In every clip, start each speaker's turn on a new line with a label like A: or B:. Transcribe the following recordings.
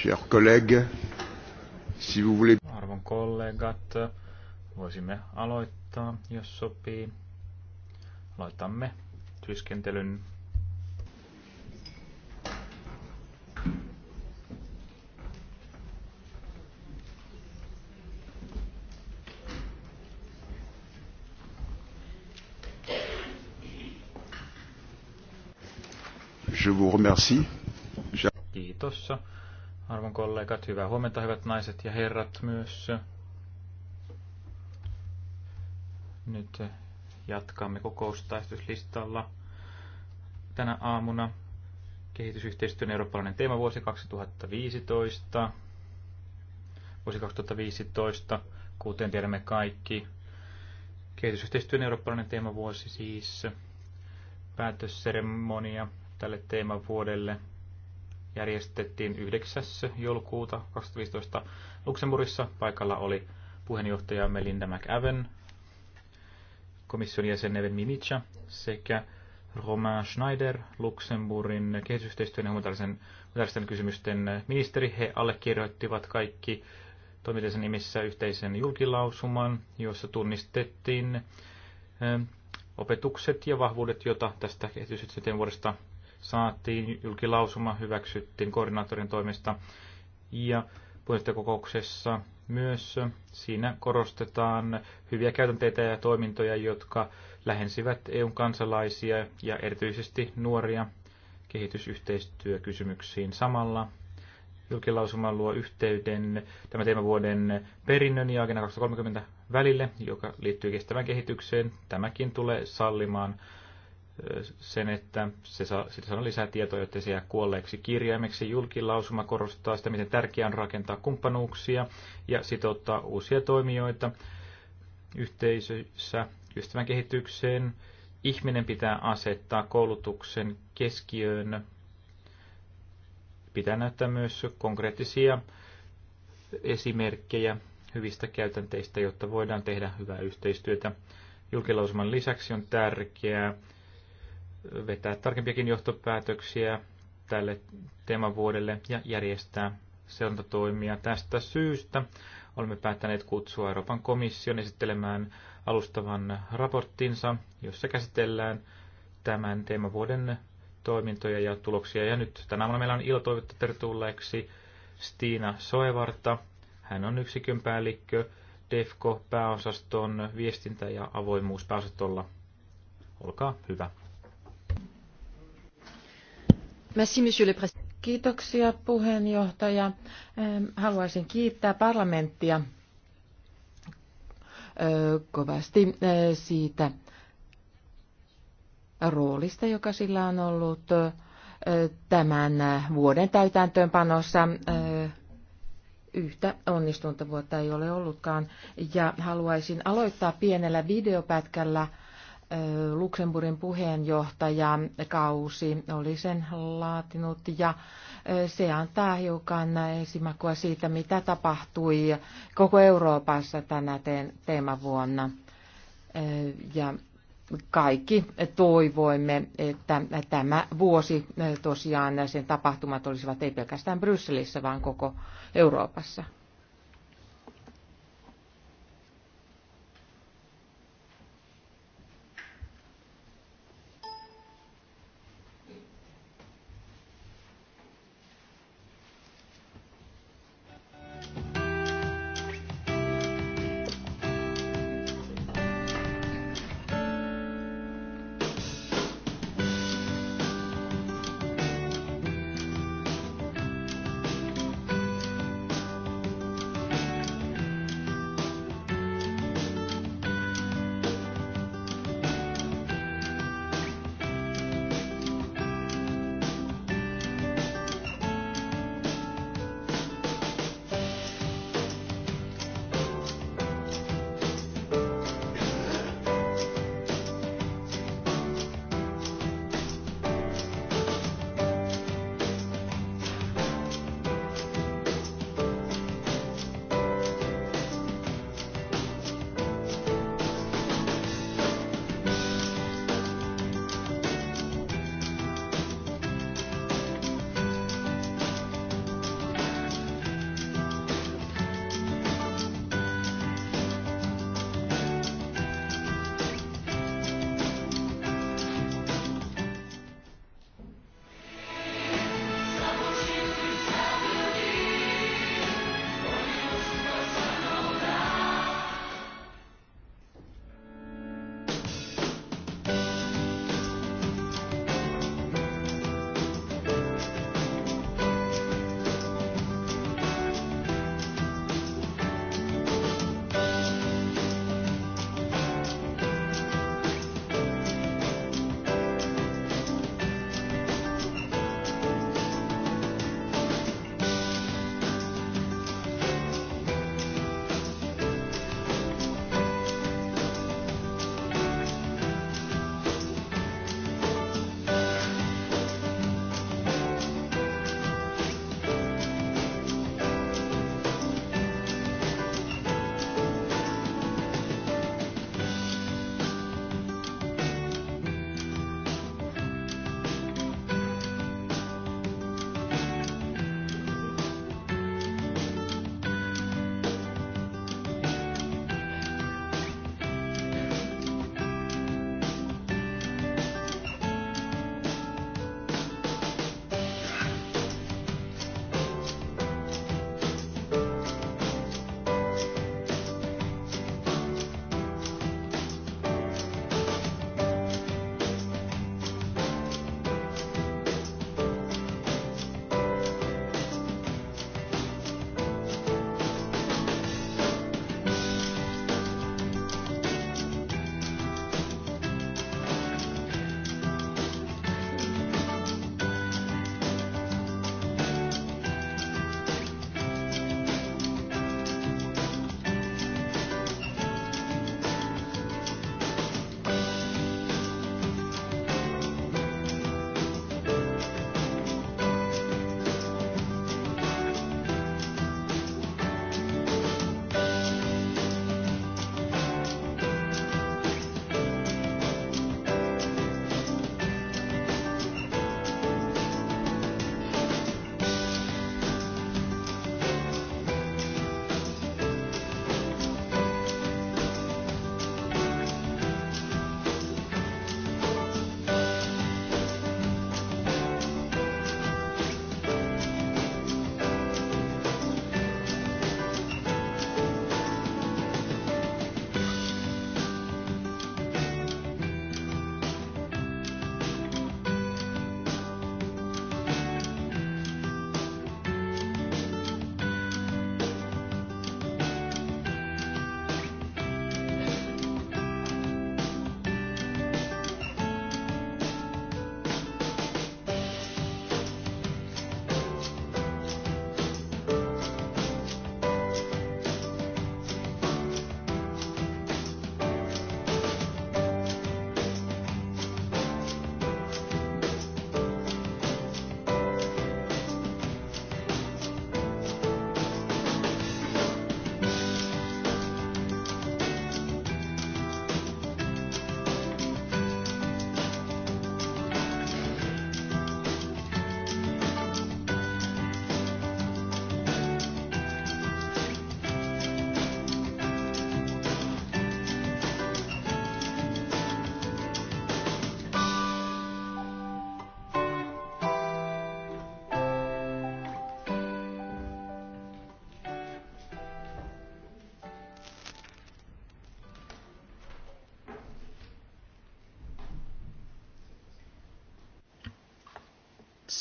A: Chers collègues, si vous voulez...
B: Arvon kollegat, voisimme aloittaa, jos sopii. Aloitamme työskentelyn
A: je vous remercie.
B: Kiitos. Arvon kollegat, hyvää huomenta, hyvät naiset ja herrat myös. Nyt jatkamme kokoustaistuslistalla tänä aamuna kehitysyhteistyön eurooppalainen vuosi 2015. Vuosi 2015, kuten tiedämme kaikki, kehitysyhteistyön eurooppalainen vuosi siis päätösseremonia tälle teemavuodelle – järjestettiin 9. joulukuuta 2015 Luxemburgissa. Paikalla oli puheenjohtaja Melinda McAven, komission jäsen Neven Mimica sekä Romain Schneider, Luxemburgin kehitysyhteistyön ja humanitaaristen kysymysten ministeri. He allekirjoittivat kaikki toimintaisen nimissä yhteisen julkilausuman, jossa tunnistettiin eh, opetukset ja vahvuudet, joita tästä kehitysyhteistyön vuodesta saatiin, julkilausuma hyväksyttiin koordinaattorin toimesta ja puheenjohtajakokouksessa myös siinä korostetaan hyviä käytänteitä ja toimintoja, jotka lähensivät EUn kansalaisia ja erityisesti nuoria kehitysyhteistyökysymyksiin samalla. Julkilausuma luo yhteyden tämän teemavuoden perinnön ja Agenda 2030 välille, joka liittyy kestävään kehitykseen. Tämäkin tulee sallimaan sen, että se saa, sitä saa lisää tietoa, jotta se jää kuolleeksi kirjaimeksi. Julkilausuma korostaa sitä, miten tärkeää on rakentaa kumppanuuksia ja sitouttaa uusia toimijoita yhteisössä ystävän kehitykseen. Ihminen pitää asettaa koulutuksen keskiöön. Pitää näyttää myös konkreettisia esimerkkejä hyvistä käytänteistä, jotta voidaan tehdä hyvää yhteistyötä. Julkilausuman lisäksi on tärkeää vetää tarkempiakin johtopäätöksiä tälle teemavuodelle ja järjestää seurantatoimia. Tästä syystä olemme päättäneet kutsua Euroopan komission esittelemään alustavan raporttinsa, jossa käsitellään tämän teemavuoden toimintoja ja tuloksia. Ja nyt tänä aamuna meillä on ilo toivottaa tervetulleeksi Stina Soevarta. Hän on yksikön päällikkö DEFCO-pääosaston viestintä- ja avoimuuspääosastolla. Olkaa hyvä.
C: Kiitoksia puheenjohtaja. Ähm, haluaisin kiittää parlamenttia äh, kovasti äh, siitä roolista, joka sillä on ollut äh, tämän vuoden täytäntöönpanossa. Yhtä onnistunutta vuotta ei ole ollutkaan. Ja haluaisin aloittaa pienellä videopätkällä Luxemburgin kausi oli sen laatinut ja se antaa hiukan esimakua siitä, mitä tapahtui koko Euroopassa tänä teemavuonna. Ja kaikki toivoimme, että tämä vuosi tosiaan sen tapahtumat olisivat ei pelkästään Brysselissä, vaan koko Euroopassa.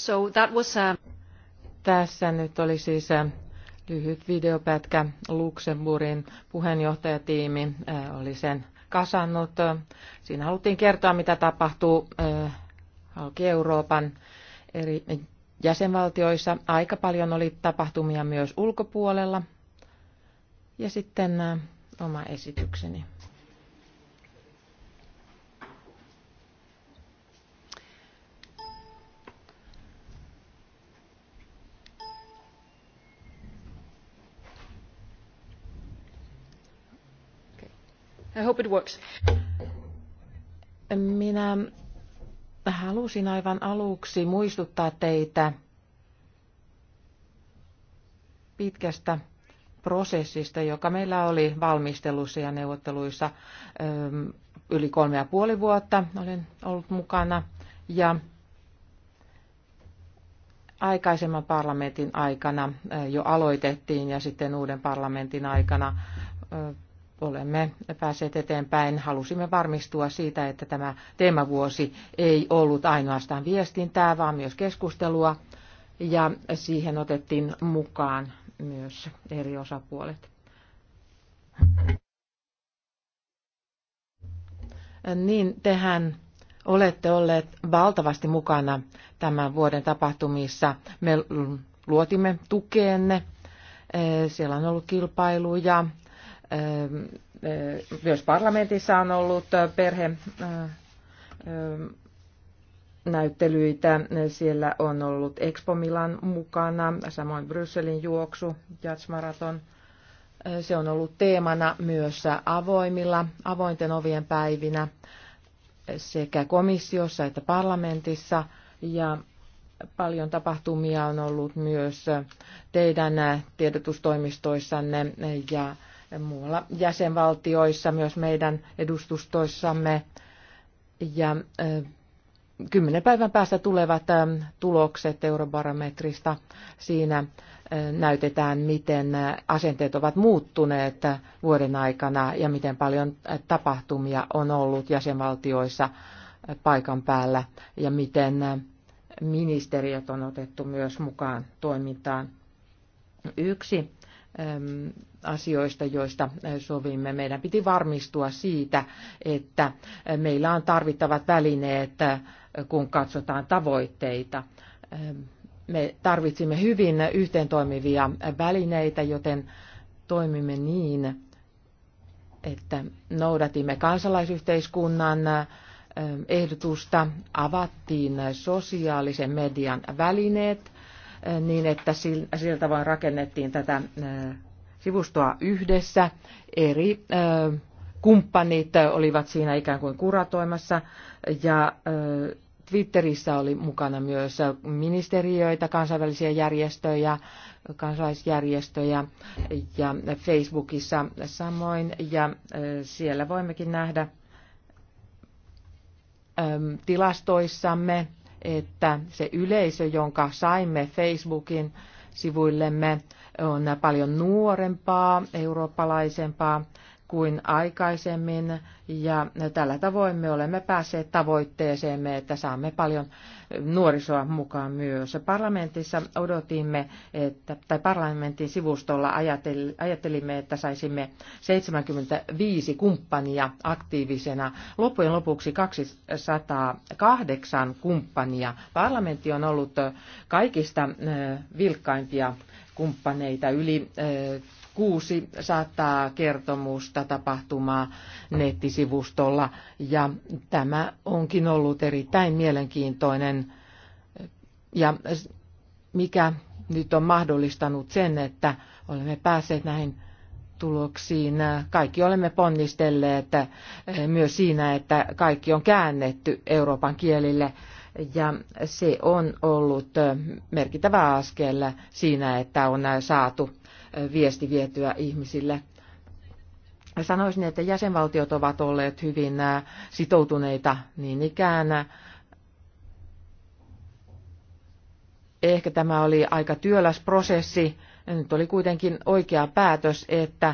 C: So that was a... Uh, Tässä nyt oli siis äh, lyhyt videopätkä Luxemburgin puheenjohtajatiimi äh, oli sen kasannut. Siinä haluttiin kertoa, mitä tapahtuu äh, halki Euroopan eri jäsenvaltioissa. Aika paljon oli tapahtumia myös ulkopuolella. Ja sitten oma esitykseni. hope it works. Minä halusin aivan aluksi muistuttaa teitä pitkästä prosessista, joka meillä oli valmistelussa ja neuvotteluissa yli kolme ja puoli vuotta olen ollut mukana. Ja aikaisemman parlamentin aikana jo aloitettiin ja sitten uuden parlamentin aikana olemme päässeet eteenpäin. Halusimme varmistua siitä, että tämä teemavuosi ei ollut ainoastaan viestintää, vaan myös keskustelua. Ja siihen otettiin mukaan myös eri osapuolet. Niin, tehän olette olleet valtavasti mukana tämän vuoden tapahtumissa. Me luotimme tukeenne. Siellä on ollut kilpailuja, myös parlamentissa on ollut perhe näyttelyitä. Siellä on ollut Expo Milan mukana, samoin Brysselin juoksu, Jatsmaraton. Se on ollut teemana myös avoimilla, avointen ovien päivinä sekä komissiossa että parlamentissa. Ja paljon tapahtumia on ollut myös teidän tiedotustoimistoissanne ja muualla jäsenvaltioissa, myös meidän edustustoissamme. Ja kymmenen päivän päästä tulevat tulokset eurobarometrista. Siinä näytetään, miten asenteet ovat muuttuneet vuoden aikana ja miten paljon tapahtumia on ollut jäsenvaltioissa paikan päällä ja miten ministeriöt on otettu myös mukaan toimintaan. Yksi asioista, joista sovimme. Meidän piti varmistua siitä, että meillä on tarvittavat välineet, kun katsotaan tavoitteita. Me tarvitsimme hyvin yhteen toimivia välineitä, joten toimimme niin, että noudatimme kansalaisyhteiskunnan ehdotusta, avattiin sosiaalisen median välineet – niin, että sillä tavoin rakennettiin tätä äh, sivustoa yhdessä. Eri äh, kumppanit olivat siinä ikään kuin kuratoimassa ja äh, Twitterissä oli mukana myös ministeriöitä, kansainvälisiä järjestöjä, kansalaisjärjestöjä ja Facebookissa samoin. Ja siellä voimmekin nähdä ähm, tilastoissamme että se yleisö, jonka saimme Facebookin sivuillemme, on paljon nuorempaa, eurooppalaisempaa kuin aikaisemmin ja tällä tavoin me olemme päässeet tavoitteeseemme, että saamme paljon nuorisoa mukaan myös. Parlamentissa odotimme, että, tai parlamentin sivustolla ajattelimme, että saisimme 75 kumppania aktiivisena. Loppujen lopuksi 208 kumppania. Parlamentti on ollut kaikista vilkkaimpia kumppaneita yli 600 kertomusta tapahtumaa nettisivustolla ja tämä onkin ollut erittäin mielenkiintoinen ja mikä nyt on mahdollistanut sen, että olemme päässeet näihin tuloksiin. Kaikki olemme ponnistelleet eh, myös siinä, että kaikki on käännetty Euroopan kielille ja se on ollut eh, merkittävä askel siinä, että on saatu viesti vietyä ihmisille. Sanoisin, että jäsenvaltiot ovat olleet hyvin sitoutuneita niin ikään. Ehkä tämä oli aika työläs prosessi. Nyt oli kuitenkin oikea päätös, että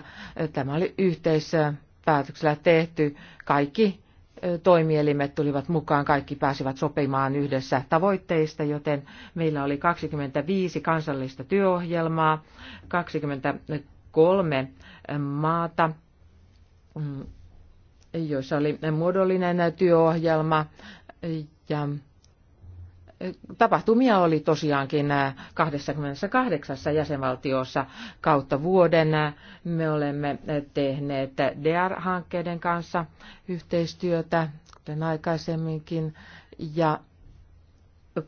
C: tämä oli yhteispäätöksellä tehty. Kaikki toimielimet tulivat mukaan, kaikki pääsivät sopimaan yhdessä tavoitteista, joten meillä oli 25 kansallista työohjelmaa, 23 maata, mm, joissa oli muodollinen työohjelma ja Tapahtumia oli tosiaankin 28 äh, jäsenvaltiossa kautta vuoden. Me olemme äh, tehneet DR-hankkeiden kanssa yhteistyötä, kuten aikaisemminkin, ja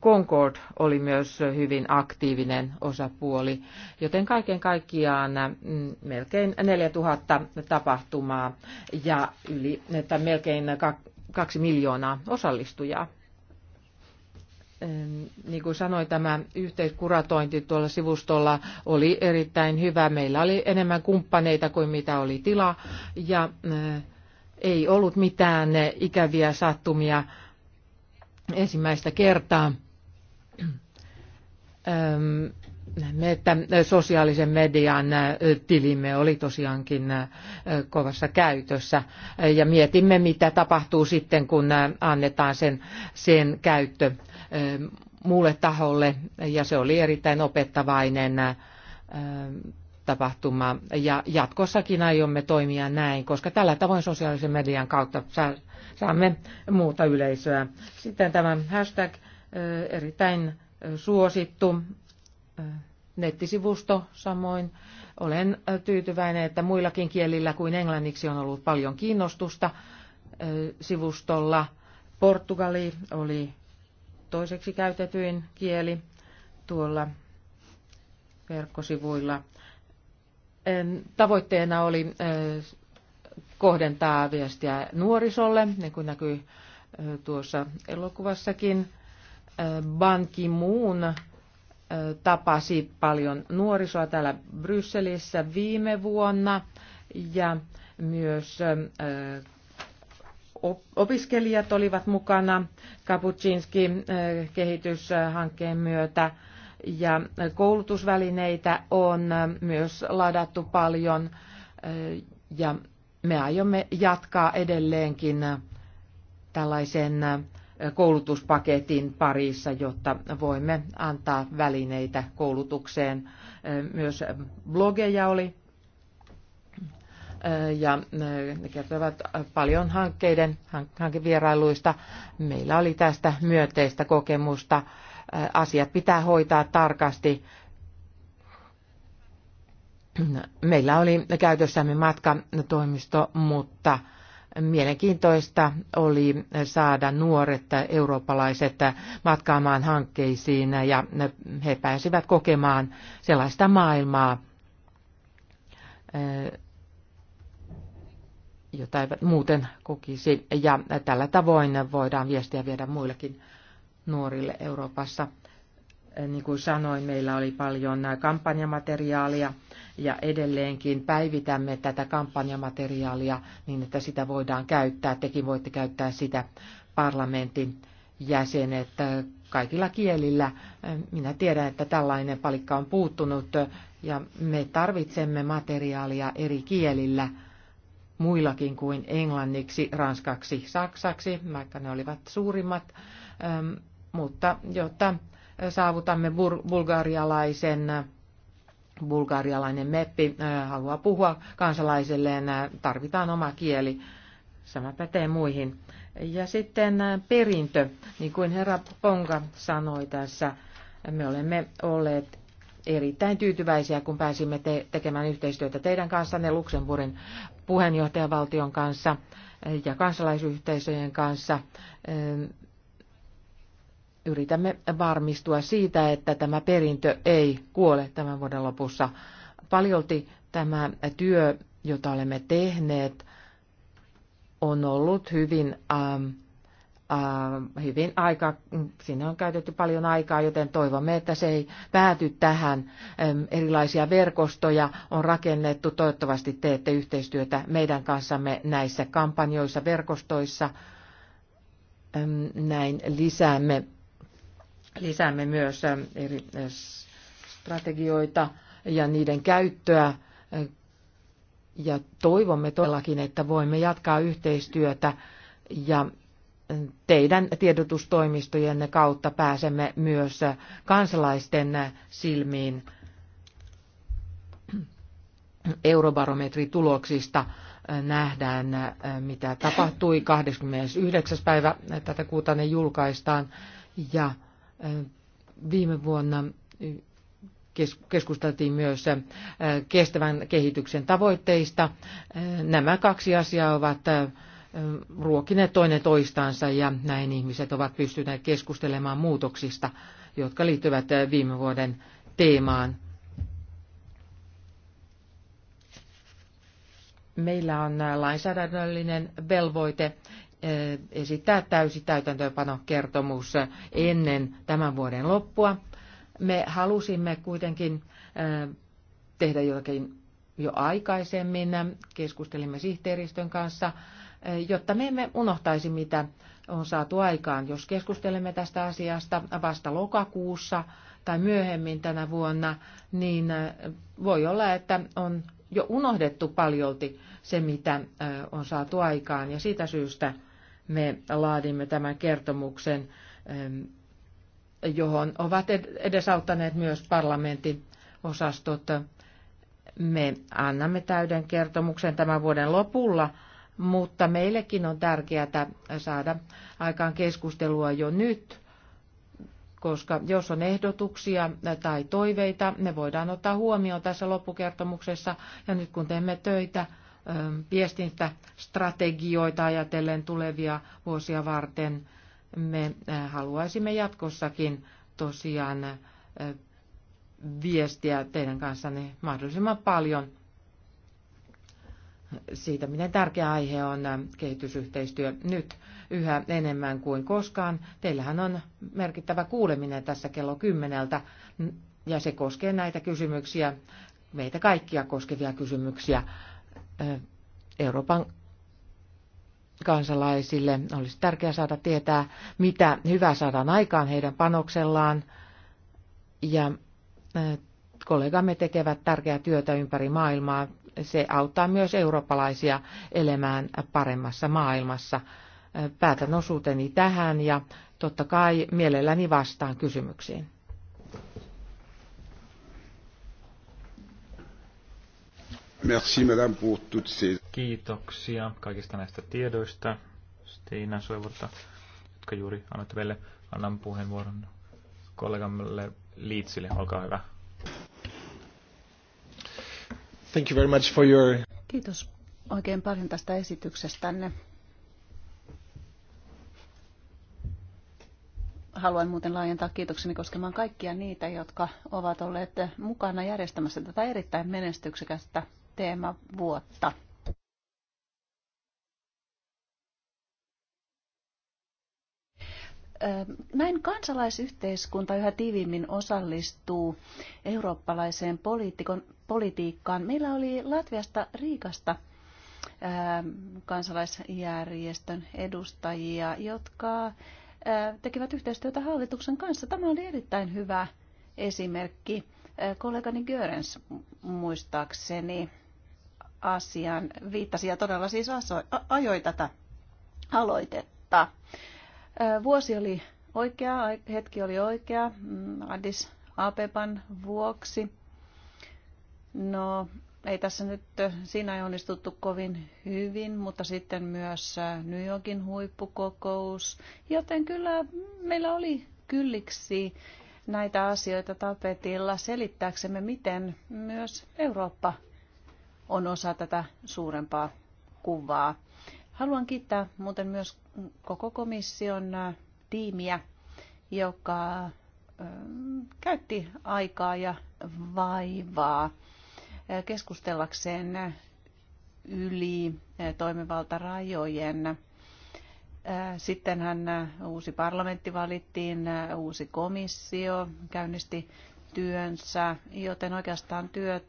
C: Concord oli myös hyvin aktiivinen osapuoli, joten kaiken kaikkiaan mm, melkein 4000 tapahtumaa ja yli, että melkein 2 miljoonaa osallistujaa niin kuin sanoin, tämä yhteiskuratointi tuolla sivustolla oli erittäin hyvä. Meillä oli enemmän kumppaneita kuin mitä oli tila ja ei ollut mitään ikäviä sattumia ensimmäistä kertaa. Me, että sosiaalisen median tilimme oli tosiaankin kovassa käytössä ja mietimme, mitä tapahtuu sitten, kun annetaan sen, sen käyttö Ähm, muulle taholle ja se oli erittäin opettavainen ähm, tapahtuma. Ja jatkossakin aiomme toimia näin, koska tällä tavoin sosiaalisen median kautta saamme muuta yleisöä. Sitten tämä hashtag äh, erittäin äh, suosittu äh, nettisivusto samoin. Olen tyytyväinen, että muillakin kielillä kuin englanniksi on ollut paljon kiinnostusta sivustolla. Portugali oli toiseksi käytetyin kieli tuolla verkkosivuilla. Tavoitteena oli kohdentaa viestiä nuorisolle, niin kuin näkyy tuossa elokuvassakin. Ban Ki-moon tapasi paljon nuorisoa täällä Brysselissä viime vuonna ja myös opiskelijat olivat mukana Kapuczynski kehityshankkeen myötä ja koulutusvälineitä on myös ladattu paljon eh, ja me aiomme jatkaa edelleenkin tällaisen eh, koulutuspaketin parissa, jotta voimme antaa välineitä koulutukseen. Eh, myös blogeja oli ja ne kertovat paljon hankkeiden, hankevierailuista. Meillä oli tästä myönteistä kokemusta. Asiat pitää hoitaa tarkasti. Meillä oli käytössämme matkatoimisto, mutta mielenkiintoista oli saada nuoret eurooppalaiset matkaamaan hankkeisiin ja he pääsivät kokemaan sellaista maailmaa, jota eivät muuten kokisi. Ja tällä tavoin voidaan viestiä viedä muillekin nuorille Euroopassa. Niin kuin sanoin, meillä oli paljon kampanjamateriaalia ja edelleenkin päivitämme tätä kampanjamateriaalia niin, että sitä voidaan käyttää. Tekin voitte käyttää sitä parlamentin jäsenet kaikilla kielillä. Minä tiedän, että tällainen palikka on puuttunut ja me tarvitsemme materiaalia eri kielillä – muillakin kuin englanniksi, ranskaksi, saksaksi, vaikka ne olivat suurimmat, mutta jotta saavutamme bulgarialaisen bulgarialainen meppi haluaa puhua kansalaiselleen, tarvitaan oma kieli. Sama pätee muihin. Ja sitten perintö, niin kuin herra Ponga sanoi tässä, me olemme olleet erittäin tyytyväisiä, kun pääsimme te- tekemään yhteistyötä teidän kanssanne Luxemburgin puheenjohtajavaltion kanssa ja kansalaisyhteisöjen kanssa. Yritämme varmistua siitä, että tämä perintö ei kuole tämän vuoden lopussa. Paljolti tämä työ, jota olemme tehneet, on ollut hyvin ähm, hyvin aika, sinne on käytetty paljon aikaa, joten toivomme, että se ei pääty tähän. Erilaisia verkostoja on rakennettu, toivottavasti teette yhteistyötä meidän kanssamme näissä kampanjoissa, verkostoissa. Näin lisäämme, lisäämme myös eri strategioita ja niiden käyttöä. Ja toivomme todellakin, että voimme jatkaa yhteistyötä ja teidän tiedotustoimistojen kautta pääsemme myös kansalaisten silmiin eurobarometrituloksista nähdään, mitä tapahtui. 29. päivä tätä kuuta ne julkaistaan. Ja viime vuonna keskusteltiin myös kestävän kehityksen tavoitteista. Nämä kaksi asiaa ovat ruokineet toinen toistansa ja näin ihmiset ovat pystyneet keskustelemaan muutoksista, jotka liittyvät eh, viime vuoden teemaan. Meillä on eh, lainsäädännöllinen velvoite eh, esittää täysi täytäntöönpanokertomus ennen tämän vuoden loppua. Me halusimme kuitenkin tehdä jotakin jo aikaisemmin. Keskustelimme sihteeristön kanssa jotta me emme unohtaisi, mitä on saatu aikaan. Jos keskustelemme tästä asiasta vasta lokakuussa tai myöhemmin tänä vuonna, niin äh, voi olla, että on jo unohdettu paljolti se, mitä äh, on saatu aikaan. Ja siitä syystä me laadimme tämän kertomuksen, ähm, johon ovat edesauttaneet myös parlamentin osastot. Me annamme täyden kertomuksen tämän vuoden lopulla – mutta meillekin on tärkeää saada aikaan keskustelua jo nyt, koska jos on ehdotuksia tai toiveita, ne voidaan ottaa huomioon tässä loppukertomuksessa. Ja nyt kun teemme töitä viestintästrategioita ajatellen tulevia vuosia varten, me haluaisimme jatkossakin tosiaan viestiä teidän kanssanne mahdollisimman paljon siitä, miten tärkeä aihe on kehitysyhteistyö nyt yhä enemmän kuin koskaan. Teillähän on merkittävä kuuleminen tässä kello kymmeneltä, ja se koskee näitä kysymyksiä, meitä kaikkia koskevia kysymyksiä Euroopan kansalaisille. Olisi tärkeää saada tietää, mitä hyvää saadaan aikaan heidän panoksellaan. Ja kollegamme tekevät tärkeää työtä ympäri maailmaa se auttaa myös eurooppalaisia elämään paremmassa maailmassa. Päätän osuuteni tähän ja totta kai mielelläni vastaan kysymyksiin.
B: Merci,
A: madame, pour toutes ces...
B: Kiitoksia kaikista näistä tiedoista, Stina Soivolta, jotka juuri annoitte meille. Annan puheenvuoron kollegamme Liitsille, olkaa hyvä. Thank you very much
A: for your...
D: Kiitos oikein paljon tästä esityksestänne. haluan muuten laajentaa kiitokseni koskemaan kaikkia niitä, jotka ovat olleet mukana järjestämässä tätä erittäin menestyksekästä teemavuotta. Näin kansalaisyhteiskunta yhä tiiviimmin osallistuu eurooppalaiseen politiikkaan. Meillä oli Latviasta Riikasta ähm, kansalaisjärjestön edustajia, jotka äh, tekivät yhteistyötä hallituksen kanssa. Tämä oli erittäin hyvä esimerkki. Äh, kollegani Görens muistaakseni asian viittasi ja todella siis ajoi tätä aloitetta. Äh, vuosi oli oikea, hetki oli oikea mm, Addis Abeban vuoksi No, ei tässä nyt, siinä ei onnistuttu kovin hyvin, mutta sitten myös äh, New Yorkin huippukokous, joten kyllä meillä oli kylliksi näitä asioita tapetilla selittääksemme, miten myös Eurooppa on osa tätä suurempaa kuvaa. Haluan kiittää muuten myös koko komission äh, tiimiä, joka ähm, käytti aikaa ja vaivaa keskustellakseen yli toimivaltarajojen. Sittenhän uusi parlamentti valittiin, uusi komissio käynnisti työnsä, joten oikeastaan työt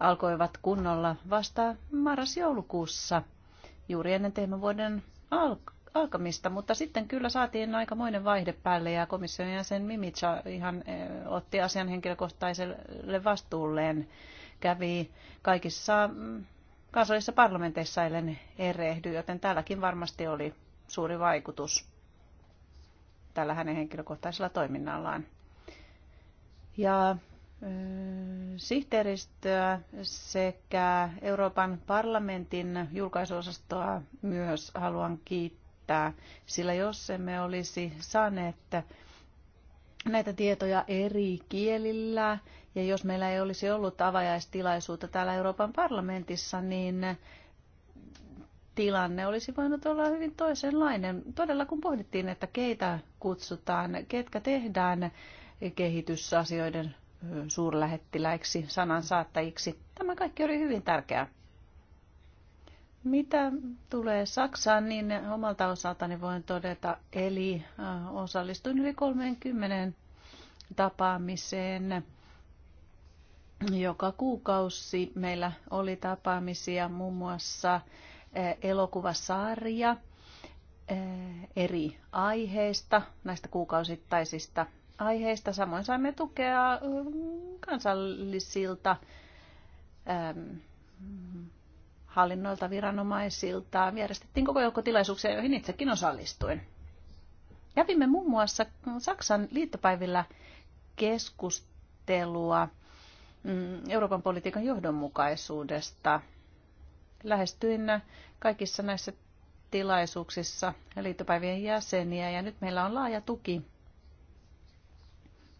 D: alkoivat kunnolla vasta marras-joulukuussa, juuri ennen teemavuoden alkaa alkamista, mutta sitten kyllä saatiin aikamoinen vaihde päälle ja komission jäsen Mimitsa ihan eh, otti asian henkilökohtaiselle vastuulleen kävi kaikissa mm, kansallisissa parlamenteissa eilen erehdy, joten täälläkin varmasti oli suuri vaikutus tällä hänen henkilökohtaisella toiminnallaan. Ja sihteeristöä sekä Euroopan parlamentin julkaisuosastoa myös haluan kiittää, sillä jos emme olisi saaneet näitä tietoja eri kielillä, ja jos meillä ei olisi ollut avajaistilaisuutta täällä Euroopan parlamentissa, niin tilanne olisi voinut olla hyvin toisenlainen. Todella kun pohdittiin, että keitä kutsutaan, ketkä tehdään kehitysasioiden suurlähettiläiksi, sanansaattajiksi. Tämä kaikki oli hyvin tärkeää. Mitä tulee Saksaan, niin omalta osaltani voin todeta, eli äh, osallistuin yli 30 tapaamiseen joka kuukausi meillä oli tapaamisia muun muassa eh, elokuvasarja eh, eri aiheista, näistä kuukausittaisista aiheista. Samoin saimme tukea mm, kansallisilta hallinnoilta, viranomaisilta. Järjestettiin koko joukko tilaisuuksia, joihin itsekin osallistuin. Kävimme muun muassa Saksan liittopäivillä keskustelua Mm, Euroopan politiikan johdonmukaisuudesta. Lähestyin kaikissa näissä tilaisuuksissa liittopäivien jäseniä ja nyt meillä on laaja tuki.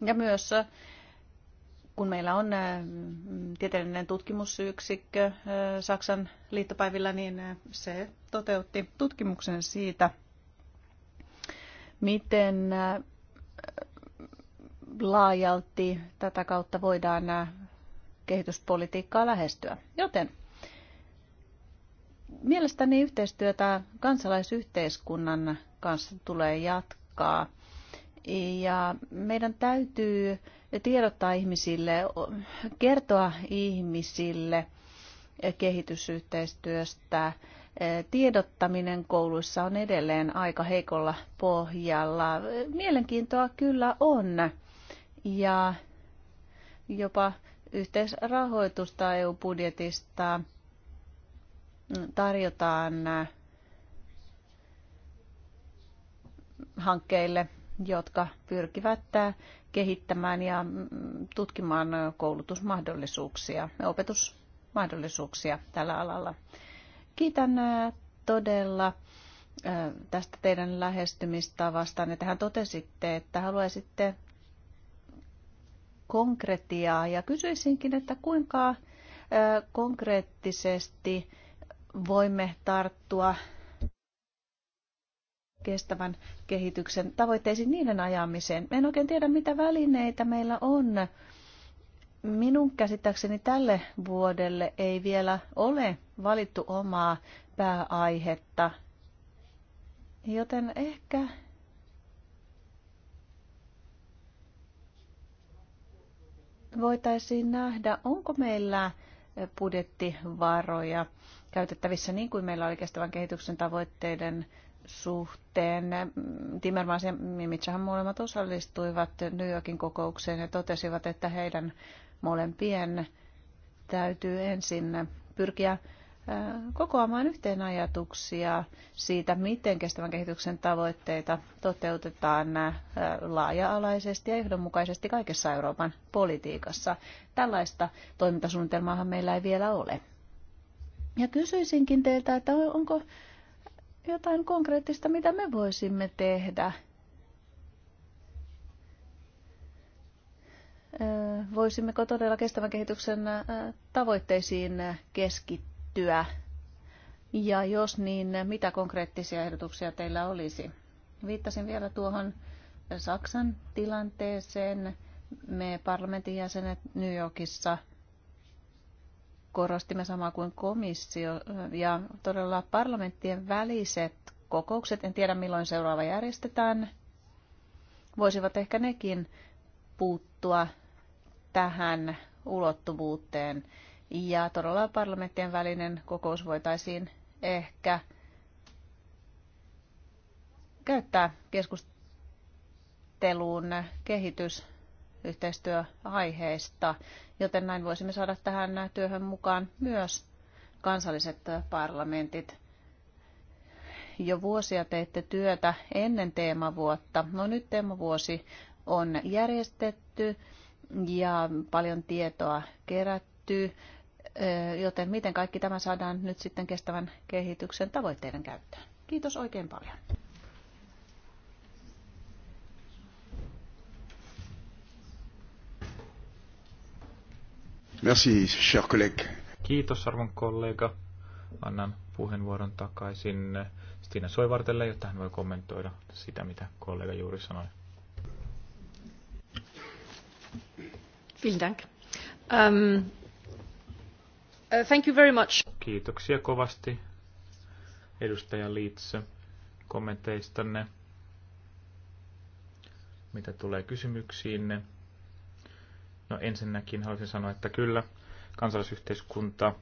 D: Ja myös äh, kun meillä on äh, tieteellinen tutkimusyksikkö äh, Saksan liittopäivillä, niin se toteutti tutkimuksen siitä, miten laajalti tätä kautta voidaan kehityspolitiikkaa lähestyä. Joten mielestäni yhteistyötä kansalaisyhteiskunnan kanssa tulee jatkaa. Ja meidän täytyy tiedottaa ihmisille, kertoa ihmisille kehitysyhteistyöstä. Tiedottaminen kouluissa on edelleen aika heikolla pohjalla. Mielenkiintoa kyllä on. Ja jopa yhteisrahoitusta EU-budjetista tarjotaan äh, hankkeille, jotka pyrkivät äh, kehittämään ja mm, tutkimaan koulutusmahdollisuuksia ja opetusmahdollisuuksia tällä alalla. Kiitän äh, todella tästä teidän lähestymistavastanne. Tehän totesitte, että haluaisitte konkretiaa ja kysyisinkin, että kuinka konkreettisesti voimme tarttua kestävän kehityksen tavoitteisiin niiden ajamiseen. En oikein tiedä, mitä välineitä meillä on. Minun käsittääkseni tälle vuodelle ei vielä ole valittu omaa pääaihetta, joten ehkä voitaisiin nähdä, onko meillä budjettivaroja käytettävissä niin kuin meillä oli kestävän kehityksen tavoitteiden suhteen. Timmermans ja Mimitsähän molemmat osallistuivat New Yorkin kokoukseen ja totesivat, että heidän molempien täytyy ensin pyrkiä kokoamaan yhteen ajatuksia siitä, miten kestävän kehityksen tavoitteita toteutetaan laaja-alaisesti ja johdonmukaisesti kaikessa Euroopan politiikassa. Tällaista toimintasuunnitelmaahan meillä ei vielä ole. Ja kysyisinkin teiltä, että onko jotain konkreettista, mitä me voisimme tehdä voisimmeko todella kestävän kehityksen tavoitteisiin keskittyä? kehittyä. Ja jos niin, mitä konkreettisia ehdotuksia teillä olisi? Viittasin vielä tuohon Saksan tilanteeseen. Me parlamentin jäsenet New Yorkissa korostimme samaa kuin komissio ja todella parlamenttien väliset kokoukset, en tiedä milloin seuraava järjestetään, voisivat ehkä nekin puuttua tähän ulottuvuuteen. Ja todella parlamenttien välinen kokous voitaisiin ehkä käyttää keskusteluun kehitysyhteistyöaiheista, joten näin voisimme saada tähän työhön mukaan myös kansalliset parlamentit. Jo vuosia teitte työtä ennen teemavuotta. No nyt teemavuosi on järjestetty ja paljon tietoa kerätty joten miten kaikki tämä saadaan nyt sitten kestävän kehityksen tavoitteiden käyttöön. Kiitos oikein paljon.
A: Merci, cher collègue.
B: Kiitos arvon kollega. Annan puheenvuoron takaisin Stina Soivartelle, jotta hän voi kommentoida sitä, mitä kollega juuri sanoi.
C: Vielen Dank. Ähm, Uh, thank you very
B: much. Kiitoksia kovasti edustaja Liitse kommenteistanne, mitä tulee kysymyksiinne. No ensinnäkin haluaisin sanoa, että kyllä, kansalaisyhteiskunta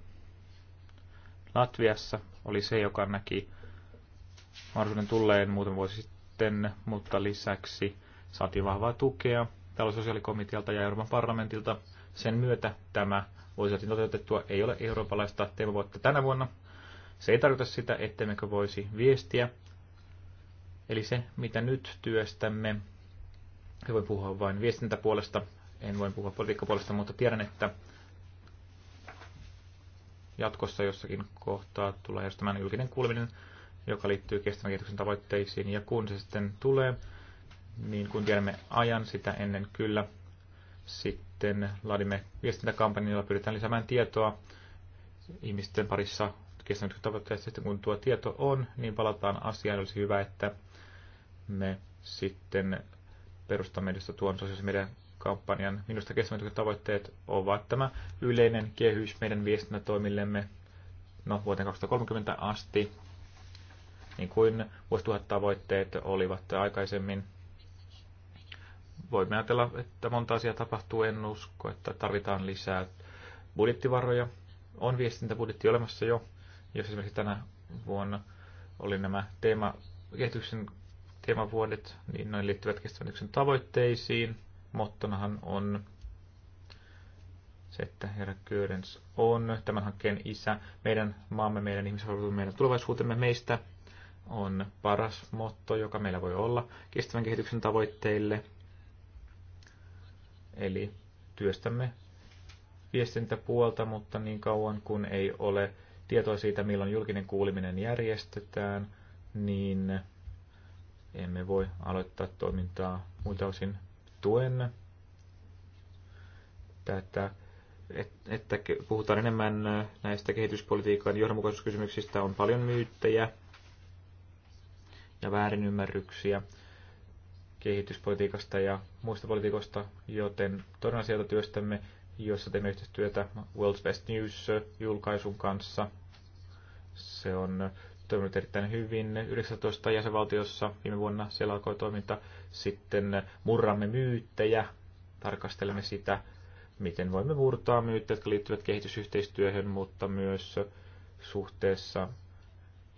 B: Latviassa oli se, joka näki mahdollisuuden tulleen muutama vuosi sitten, mutta lisäksi saatiin vahvaa tukea talousosiaalikomitealta ja Euroopan parlamentilta. Sen myötä tämä voisivat toteutettua, ei ole eurooppalaista teemavuotta tänä vuonna. Se ei tarkoita sitä, ettemmekö voisi viestiä. Eli se, mitä nyt työstämme, en voi puhua vain viestintäpuolesta, en voi puhua politiikkapuolesta, mutta tiedän, että jatkossa jossakin kohtaa tulee järjestämään julkinen kuuleminen, joka liittyy kestävän kehityksen tavoitteisiin. Ja kun se sitten tulee, niin kun tiedämme ajan sitä ennen kyllä, sitten sitten laadimme viestintäkampanjan, jolla pyritään lisäämään tietoa ihmisten parissa kestävyystavoitteista. Sitten kun tuo tieto on, niin palataan asiaan. Olisi hyvä, että me sitten perustamme edestä tuon sosiaalisen median kampanjan. Minusta kestämättä tavoitteet ovat tämä yleinen kehys meidän viestintätoimillemme no, vuoteen 2030 asti, niin kuin vuosituhat tavoitteet olivat aikaisemmin voimme ajatella, että monta asiaa tapahtuu. En usko, että tarvitaan lisää budjettivaroja. On viestintäbudjetti olemassa jo, jos esimerkiksi tänä vuonna oli nämä teema, kehityksen teemavuodet, niin noin liittyvät kestävän tavoitteisiin. Mottonahan on se, että herra kyödens on tämän hankkeen isä, meidän maamme, meidän ihmisarvomme, meidän tulevaisuutemme meistä on paras motto, joka meillä voi olla kestävän kehityksen tavoitteille. Eli työstämme viestintäpuolta, mutta niin kauan kun ei ole tietoa siitä, milloin julkinen kuuliminen järjestetään, niin emme voi aloittaa toimintaa muilta osin tuen tätä, että puhutaan enemmän näistä kehityspolitiikan johdonmukaisuuskysymyksistä, on paljon myyttejä ja väärinymmärryksiä kehityspolitiikasta ja muista politiikoista, joten todella sieltä työstämme, jossa teemme yhteistyötä World's Best News-julkaisun kanssa. Se on toiminut erittäin hyvin 19 jäsenvaltiossa viime vuonna. Siellä alkoi toiminta. Sitten murramme myyttejä, tarkastelemme sitä, miten voimme murtaa myyttejä, jotka liittyvät kehitysyhteistyöhön, mutta myös suhteessa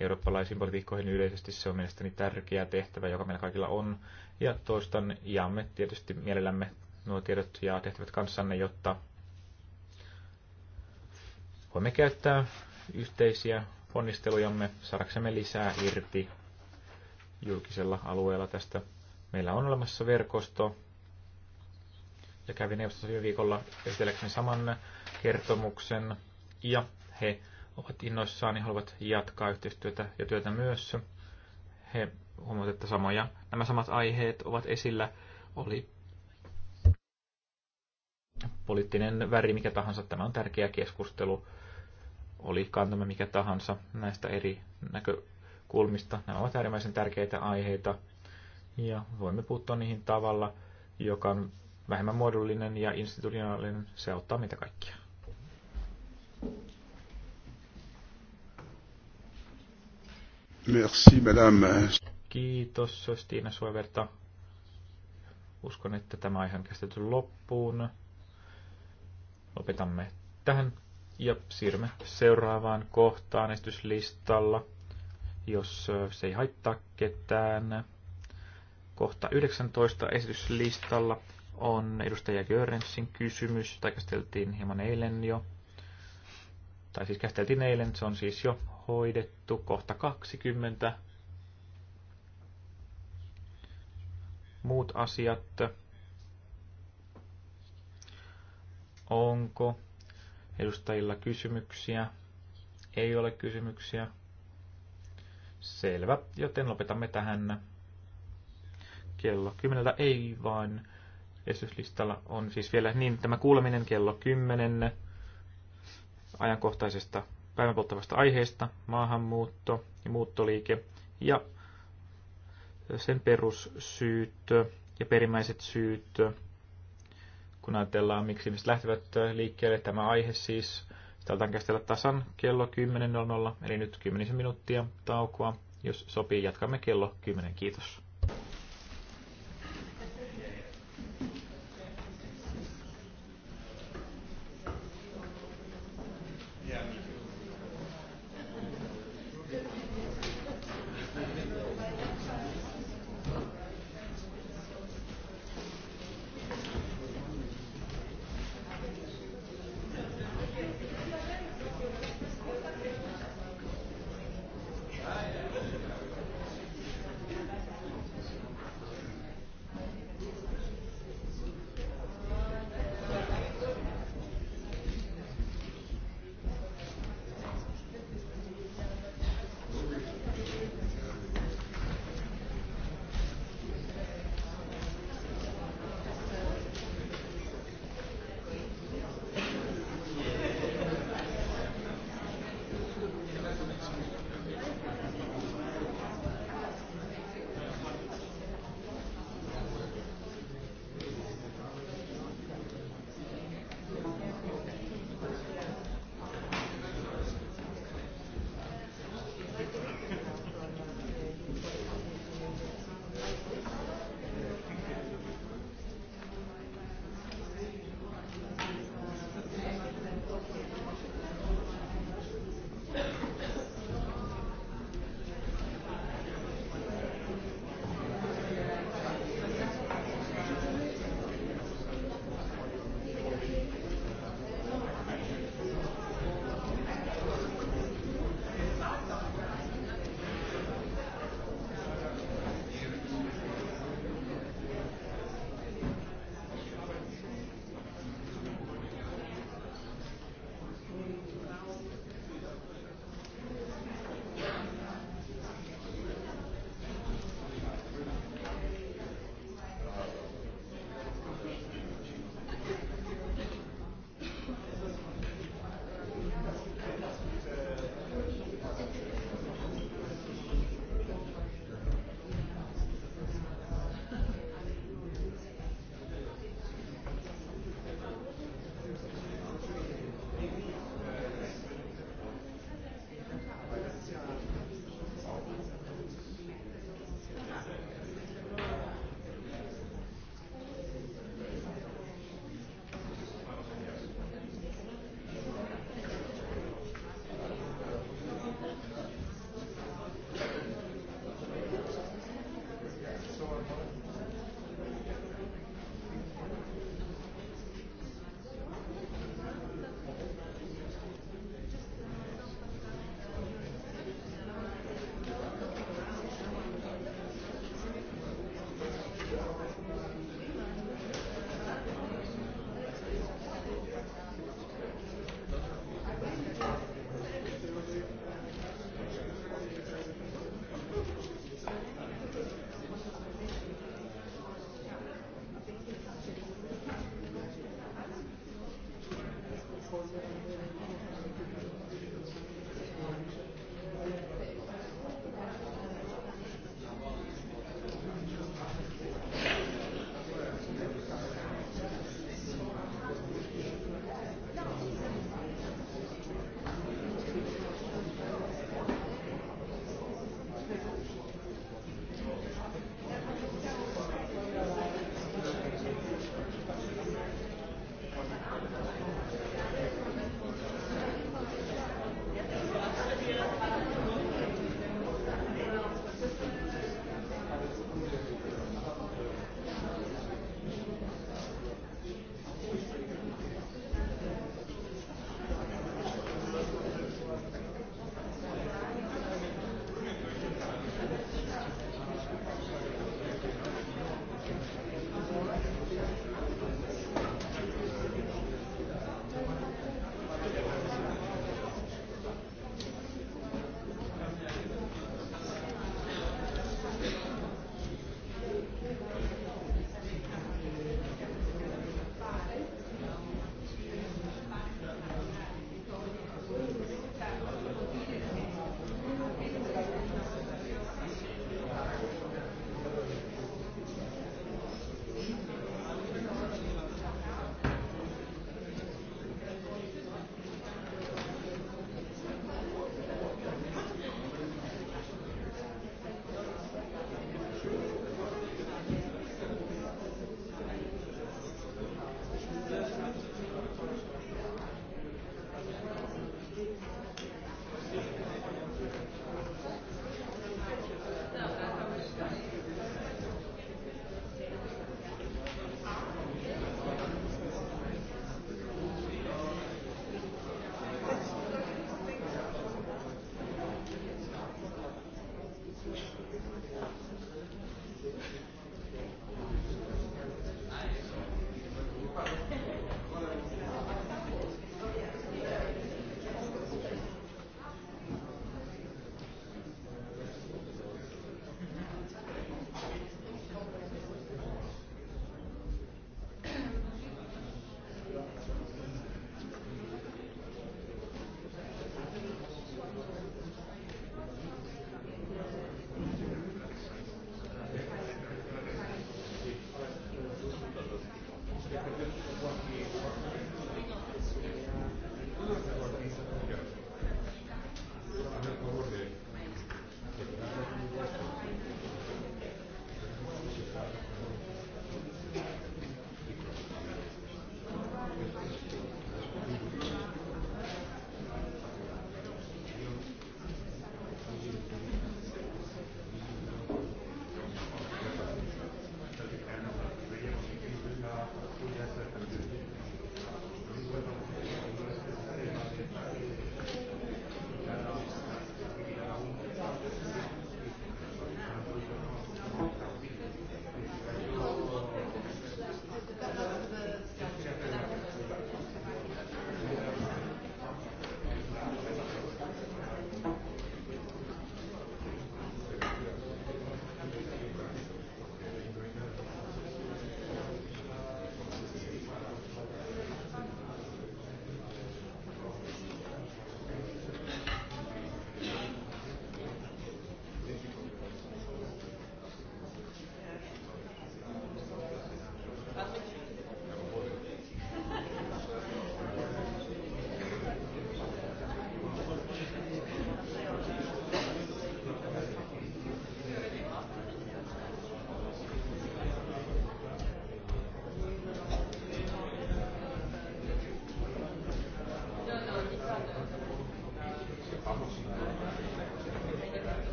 B: eurooppalaisiin politiikkoihin yleisesti. Se on mielestäni tärkeä tehtävä, joka meillä kaikilla on. Ja toistan, jaamme tietysti mielellämme nuo tiedot ja tehtävät kanssanne, jotta voimme käyttää yhteisiä ponnistelujamme saadaksemme lisää irti julkisella alueella tästä. Meillä on olemassa verkosto, ja kävin neuvostossa viime viikolla esitelläkseni saman kertomuksen, ja he ovat innoissaan ja haluavat jatkaa yhteistyötä ja työtä myös. He huomautivat, että samoja, nämä samat aiheet ovat esillä. Oli poliittinen väri mikä tahansa, tämä on tärkeä keskustelu. Oli kantamme mikä tahansa näistä eri näkökulmista. Nämä ovat äärimmäisen tärkeitä aiheita ja voimme puuttua niihin tavalla, joka on vähemmän muodollinen ja institutionaalinen. Se auttaa mitä kaikkia.
A: Merci, madame.
B: Kiitos, Stina Suoverta. Uskon, että tämä aihe on käsitelty loppuun. Lopetamme tähän ja siirrymme seuraavaan kohtaan esityslistalla, jos se ei haittaa ketään. Kohta 19 esityslistalla on edustaja Görensin kysymys, jota käsiteltiin hieman eilen jo tai siis käsiteltiin eilen, se on siis jo hoidettu, kohta 20. Muut asiat. Onko edustajilla kysymyksiä? Ei ole kysymyksiä. Selvä, joten lopetamme tähän kello 10 ei vaan esityslistalla on siis vielä niin tämä kuuleminen kello 10 ajankohtaisesta päivänpolttavasta aiheesta, maahanmuutto ja muuttoliike ja sen perussyyt ja perimmäiset syyt, kun ajatellaan, miksi ihmiset lähtevät liikkeelle. Tämä aihe siis, sitä aletaan käsitellä tasan kello 10.00, eli nyt 10 minuuttia taukoa. Jos sopii, jatkamme kello 10. Kiitos.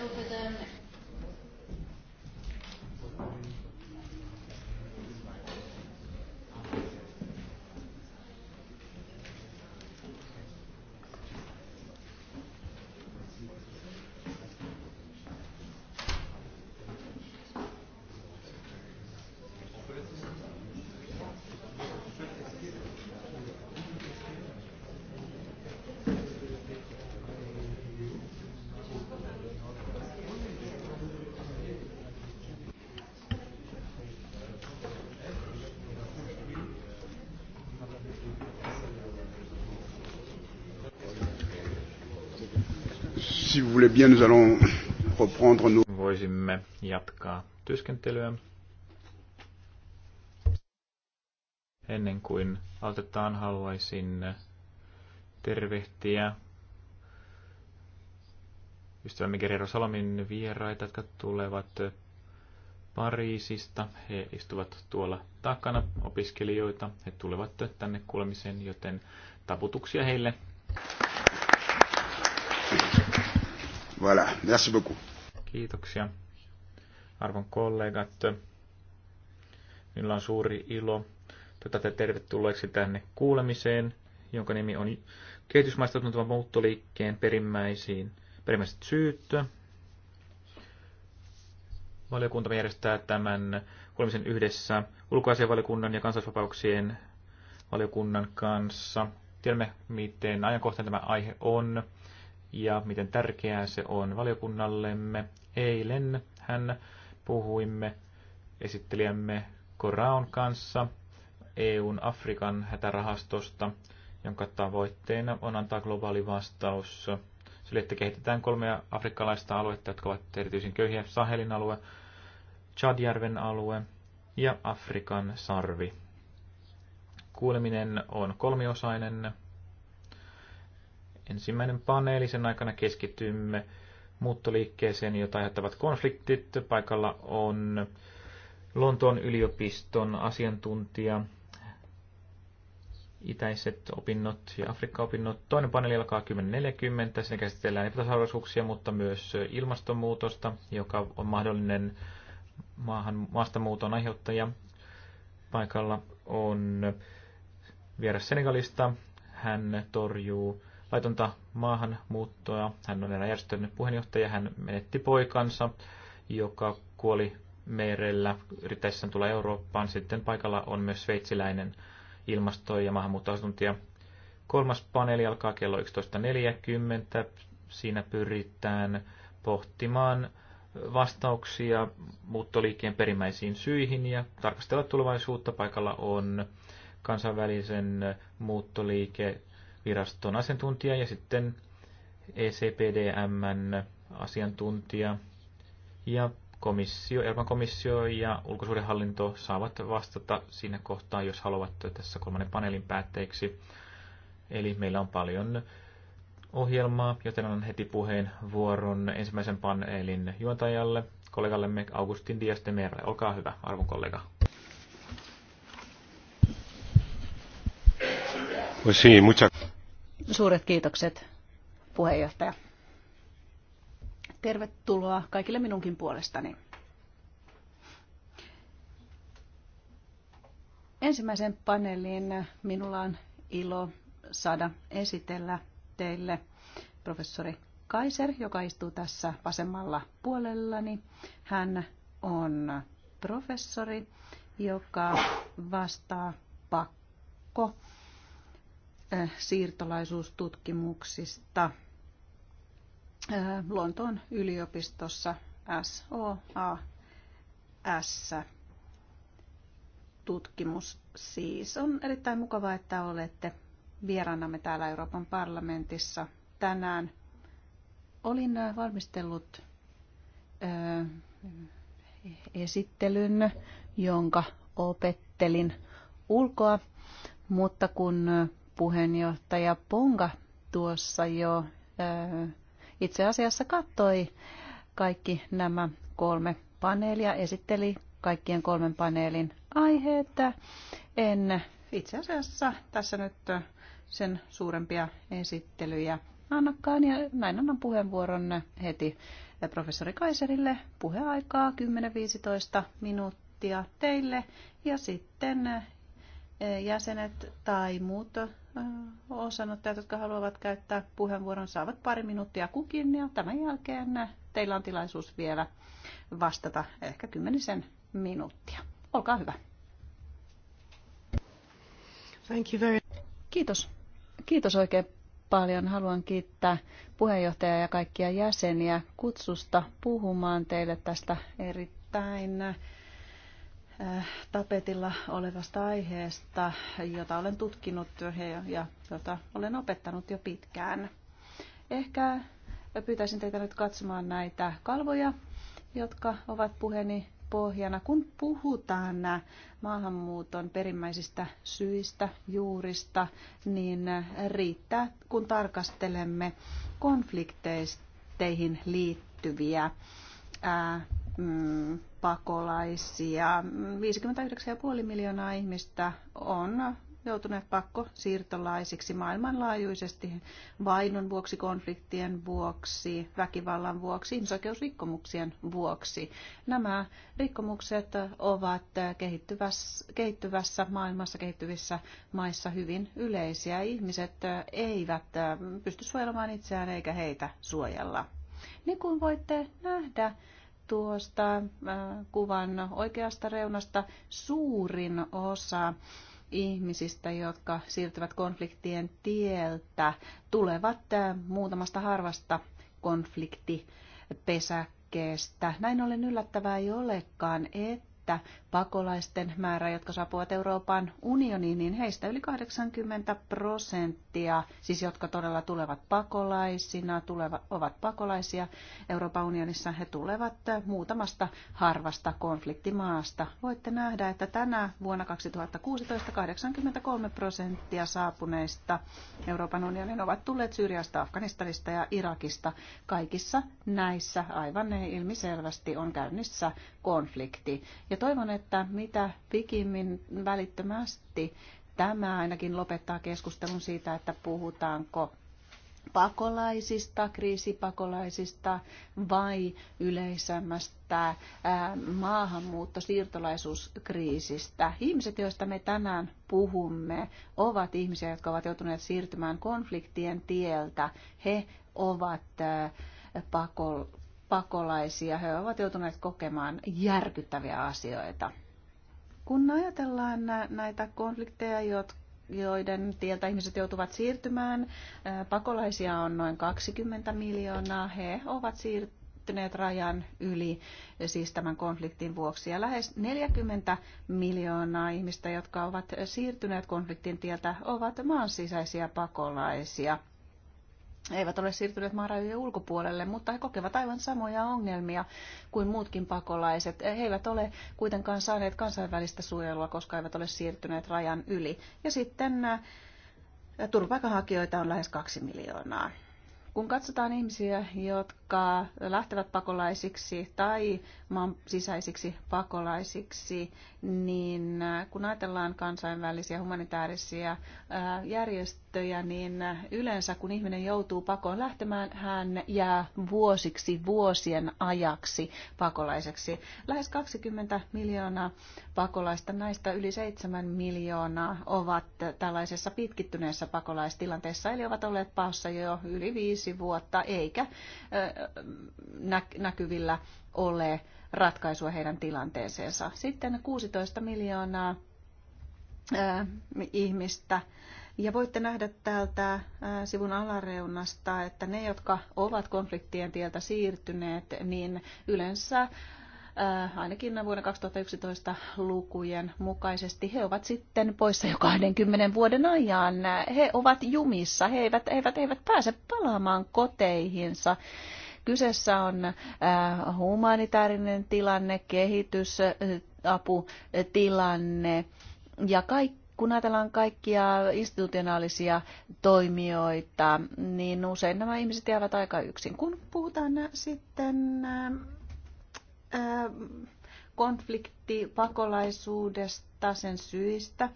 B: over the Si vous voulez bien, nous allons reprendre nos... Voisimme jatkaa työskentelyä. Ennen kuin aloitetaan, haluaisin tervehtiä ystävämme Gerero Salomin vieraita, jotka tulevat Pariisista. He istuvat tuolla takana, opiskelijoita. He tulevat tänne kuulemiseen, joten taputuksia heille Voilà, merci beaucoup. Kiitoksia. Arvon kollegat, minulla on suuri ilo tätä tervetulleeksi tänne kuulemiseen, jonka nimi on kehitysmaista tuntuvan muuttoliikkeen perimmäisiin, perimmäiset syyttö. Valiokunta järjestää tämän kuulemisen yhdessä ulkoasianvaliokunnan ja kansallisvapauksien valiokunnan kanssa. Tiedämme, miten ajankohtainen tämä aihe on ja miten tärkeää se on valiokunnallemme. Eilen hän puhuimme esittelijämme Koraon kanssa EUn Afrikan hätärahastosta, jonka tavoitteena on antaa globaali vastaus sille, että kehitetään kolmea afrikkalaista aluetta, jotka ovat erityisen köyhiä, Sahelin alue, Chadjärven alue ja Afrikan sarvi. Kuuleminen on kolmiosainen. Ensimmäinen paneeli, sen aikana keskitymme muuttoliikkeeseen, jota aiheuttavat konfliktit. Paikalla on Lontoon yliopiston asiantuntija, itäiset opinnot ja Afrikka-opinnot. Toinen paneeli alkaa 10.40. sen käsitellään epätasarvoisuuksia, mutta myös ilmastonmuutosta, joka on mahdollinen maahan, maastamuuton aiheuttaja. Paikalla on vieras Senegalista. Hän torjuu laitonta maahanmuuttoa. Hän on järjestön puheenjohtaja. Hän menetti poikansa, joka kuoli merellä yrittäessään tulla Eurooppaan. Sitten paikalla on myös sveitsiläinen ilmasto- ja maahanmuuttoasuntija. Kolmas paneeli alkaa kello 11.40. Siinä pyritään pohtimaan vastauksia muuttoliikkeen perimmäisiin syihin ja tarkastella tulevaisuutta. Paikalla on kansainvälisen muuttoliike- viraston asiantuntija ja sitten ECPDMn asiantuntija ja komissio, Euroopan komissio ja ulkosuudenhallinto saavat vastata siinä kohtaa, jos haluavat tässä kolmannen paneelin päätteeksi. Eli meillä on paljon ohjelmaa, joten annan heti puheen vuoron ensimmäisen paneelin juontajalle, kollegallemme Augustin Dias de Merle. Olkaa hyvä, arvon kollega. Pues
D: sí, muchas Suuret kiitokset, puheenjohtaja. Tervetuloa kaikille minunkin puolestani. Ensimmäisen paneeliin minulla on ilo saada esitellä teille professori Kaiser, joka istuu tässä vasemmalla puolellani. Hän on professori, joka vastaa pakko Äh, siirtolaisuustutkimuksista äh, Lontoon yliopistossa SOAS. Tutkimus siis. On erittäin mukavaa, että olette vieraanamme täällä Euroopan parlamentissa tänään. Olin äh, valmistellut esittelyn, jonka opettelin ulkoa, mutta kun puheenjohtaja Ponga tuossa jo äh, itse asiassa kattoi kaikki nämä kolme paneelia, esitteli kaikkien kolmen paneelin aiheet. En itse asiassa tässä nyt sen suurempia esittelyjä annakaan ja näin annan puheenvuoron heti professori Kaiserille puheaikaa 10-15 minuuttia teille ja sitten jäsenet tai muut osanottajat, jotka haluavat käyttää puheenvuoron, saavat pari minuuttia kukin ja tämän jälkeen teillä on tilaisuus vielä vastata ehkä kymmenisen minuuttia. Olkaa hyvä. Thank you very... Kiitos. Kiitos oikein paljon. Haluan kiittää puheenjohtajaa ja kaikkia jäseniä kutsusta puhumaan teille tästä erittäin Äh, tapetilla olevasta aiheesta, jota olen tutkinut ja jota olen opettanut jo pitkään. Ehkä pyytäisin teitä nyt katsomaan näitä kalvoja, jotka ovat puheeni pohjana, kun puhutaan maahanmuuton perimmäisistä syistä, juurista, niin riittää, kun tarkastelemme konflikteihin liittyviä ää, mm, pakolaisia. 59,5 miljoonaa ihmistä on joutuneet pakko siirtolaisiksi maailmanlaajuisesti vainon vuoksi, konfliktien vuoksi, väkivallan vuoksi, ihmisoikeusrikkomuksien vuoksi. Nämä rikkomukset ovat kehittyvässä, kehittyvässä maailmassa, kehittyvissä maissa hyvin yleisiä. Ihmiset eivät pysty suojelemaan itseään eikä heitä suojella. Niin kuin voitte nähdä, tuosta äh, kuvan oikeasta reunasta suurin osa ihmisistä, jotka siirtyvät konfliktien tieltä, tulevat äh, muutamasta harvasta konfliktipesäkkeestä. Näin ollen yllättävää ei olekaan, että että pakolaisten määrä, jotka saapuvat Euroopan unioniin, niin heistä yli 80 prosenttia, siis jotka todella tulevat pakolaisina, tulevat, ovat pakolaisia Euroopan unionissa, he tulevat muutamasta harvasta konfliktimaasta. Voitte nähdä, että tänä vuonna 2016 83 prosenttia saapuneista Euroopan unionin ovat tulleet Syyriasta, Afganistanista ja Irakista. Kaikissa näissä aivan ilmiselvästi on käynnissä konflikti. Ja toivon, että mitä pikimmin välittömästi tämä ainakin lopettaa keskustelun siitä, että puhutaanko pakolaisista, kriisipakolaisista vai yleisemmästä maahanmuutto- siirtolaisuuskriisistä. Ihmiset, joista me tänään puhumme, ovat ihmisiä, jotka ovat joutuneet siirtymään konfliktien tieltä. He ovat pakolaisia. He ovat joutuneet kokemaan järkyttäviä asioita. Kun ajatellaan näitä konflikteja, joiden tieltä ihmiset joutuvat siirtymään, pakolaisia on noin 20 miljoonaa. He ovat siirtyneet rajan yli siis tämän konfliktin vuoksi. Ja lähes 40 miljoonaa ihmistä, jotka ovat siirtyneet konfliktin tieltä, ovat maan sisäisiä pakolaisia eivät ole siirtyneet maarajojen ulkopuolelle, mutta he kokevat aivan samoja ongelmia kuin muutkin pakolaiset. He eivät ole kuitenkaan saaneet kansainvälistä suojelua, koska eivät ole siirtyneet rajan yli. Ja sitten äh, turvapaikanhakijoita on lähes kaksi miljoonaa. Kun katsotaan ihmisiä, jotka lähtevät pakolaisiksi tai maan sisäisiksi pakolaisiksi, niin äh, kun ajatellaan kansainvälisiä humanitaarisia äh, järjestöjä, niin äh, yleensä kun ihminen joutuu pakoon lähtemään, hän jää vuosiksi, vuosien ajaksi pakolaiseksi. Lähes 20 miljoonaa pakolaista, näistä yli 7 miljoonaa ovat tällaisessa pitkittyneessä pakolaistilanteessa, eli ovat olleet paassa jo yli viisi kaksi vuotta, eikä näkyvillä ole ratkaisua heidän tilanteeseensa. Sitten 16 miljoonaa ihmistä. Ja voitte nähdä täältä sivun alareunasta, että ne, jotka ovat konfliktien tieltä siirtyneet, niin yleensä Äh, ainakin vuoden 2011 lukujen mukaisesti. He ovat sitten poissa jo 20 vuoden ajan. He ovat jumissa, he eivät, eivät, eivät pääse palaamaan koteihinsa. Kyseessä on äh, humanitaarinen tilanne, kehitysaputilanne äh, ja kaikki kun ajatellaan kaikkia institutionaalisia toimijoita, niin usein nämä ihmiset jäävät aika yksin. Kun puhutaan sitten konflikti pakolaisuudesta, sen syistä,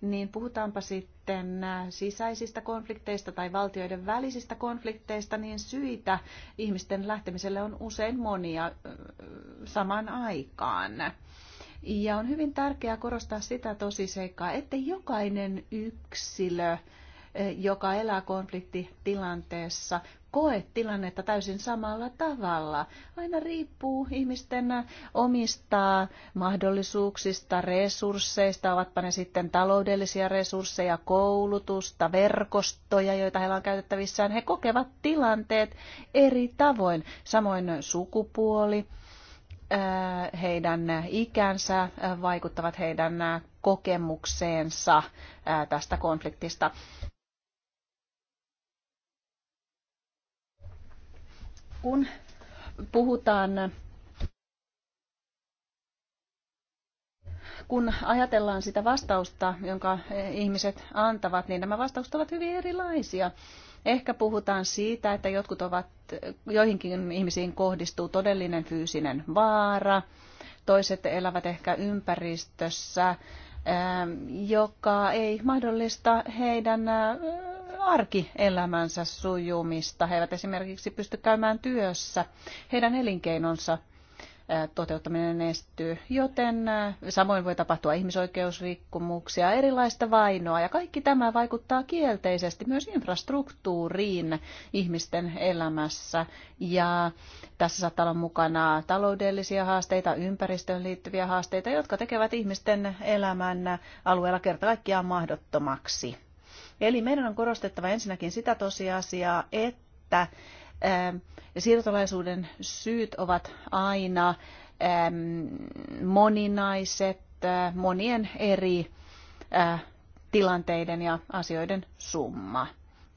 D: niin puhutaanpa sitten sisäisistä konflikteista tai valtioiden välisistä konflikteista, niin syitä ihmisten lähtemiselle on usein monia saman aikaan. Ja on hyvin tärkeää korostaa sitä tosiseikkaa, että jokainen yksilö joka elää konfliktitilanteessa, koe tilannetta täysin samalla tavalla. Aina riippuu ihmisten omista mahdollisuuksista, resursseista, ovatpa ne sitten taloudellisia resursseja, koulutusta, verkostoja, joita heillä on käytettävissään. He kokevat tilanteet eri tavoin, samoin sukupuoli, heidän ikänsä vaikuttavat heidän kokemukseensa tästä konfliktista. kun puhutaan kun ajatellaan sitä vastausta, jonka ihmiset antavat, niin nämä vastaukset ovat hyvin erilaisia. Ehkä puhutaan siitä, että jotkut ovat, joihinkin ihmisiin kohdistuu todellinen fyysinen vaara, toiset elävät ehkä ympäristössä, joka ei mahdollista heidän arkielämänsä sujumista. He eivät esimerkiksi pysty käymään työssä. Heidän elinkeinonsa toteuttaminen estyy, joten samoin voi tapahtua ihmisoikeusrikkomuksia, erilaista vainoa ja kaikki tämä vaikuttaa kielteisesti myös infrastruktuuriin ihmisten elämässä ja tässä saattaa olla mukana taloudellisia haasteita, ympäristöön liittyviä haasteita, jotka tekevät ihmisten elämän alueella kerta kaikkiaan mahdottomaksi. Eli meidän on korostettava ensinnäkin sitä tosiasiaa, että ähm, siirtolaisuuden syyt ovat aina ähm, moninaiset äh, monien eri äh, tilanteiden ja asioiden summa.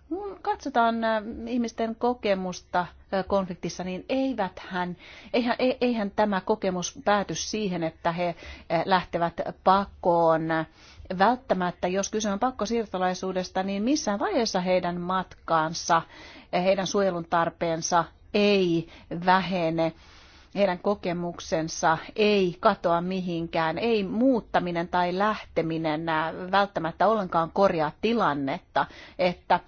D: Mm, katsotaan äh, ihmisten kokemusta äh, konfliktissa, niin eivät hän, eihän, e, eihän tämä kokemus pääty siihen, että he äh, lähtevät pakoon. Välttämättä, jos kyse on pakkosiirtolaisuudesta, niin missään vaiheessa heidän matkaansa, heidän suojelun tarpeensa ei vähene heidän kokemuksensa ei katoa mihinkään, ei muuttaminen tai lähteminen välttämättä ollenkaan korjaa tilannetta, että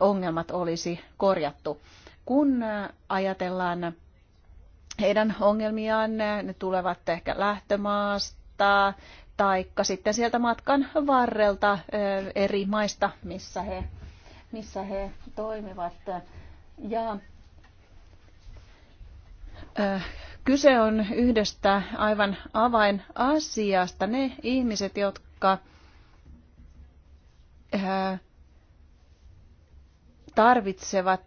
D: ongelmat olisi korjattu. Kun ajatellaan heidän ongelmiaan, ne tulevat ehkä lähtömaasta, tai sitten sieltä matkan varrelta eri maista, missä he, missä he toimivat. Ja Kyse on yhdestä aivan avainasiasta. Ne ihmiset, jotka tarvitsevat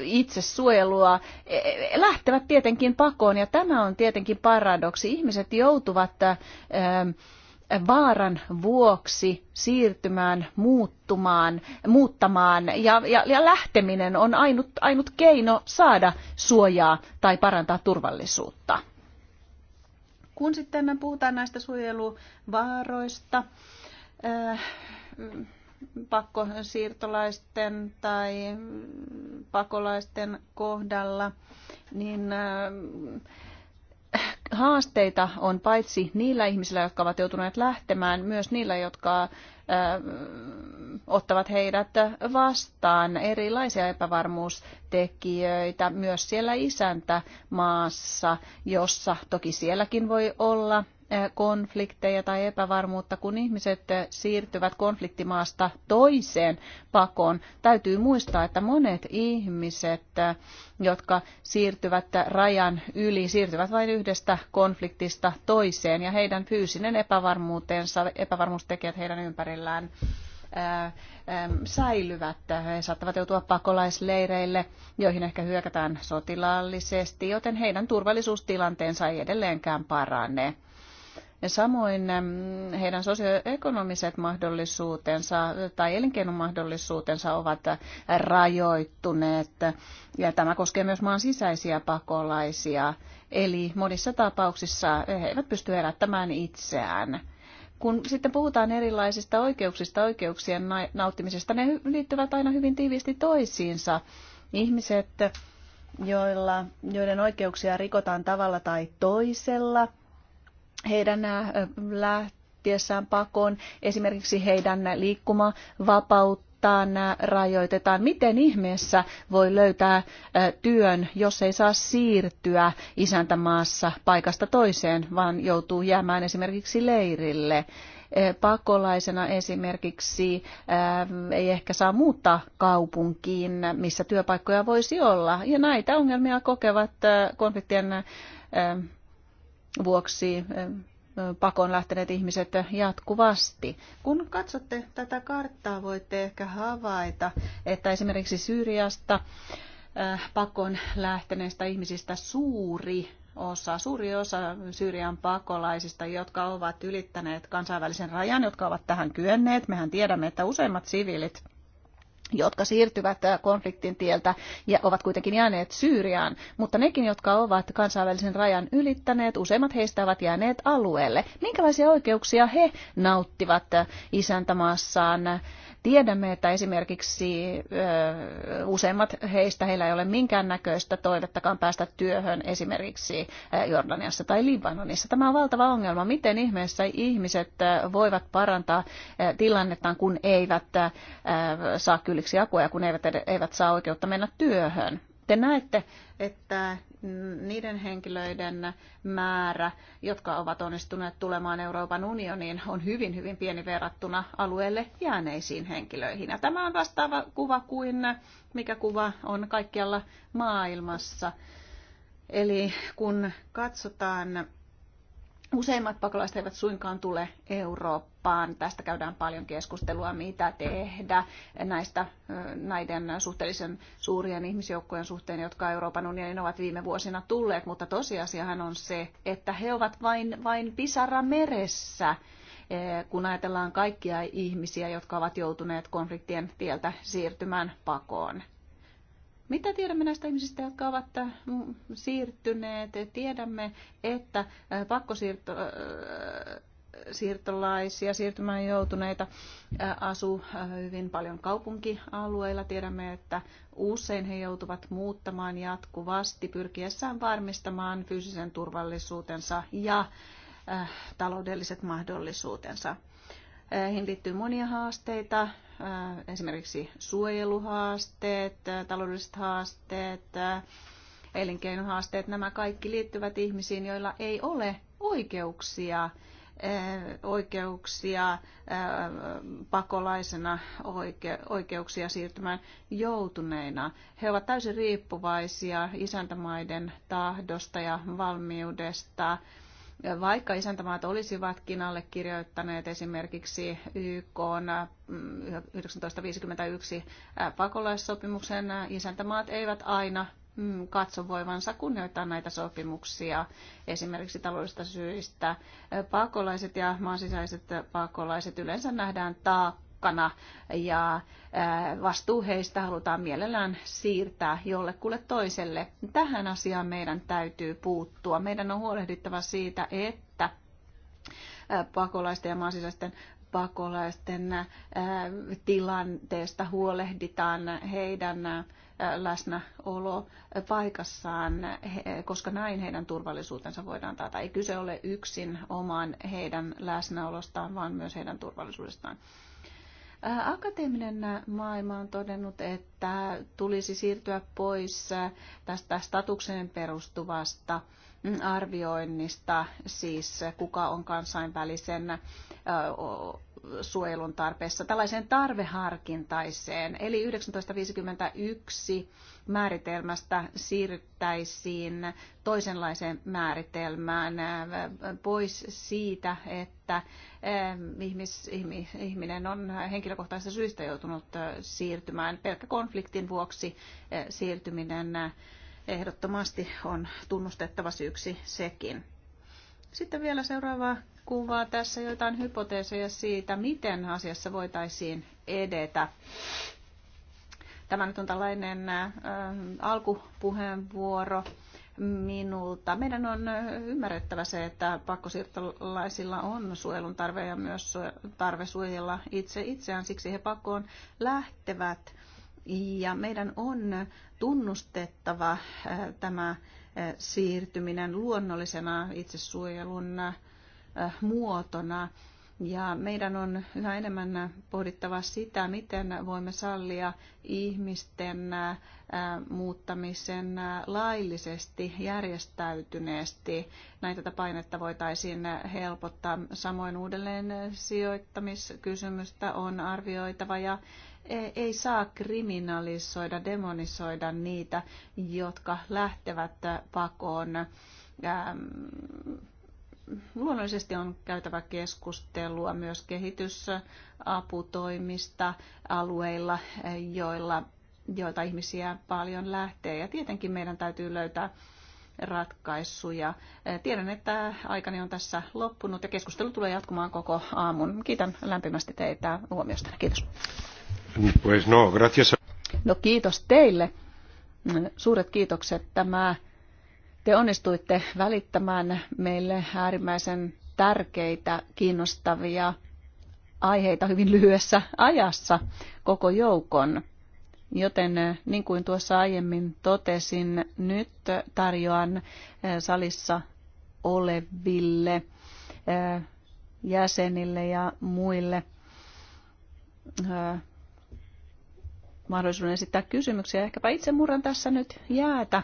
D: itse suojelua, e, e, lähtevät tietenkin pakoon ja tämä on tietenkin paradoksi. Ihmiset joutuvat vaaran vuoksi siirtymään, muuttumaan, muuttamaan ja, ja, ja lähteminen on ainut, ainut keino saada suojaa tai parantaa turvallisuutta. Kun sitten puhutaan näistä suojeluvaaroista, äh, pakkosiirtolaisten tai pakolaisten kohdalla, niin äh, haasteita on paitsi niillä ihmisillä, jotka ovat joutuneet lähtemään, myös niillä, jotka äh, ottavat heidät vastaan erilaisia epävarmuustekijöitä myös siellä isäntämaassa, jossa toki sielläkin voi olla konflikteja tai epävarmuutta, kun ihmiset siirtyvät konfliktimaasta toiseen pakoon. Täytyy muistaa, että monet ihmiset, jotka siirtyvät rajan yli, siirtyvät vain yhdestä konfliktista toiseen ja heidän fyysinen epävarmuutensa, epävarmuustekijät heidän ympärillään säilyvät. He saattavat joutua pakolaisleireille, joihin ehkä hyökätään sotilaallisesti, joten heidän turvallisuustilanteensa ei edelleenkään parane. Samoin heidän sosioekonomiset mahdollisuutensa tai elinkeinomahdollisuutensa ovat rajoittuneet. Ja tämä koskee myös maan sisäisiä pakolaisia. Eli monissa tapauksissa he eivät pysty elättämään itseään kun sitten puhutaan erilaisista oikeuksista, oikeuksien nauttimisesta, ne liittyvät aina hyvin tiiviisti toisiinsa. Ihmiset, joilla, joiden oikeuksia rikotaan tavalla tai toisella, heidän äh, lähtiessään pakoon, esimerkiksi heidän liikkumavapauttaan äh, rajoitetaan. Miten ihmeessä voi löytää äh, työn, jos ei saa siirtyä isäntämaassa paikasta toiseen, vaan joutuu jäämään esimerkiksi leirille? pakolaisena esimerkiksi ei ehkä saa muuttaa kaupunkiin, missä työpaikkoja voisi olla. Ja näitä ongelmia kokevat konfliktien vuoksi pakoon lähteneet ihmiset jatkuvasti. Kun katsotte tätä karttaa, voitte ehkä havaita, että esimerkiksi Syyriasta pakon lähteneistä ihmisistä suuri osa, suuri osa Syyrian pakolaisista, jotka ovat ylittäneet kansainvälisen rajan, jotka ovat tähän kyenneet. Mehän tiedämme, että useimmat siviilit jotka siirtyvät äh, konfliktin tieltä ja ovat kuitenkin jääneet Syyriaan, mutta nekin, jotka ovat kansainvälisen rajan ylittäneet, useimmat heistä ovat jääneet alueelle. Minkälaisia oikeuksia he nauttivat äh, isäntämaassaan? Tiedämme, että esimerkiksi useimmat heistä, heillä ei ole minkäännäköistä toivettakaan päästä työhön esimerkiksi Jordaniassa tai Libanonissa. Tämä on valtava ongelma. Miten ihmeessä ihmiset voivat parantaa tilannettaan, kun eivät saa kylliksi apua ja kun eivät, eivät saa oikeutta mennä työhön? Te näette, että niiden henkilöiden määrä, jotka ovat onnistuneet tulemaan Euroopan unioniin, on hyvin, hyvin pieni verrattuna alueelle jääneisiin henkilöihin. Ja tämä on vastaava kuva kuin mikä kuva on kaikkialla maailmassa. Eli kun katsotaan Useimmat pakolaiset eivät suinkaan tule Eurooppaan. Tästä käydään paljon keskustelua, mitä tehdä näistä, näiden suhteellisen suurien ihmisjoukkojen suhteen, jotka Euroopan unionin ovat viime vuosina tulleet. Mutta tosiasiahan on se, että he ovat vain, vain pisara meressä, kun ajatellaan kaikkia ihmisiä, jotka ovat joutuneet konfliktien tieltä siirtymään pakoon. Mitä tiedämme näistä ihmisistä, jotka ovat äh, siirtyneet? Tiedämme, että äh, pakkosiirto äh, siirtolaisia, siirtymään joutuneita asuu hyvin paljon kaupunkialueilla. Tiedämme, että usein he joutuvat muuttamaan jatkuvasti pyrkiessään varmistamaan fyysisen turvallisuutensa ja taloudelliset mahdollisuutensa. Heihin liittyy monia haasteita, esimerkiksi suojeluhaasteet, taloudelliset haasteet, elinkeinohaasteet. Nämä kaikki liittyvät ihmisiin, joilla ei ole oikeuksia oikeuksia pakolaisena, oikeuksia siirtymään joutuneina. He ovat täysin riippuvaisia isäntämaiden tahdosta ja valmiudesta vaikka isäntämaat olisivatkin allekirjoittaneet esimerkiksi YK 1951 pakolaissopimuksen, isäntämaat eivät aina mm, katso voivansa kunnioittaa näitä sopimuksia esimerkiksi taloudellisista syistä. Pakolaiset ja maan sisäiset pakolaiset yleensä nähdään taakka uhkana ja vastuu heistä halutaan mielellään siirtää jollekulle toiselle. Tähän asiaan meidän täytyy puuttua. Meidän on huolehdittava siitä, että pakolaisten ja maasisäisten pakolaisten tilanteesta huolehditaan heidän läsnäolo paikassaan, koska näin heidän turvallisuutensa voidaan taata. Ei kyse ole yksin oman heidän läsnäolostaan, vaan myös heidän turvallisuudestaan. Akateeminen maailma on todennut, että tulisi siirtyä pois tästä statukseen perustuvasta mm, arvioinnista, siis kuka on kansainvälisen suojelun tarpeessa tällaiseen tarveharkintaiseen, eli 1951 määritelmästä siirryttäisiin toisenlaiseen määritelmään äh, pois siitä, että äh, ihmis, ihminen on henkilökohtaisista syistä joutunut äh, siirtymään. Pelkkä konfliktin vuoksi siirtyminen ehdottomasti on tunnustettava syyksi sekin. Sitten vielä seuraava kuvaa tässä joitain hypoteeseja siitä, miten asiassa voitaisiin edetä. Tämä nyt on tällainen äh, alkupuheenvuoro minulta. Meidän on äh, ymmärrettävä se, että pakkosiirtolaisilla on suojelun tarve ja myös tarve suojella itse itseään, siksi he pakoon lähtevät. Ja meidän on tunnustettava äh, tämä äh, Eh, siirtyminen luonnollisena itsesuojelun eh, muotona. Ja meidän on yhä enemmän pohdittava sitä, miten voimme sallia ihmisten eh, muuttamisen laillisesti, järjestäytyneesti. Näitä tätä painetta voitaisiin helpottaa. Samoin uudelleen sijoittamiskysymystä on arvioitava ja E, ei saa kriminalisoida, demonisoida niitä, jotka lähtevät pakoon. Luonnollisesti on käytävä keskustelua myös kehitysaputoimista alueilla, e, joilla, joilta ihmisiä paljon lähtee. Ja tietenkin meidän täytyy löytää ratkaisuja. E, tiedän, että aikani on tässä loppunut ja keskustelu tulee jatkumaan koko aamun. Kiitän lämpimästi teitä huomiosta. Kiitos.
B: Pues no, gracias.
D: No kiitos teille. Suuret kiitokset. Tämä, te onnistuitte välittämään meille äärimmäisen tärkeitä, kiinnostavia aiheita hyvin lyhyessä ajassa koko joukon. Joten eh, niin kuin tuossa aiemmin totesin, nyt tarjoan eh, salissa oleville eh, jäsenille ja muille mahdollisuuden esittää kysymyksiä. Ehkäpä itse murran tässä nyt jäätä.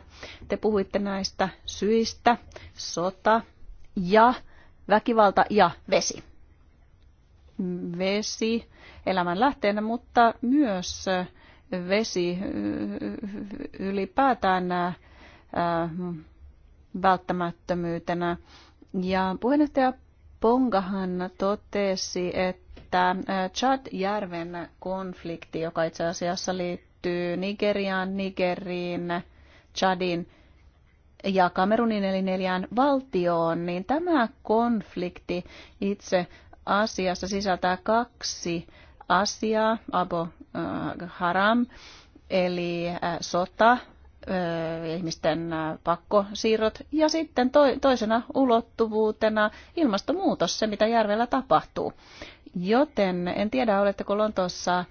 D: Te puhuitte näistä syistä, sota ja väkivalta ja vesi. Vesi elämän lähteenä, mutta myös vesi ylipäätään äh, välttämättömyytenä. Ja puheenjohtaja Pongahan totesi, että tämä Chad-järven konflikti, joka itse asiassa liittyy Nigeriaan, Nigeriin, Chadin ja Kamerunin eli neljään valtioon, niin tämä konflikti itse asiassa sisältää kaksi asiaa, Abo Haram, eli sota, ihmisten pakkosiirrot ja sitten toisena ulottuvuutena ilmastonmuutos, se mitä järvellä tapahtuu. Joten en tiedä, oletteko Lontoossa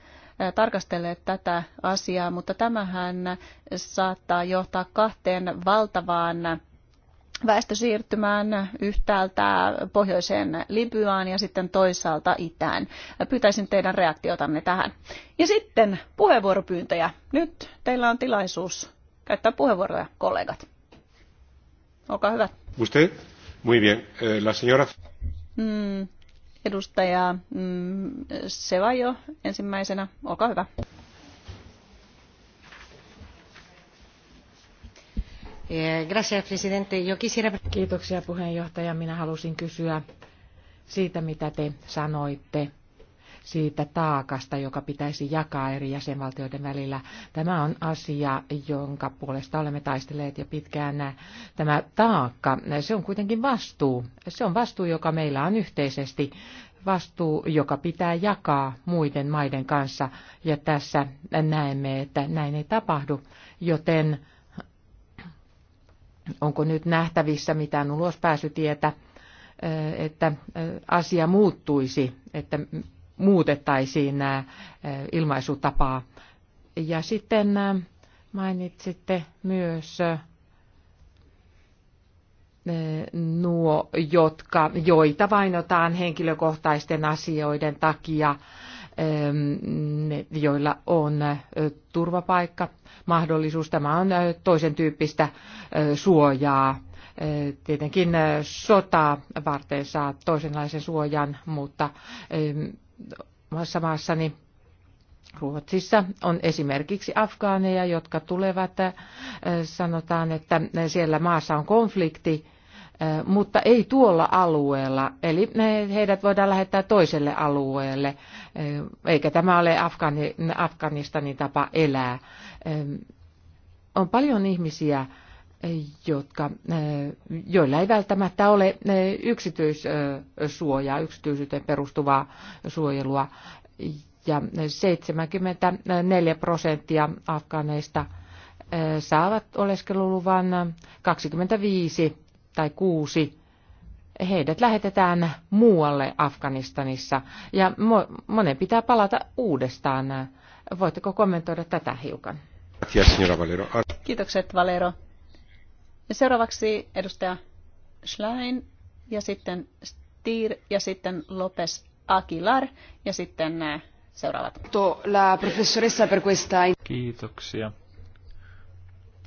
D: tarkastelleet tätä asiaa, mutta tämähän saattaa johtaa kahteen valtavaan väestösiirtymään yhtäältä pohjoiseen Libyaan ja sitten toisaalta itään. Pyytäisin teidän reaktiotanne tähän. Ja sitten puheenvuoropyyntöjä. Nyt teillä on tilaisuus käyttää puheenvuoroja, kollegat. Olkaa hyvä.
B: Usted? Muy bien. Eh, la señora...
D: Mm, Edustaja mm, Sevajo ensimmäisenä, olkaa hyvä.
C: Eh, Kiitoksia puheenjohtaja. Minä halusin kysyä siitä, mitä te sanoitte siitä taakasta, joka pitäisi jakaa eri jäsenvaltioiden välillä. Tämä on asia, jonka puolesta olemme taistelleet jo pitkään. Tämä taakka, se on kuitenkin vastuu. Se on vastuu, joka meillä on yhteisesti vastuu, joka pitää jakaa muiden maiden kanssa, ja tässä näemme, että näin ei tapahdu, joten onko nyt nähtävissä mitään ulospääsytietä, että asia muuttuisi, että muutettaisiin ilmaisutapaa. Ja sitten mainitsitte myös nuo, jotka, joita vainotaan henkilökohtaisten asioiden takia, joilla on turvapaikka, mahdollisuus. Tämä on toisen tyyppistä suojaa. Tietenkin sotaa varten saa toisenlaisen suojan, mutta omassa maassani Ruotsissa on esimerkiksi afgaaneja, jotka tulevat, äh, sanotaan, että siellä maassa on konflikti, äh, mutta ei tuolla alueella. Eli äh, heidät voidaan lähettää toiselle alueelle, eikä tämä ole Afganistanin tapa elää. On paljon ihmisiä, jotka, eh, joilla ei välttämättä ole eh, yksityissuojaa, yksityisyyteen perustuvaa suojelua. Ja 74 prosenttia afgaaneista eh, saavat oleskeluluvan 25 tai 6 heidät lähetetään muualle Afganistanissa ja monen pitää palata uudestaan. Voitteko kommentoida tätä hiukan? Kiitokset Valero.
D: Seuraavaksi edustaja Schlein ja sitten Stier ja sitten Lopes Aguilar ja sitten nämä äh, seuraavat. La
B: professoressa per questa... Kiitoksia.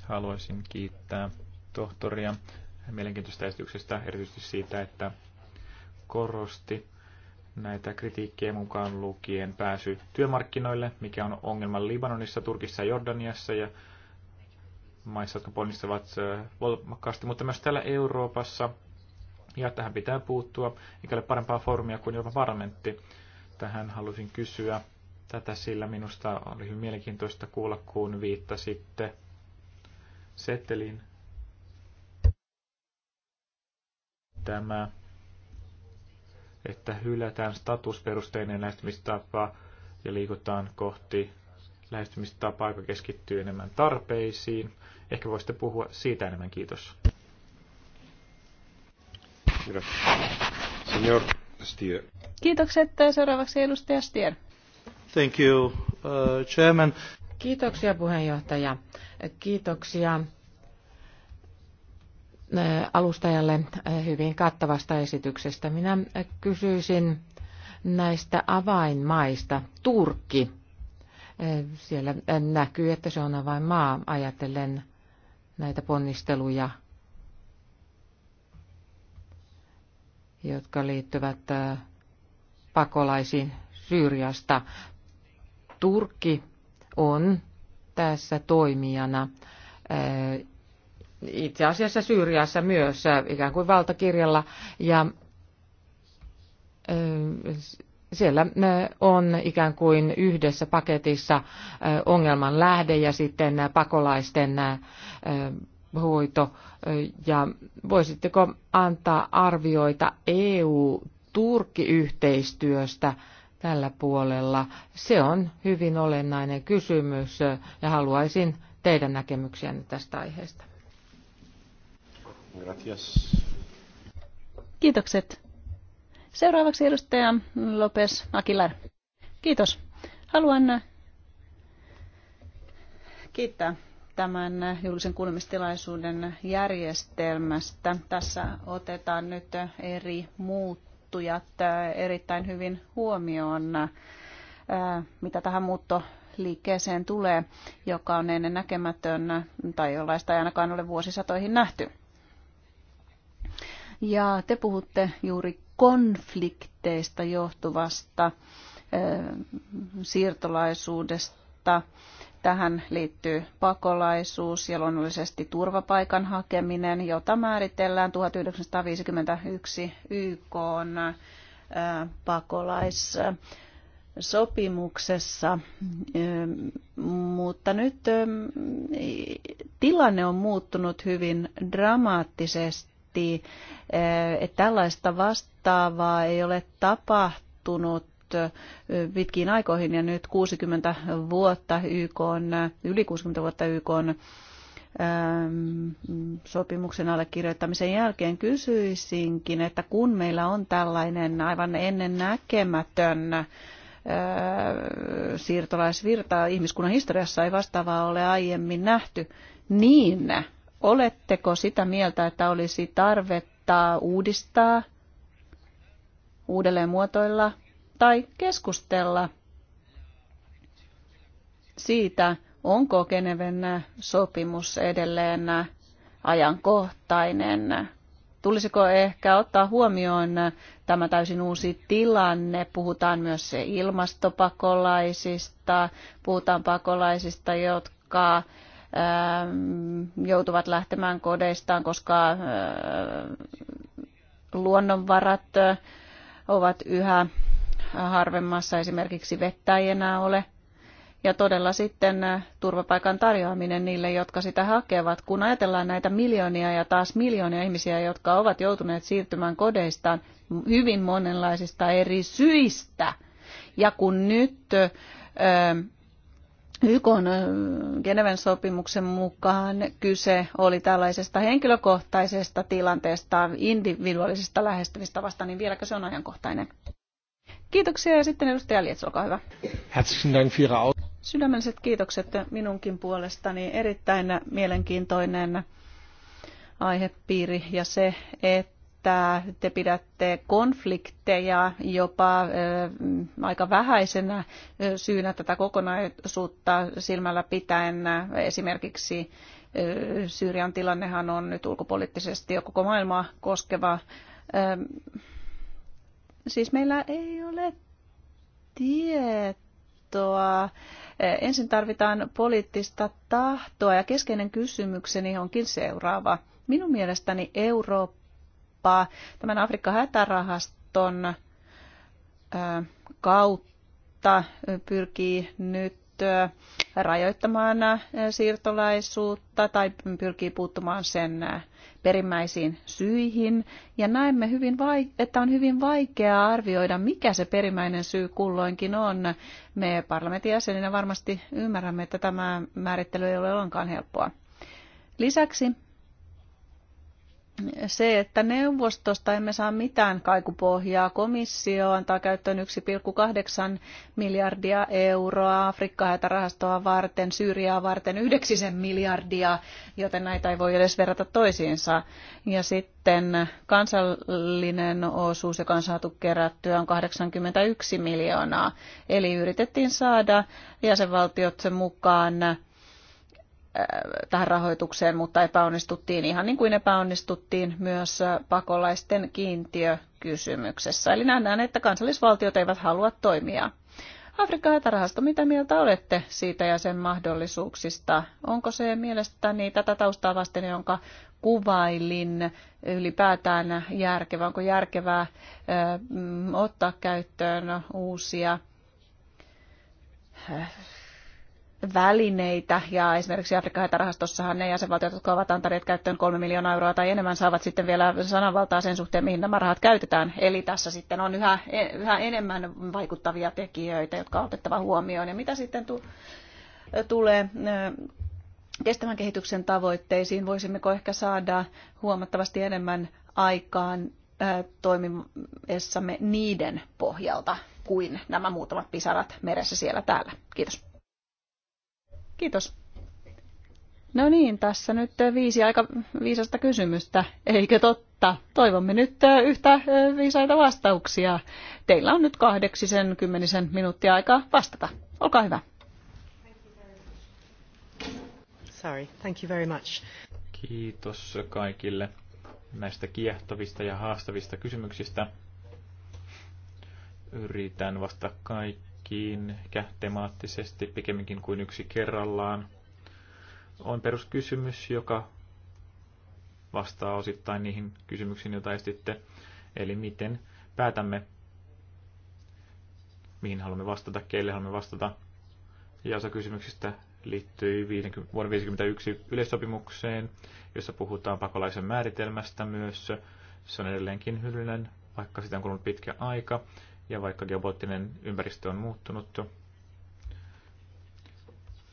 B: Haluaisin kiittää tohtoria mielenkiintoisesta esityksestä, erityisesti siitä, että korosti näitä kritiikkejä mukaan lukien pääsy työmarkkinoille, mikä on ongelma Libanonissa, Turkissa ja Jordaniassa ja maissa, jotka ponnistavat voimakkaasti, mutta myös täällä Euroopassa. Ja tähän pitää puuttua, eikä ole parempaa foorumia kuin jopa parlamentti. Tähän halusin kysyä tätä, sillä minusta oli hyvin mielenkiintoista kuulla, kun viittasitte setelin tämä, että hylätään statusperusteinen lähestymistapa ja liikutaan kohti lähestymistapaa, joka keskittyy enemmän tarpeisiin. Ehkä voisitte puhua siitä enemmän, kiitos.
A: Senior Stier.
C: Kiitokset. Seuraavaksi edustaja Stier.
A: Thank you, uh, chairman.
C: Kiitoksia puheenjohtaja. Kiitoksia uh, alustajalle uh, hyvin kattavasta esityksestä. Minä uh, kysyisin näistä avainmaista. Turkki. Siellä näkyy, että se on avainmaa ajatellen näitä ponnisteluja, jotka liittyvät äh, pakolaisiin Syyriasta. Turkki on tässä toimijana äh, itse asiassa Syyriassa myös äh, ikään kuin valtakirjalla ja siellä on ikään kuin yhdessä paketissa ongelman lähde ja sitten pakolaisten hoito. Ja voisitteko antaa arvioita EU-Turkki-yhteistyöstä tällä puolella? Se on hyvin olennainen kysymys ja haluaisin teidän näkemyksiänne tästä aiheesta.
B: Gracias.
C: Kiitokset.
D: Seuraavaksi edustaja Lopes Akilar. Kiitos. Haluan kiittää tämän julkisen kuulemistilaisuuden järjestelmästä. Tässä otetaan nyt eri muuttujat erittäin hyvin huomioon, mitä tähän muutto liikkeeseen tulee, joka on ennen näkemätön tai jollaista ei ainakaan ole vuosisatoihin nähty. Ja te puhutte juuri konflikteista johtuvasta siirtolaisuudesta. Tähän liittyy pakolaisuus ja luonnollisesti turvapaikan hakeminen, jota määritellään 1951 YK pakolaissopimuksessa. Mutta nyt tilanne on muuttunut hyvin dramaattisesti miettii, eh, että tällaista vastaavaa ei ole tapahtunut eh, pitkiin aikoihin ja nyt 60 vuotta YK on, eh, yli 60 vuotta YK on sopimuksen allekirjoittamisen jälkeen kysyisinkin, että kun meillä on tällainen aivan ennen näkemätön siirtolaisvirta ihmiskunnan historiassa ei vastaavaa ole aiemmin nähty, niin Oletteko sitä mieltä, että olisi tarvetta uudistaa, uudelleen muotoilla tai keskustella siitä, onko Geneven sopimus edelleen ajankohtainen. Tulisiko ehkä ottaa huomioon tämä täysin uusi tilanne? Puhutaan myös ilmastopakolaisista, puhutaan pakolaisista, jotka joutuvat lähtemään kodeistaan, koska luonnonvarat ovat yhä harvemmassa, esimerkiksi vettä ei enää ole. Ja todella sitten turvapaikan tarjoaminen niille, jotka sitä hakevat, kun ajatellaan näitä miljoonia ja taas miljoonia ihmisiä, jotka ovat joutuneet siirtymään kodeistaan hyvin monenlaisista eri syistä. Ja kun nyt YK Geneven sopimuksen mukaan kyse oli tällaisesta henkilökohtaisesta tilanteesta, individuaalisesta lähestymistavasta, niin vieläkö se on ajankohtainen? Kiitoksia ja sitten edustaja Lietz, olkaa hyvä. Sydämelliset kiitokset minunkin puolestani. Erittäin mielenkiintoinen aihepiiri ja se, että että te pidätte konflikteja jopa aika vähäisenä syynä tätä kokonaisuutta silmällä pitäen. Esimerkiksi Syyrian tilannehan on nyt ulkopoliittisesti jo koko maailmaa koskeva. Siis meillä ei ole tietoa. Ensin tarvitaan poliittista tahtoa ja keskeinen kysymykseni onkin seuraava. Minun mielestäni Eurooppa kauppaa tämän Afrikan hätärahaston kautta pyrkii nyt rajoittamaan siirtolaisuutta tai pyrkii puuttumaan sen perimmäisiin syihin. Ja näemme, hyvin että on hyvin vaikeaa arvioida, mikä se perimmäinen syy kulloinkin on. Me parlamentin jäseninä varmasti ymmärrämme, että tämä määrittely ei ole ollenkaan helppoa. Lisäksi se, että neuvostosta emme saa mitään kaikupohjaa. Komissio antaa käyttöön 1,8 miljardia euroa Afrikka-hätärahastoa varten, Syyriaa varten 9 miljardia, joten näitä ei voi edes verrata toisiinsa. Ja sitten kansallinen osuus, joka on saatu kerättyä, on 81 miljoonaa. Eli yritettiin saada jäsenvaltiot mukaan tähän rahoitukseen, mutta epäonnistuttiin ihan niin kuin epäonnistuttiin myös äh, pakolaisten kiintiökysymyksessä. Eli nähdään, että kansallisvaltiot eivät halua toimia. Afrikan hätärahasto, mitä mieltä olette siitä ja sen mahdollisuuksista? Onko se mielestäni tätä taustaa vasten, jonka kuvailin ylipäätään järkevää? Onko järkevää ö, äh, ottaa käyttöön uusia äh, välineitä ja esimerkiksi Afrikan hätärahastossahan ne jäsenvaltiot, jotka ovat antaneet käyttöön kolme miljoonaa euroa tai enemmän, saavat sitten vielä sananvaltaa sen suhteen, mihin nämä rahat käytetään. Eli tässä sitten on yhä, e, yhä enemmän vaikuttavia tekijöitä, jotka on otettava huomioon. Ja mitä sitten tu- tulee kestävän kehityksen tavoitteisiin, voisimmeko ehkä saada huomattavasti enemmän aikaan toimiessamme niiden pohjalta kuin nämä muutamat pisarat meressä siellä täällä. Kiitos. Kiitos. No niin, tässä nyt eh, viisi aika viisasta kysymystä, eikö totta? Toivomme nyt eh, yhtä eh, viisaita vastauksia. Teillä on nyt kahdeksisen kymmenisen minuuttia aikaa vastata. Olkaa hyvä.
E: Sorry, thank you very much.
B: Kiitos kaikille näistä kiehtovista ja haastavista kysymyksistä. Yritän vastata kaikki kaikkiin kähtemaattisesti pikemminkin kuin yksi kerrallaan, on peruskysymys, joka vastaa osittain niihin kysymyksiin, joita esititte. Eli miten päätämme, mihin haluamme vastata, keille haluamme vastata. Ja osa kysymyksistä liittyy 50, vuoden 1951 yleissopimukseen, jossa puhutaan pakolaisen määritelmästä myös. Se on edelleenkin hyllinen, vaikka sitä on kulunut pitkä aika. Ja vaikka geopoliittinen ympäristö on muuttunut,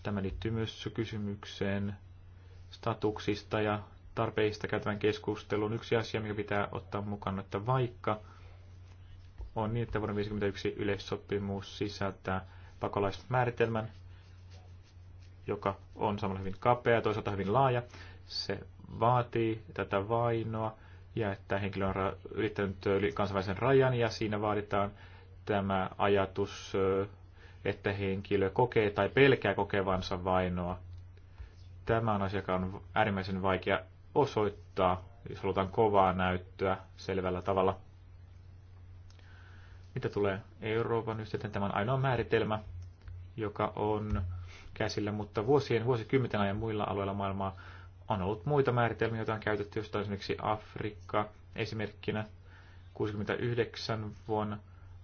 B: tämä liittyy myös kysymykseen statuksista ja tarpeista käytävän keskustelun. Yksi asia, mikä pitää ottaa mukaan, että vaikka on niin, että vuoden 1951 yleissopimus sisältää pakolaismääritelmän, joka on samalla hyvin kapea ja toisaalta hyvin laaja, se vaatii tätä vainoa, ja että henkilö on ylittänyt kansainvälisen rajan ja siinä vaaditaan tämä ajatus, että henkilö kokee tai pelkää kokevansa vainoa. Tämä on asia, joka on äärimmäisen vaikea osoittaa, jos halutaan kovaa näyttöä selvällä tavalla. Mitä tulee Euroopan yhteyteen, tämä on ainoa määritelmä, joka on käsillä, mutta vuosien, vuosikymmenten ajan muilla alueilla maailmaa on ollut muita määritelmiä, joita on käytetty, josta esimerkiksi Afrikka esimerkkinä 69 vuonna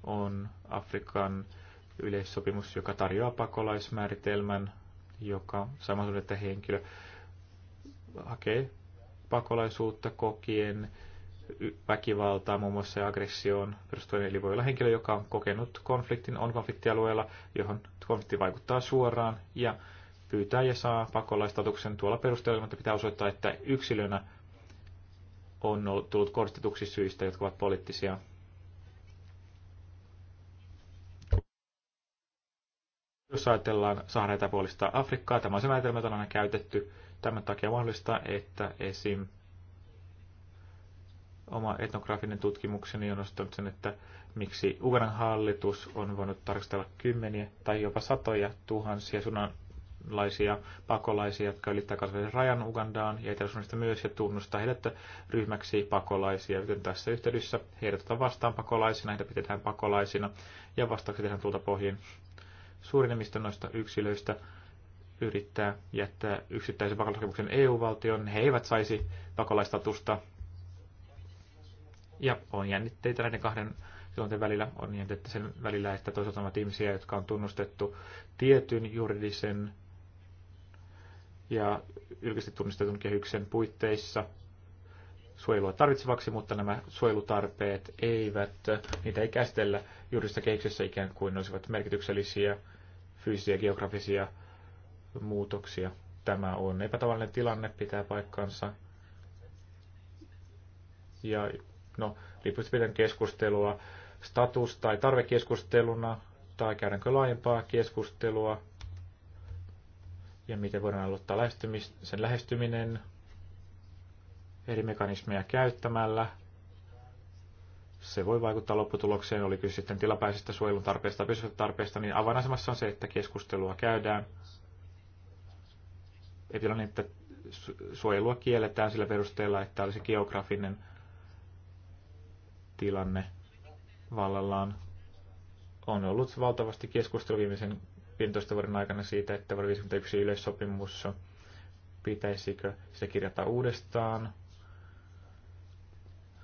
B: on Afrikan yleissopimus, joka tarjoaa pakolaismääritelmän, joka samoin että henkilö hakee pakolaisuutta kokien väkivaltaa, muun muassa aggressioon perustuen. Eli voi olla henkilö, joka on kokenut konfliktin, on konfliktialueella, johon konflikti vaikuttaa suoraan, ja pyytää ja saa pakolaistatuksen tuolla perusteella, että pitää osoittaa, että yksilönä on tullut koristetuksi syistä, jotka ovat poliittisia. Jos ajatellaan saareita puolista Afrikkaa, tämä on se määritelmä, jota on aina käytetty. Tämän takia mahdollista, että esim. oma etnografinen tutkimukseni on nostanut sen, että miksi Ugandan hallitus on voinut tarkastella kymmeniä tai jopa satoja tuhansia sunan laisia pakolaisia, jotka ylittää kansainvälisen rajan Ugandaan ja Etelä-Suomesta myös, ja tunnustaa heidät ryhmäksi pakolaisia. Joten tässä yhteydessä heidät otetaan vastaan pakolaisina, heitä pidetään pakolaisina, ja vastaukset tehdään tulta pohjiin. Suurin enemmistö noista yksilöistä yrittää jättää yksittäisen pakolaisopimuksen EU-valtion. He eivät saisi pakolaistatusta. Ja on jännitteitä näiden kahden tilanteen välillä on niin, että sen välillä, että toisaalta ovat ihmisiä, jotka on tunnustettu tietyn juridisen ja julkisesti tunnistetun kehyksen puitteissa suojelua tarvitsevaksi, mutta nämä suojelutarpeet eivät, niitä ei käsitellä juridisessa kehyksessä ikään kuin ne olisivat merkityksellisiä fyysisiä ja geografisia muutoksia. Tämä on epätavallinen tilanne, pitää paikkansa. Ja no, lipustipidan keskustelua status- tai tarvekeskusteluna, tai käydäänkö laajempaa keskustelua ja miten voidaan aloittaa sen lähestyminen eri mekanismeja käyttämällä. Se voi vaikuttaa lopputulokseen, oli kyse sitten tilapäisestä suojelun tarpeesta tai tarpeesta, niin avainasemassa on se, että keskustelua käydään. Ei niin, että suojelua kielletään sillä perusteella, että olisi geografinen tilanne vallallaan. On ollut valtavasti keskustelua viimeisen 15 vuoden aikana siitä, että vuoden 51 yleissopimus pitäisikö sitä kirjata uudestaan.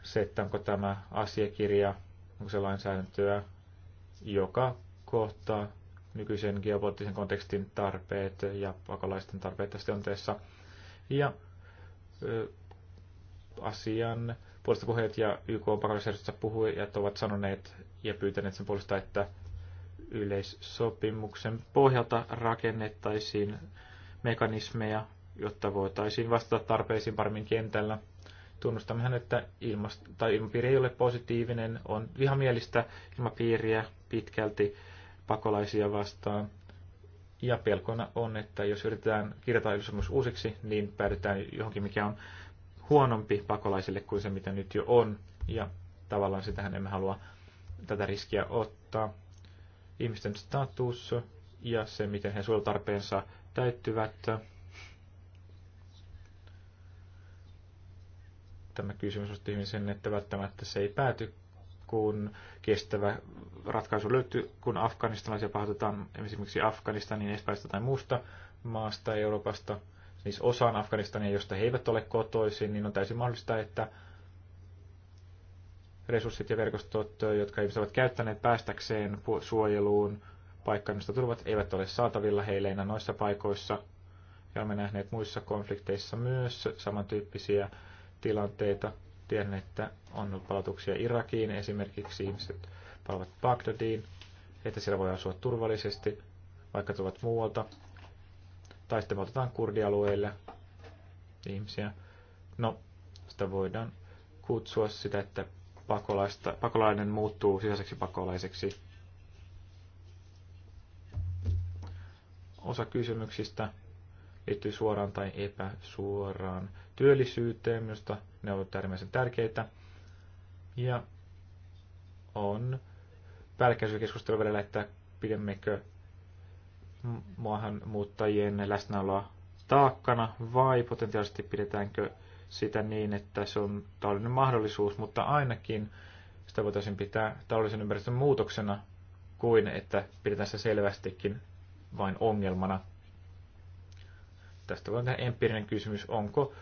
B: Se, että onko tämä asiakirja, onko se lainsäädäntöä, joka kohtaa nykyisen geopoliittisen kontekstin tarpeet ja pakolaisten tarpeet tässä tilanteessa. Ja ö, asian puolesta puheet ja YK pakolaisjärjestössä ja ovat sanoneet ja pyytäneet sen puolesta, että yleissopimuksen pohjalta rakennettaisiin mekanismeja, jotta voitaisiin vastata tarpeisiin paremmin kentällä. Tunnustamme että ilmast- tai ilmapiiri ei ole positiivinen, on vihamielistä ilmapiiriä pitkälti pakolaisia vastaan. Ja pelkona on, että jos yritetään kirjata ilmastonmuutos uusiksi, niin päädytään johonkin, mikä on huonompi pakolaisille kuin se, mitä nyt jo on. Ja tavallaan sitähän emme halua tätä riskiä ottaa ihmisten status ja se, miten he suojelutarpeensa täyttyvät. Tämä kysymys on sen, että välttämättä se ei pääty, kun kestävä ratkaisu löytyy, kun afganistalaisia pahoitetaan esimerkiksi Afganistanin, Espanjasta tai muusta maasta Euroopasta, siis osaan Afganistania, josta he eivät ole kotoisin, niin on täysin mahdollista, että resurssit ja verkostot, jotka ihmiset ovat käyttäneet päästäkseen suojeluun, paikkaamista turvat eivät ole saatavilla heille enää noissa paikoissa. Ja olemme nähneet muissa konflikteissa myös samantyyppisiä tilanteita. Tiedän, että on palautuksia Irakiin, esimerkiksi ihmiset palvat Bagdadiin, että siellä voi asua turvallisesti, vaikka tulevat muualta. Tai sitten otetaan kurdialueille ihmisiä. No, sitä voidaan kutsua sitä, että pakolaista, pakolainen muuttuu sisäiseksi pakolaiseksi. Osa kysymyksistä liittyy suoraan tai epäsuoraan työllisyyteen, minusta ne ovat äärimmäisen tärkeitä. Ja on päällekkäisyyskeskustelun välillä, että pidemmekö maahanmuuttajien läsnäoloa taakkana vai potentiaalisesti pidetäänkö sitä niin, että se on taloudellinen mahdollisuus, mutta ainakin sitä voitaisiin pitää taloudellisen ympäristön muutoksena kuin että pidetään se selvästikin vain ongelmana. Tästä voi tehdä empiirinen kysymys, onko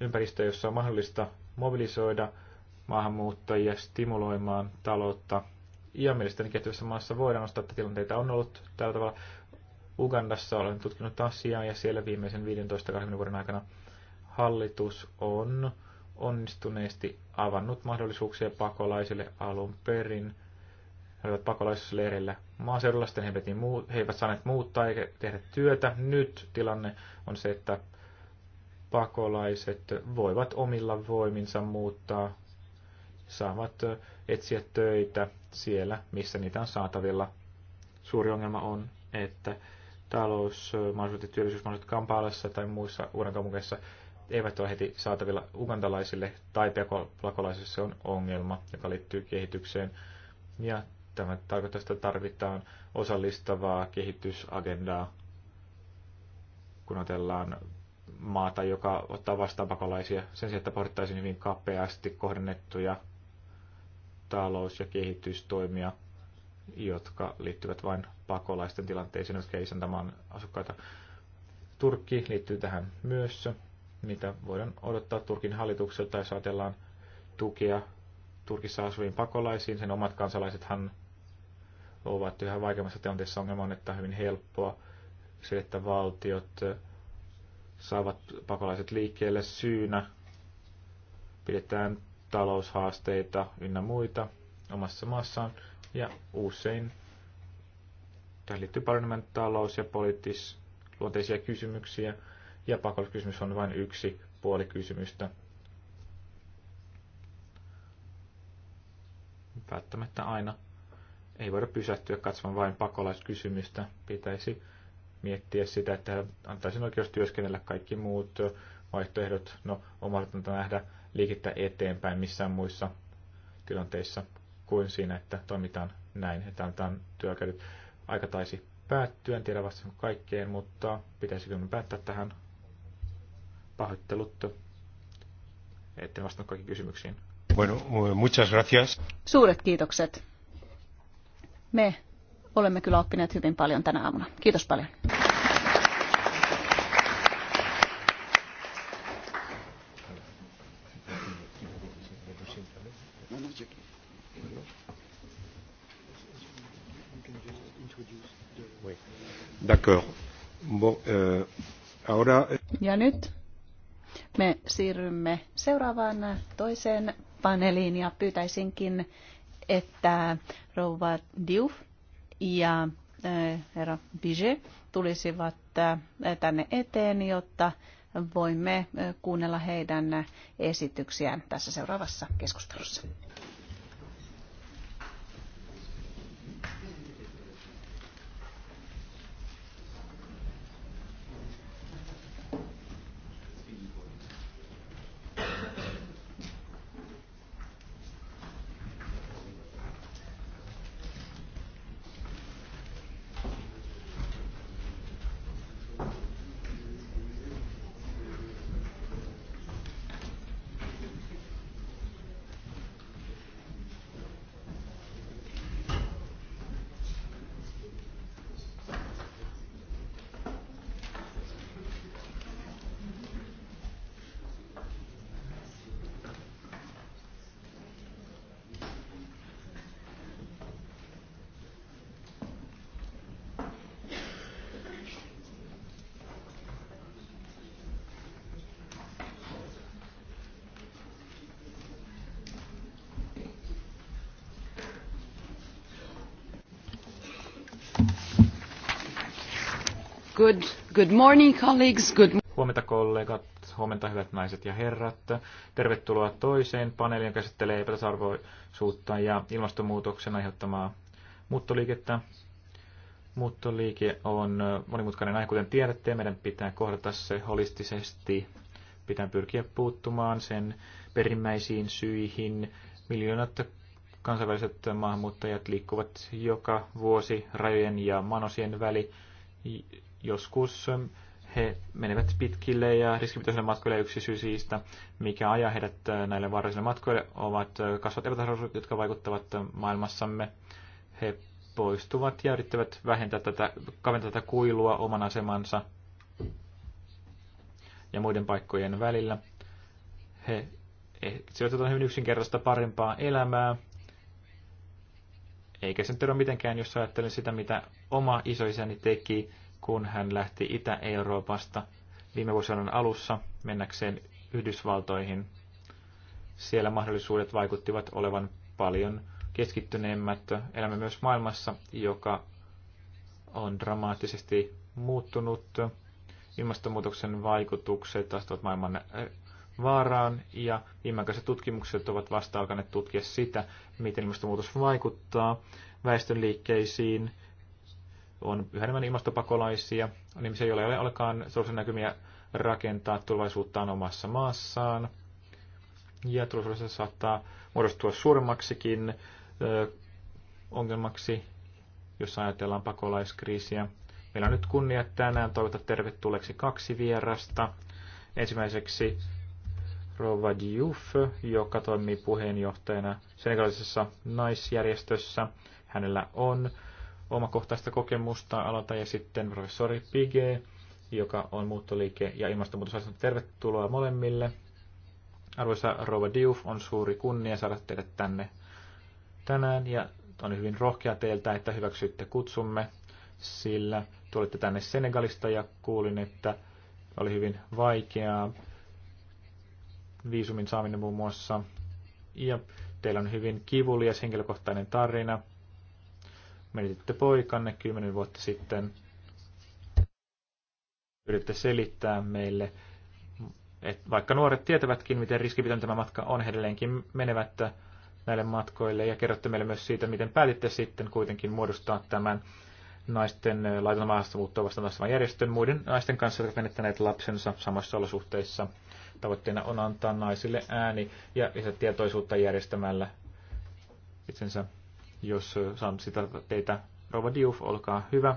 B: ympäristö, jossa on mahdollista mobilisoida maahanmuuttajia stimuloimaan taloutta. Ja mielestäni kehittyvässä maassa voidaan nostaa, että tilanteita on ollut tällä tavalla. Ugandassa olen tutkinut asiaa ja siellä viimeisen 15-20 vuoden aikana hallitus on onnistuneesti avannut mahdollisuuksia pakolaisille alun perin. He olivat pakolaisleirillä maaseudulla, sitten he, he eivät saaneet muuttaa eikä tehdä työtä. Nyt tilanne on se, että pakolaiset voivat omilla voiminsa muuttaa, saavat etsiä töitä siellä, missä niitä on saatavilla. Suuri ongelma on, että talousmahdollisuudet ja työllisyysmahdollisuudet Kampalassa tai muissa uudenkaupungeissa eivät ole heti saatavilla ugandalaisille tai pakolaisille se on ongelma, joka liittyy kehitykseen. Ja tämä tarkoittaa, että tarvitaan osallistavaa kehitysagendaa, kun otellaan maata, joka ottaa vastaan pakolaisia. Sen sijaan, että pohdittaisiin hyvin kapeasti kohdennettuja talous- ja kehitystoimia, jotka liittyvät vain pakolaisten tilanteisiin, jotka ei asukkaita. Turkki liittyy tähän myös mitä voidaan odottaa Turkin hallitukselta, jos ajatellaan tukea Turkissa asuviin pakolaisiin. Sen omat kansalaisethan ovat yhä vaikeammassa tilanteessa. Ongelma on, että on hyvin helppoa se, että valtiot saavat pakolaiset liikkeelle syynä. Pidetään taloushaasteita ynnä muita omassa maassaan ja usein tähän liittyy paljon enemmän talous- ja poliittis kysymyksiä – ja pakolliskysymys on vain yksi puoli kysymystä. Välttämättä aina ei voida pysähtyä katsomaan vain pakolaiskysymystä. Pitäisi miettiä sitä, että antaisin oikeus työskennellä kaikki muut vaihtoehdot. No, on mahdotonta nähdä liikettä eteenpäin missään muissa tilanteissa kuin siinä, että toimitaan näin, että antaan työkäydyt. Aika taisi päättyä, en tiedä vastaanko kaikkeen, mutta pitäisikö me päättää tähän Pahoittelut, ette vastannut kaikkiin kysymyksiin.
A: Bueno, muchas gracias.
D: Suuret kiitokset. Me olemme kyllä oppineet hyvin paljon tänä aamuna. Kiitos paljon. Euh, ja nyt me siirrymme seuraavaan toiseen paneeliin ja pyytäisinkin, että rouva Diuf ja äh, herra Bige tulisivat äh, tänne eteen, jotta voimme äh, kuunnella heidän esityksiään tässä seuraavassa keskustelussa.
A: Good, good morning, colleagues. Good...
B: Huomenta kollegat, huomenta hyvät naiset ja herrat. Tervetuloa toiseen paneeliin, joka käsittelee epätasarvoisuutta ja ilmastonmuutoksen aiheuttamaa muuttoliikettä. Muuttoliike on monimutkainen aihe, kuten tiedätte, meidän pitää kohdata se holistisesti. Pitää pyrkiä puuttumaan sen perimmäisiin syihin. Miljoonat kansainväliset maahanmuuttajat liikkuvat joka vuosi rajojen ja manosien väli joskus ähm, he menevät pitkille ja riskipitoisille matkoille. Yksi syy siitä, mikä ajaa heidät äh, näille vaarallisille matkoille, ovat äh, kasvat epätasaisuudet, jotka vaikuttavat äh, maailmassamme. He poistuvat ja yrittävät vähentää tätä, kaventaa tätä kuilua oman asemansa ja muiden paikkojen välillä. He etsivät jotain hyvin yksinkertaista parempaa elämää, eikä se nyt ole mitenkään, jos ajattelen sitä, mitä oma isoisäni teki kun hän lähti Itä-Euroopasta viime vuosien alussa mennäkseen Yhdysvaltoihin. Siellä mahdollisuudet vaikuttivat olevan paljon keskittyneemmät. Elämme myös maailmassa, joka on dramaattisesti muuttunut. Ilmastonmuutoksen vaikutukset astuvat maailman äh, vaaraan ja viimeaikaiset tutkimukset ovat vasta alkaneet tutkia sitä, miten ilmastonmuutos vaikuttaa väestön liikkeisiin, on yhä enemmän ilmastopakolaisia, niin ihmisiä, joilla ei ole olekaan sellaisia näkymiä rakentaa tulevaisuuttaan omassa maassaan. Ja tulevaisuudessa saattaa muodostua suuremmaksikin ö, ongelmaksi, jos ajatellaan pakolaiskriisiä. Meillä on nyt kunnia tänään toivottaa tervetulleeksi kaksi vierasta. Ensimmäiseksi Rova Diouf, joka toimii puheenjohtajana senegalaisessa naisjärjestössä. Hänellä on omakohtaista kokemusta alata ja sitten professori Pige, joka on muuttoliike- ja ilmastonmuutosasioista. Tervetuloa molemmille. Arvoisa Rova Diuf, on suuri kunnia saada teidät tänne tänään ja on hyvin rohkea teiltä, että hyväksytte kutsumme, sillä tulitte tänne Senegalista ja kuulin, että oli hyvin vaikeaa viisumin saaminen muun muassa. Ja teillä on hyvin kivulias henkilökohtainen tarina menetitte poikanne kymmenen vuotta sitten. Yritte selittää meille, että vaikka nuoret tietävätkin, miten riskipitoinen tämä matka on, edelleenkin menevät näille matkoille ja kerrotte meille myös siitä, miten päätitte sitten kuitenkin muodostaa tämän naisten laitonta maahanmuuttoa vastaan vastaavan järjestön muiden naisten kanssa, jotka menettäneet lapsensa samassa olosuhteissa. Tavoitteena on antaa naisille ääni ja lisätietoisuutta tietoisuutta järjestämällä itsensä jos saan sitä teitä. Rova Diuf, olkaa hyvä.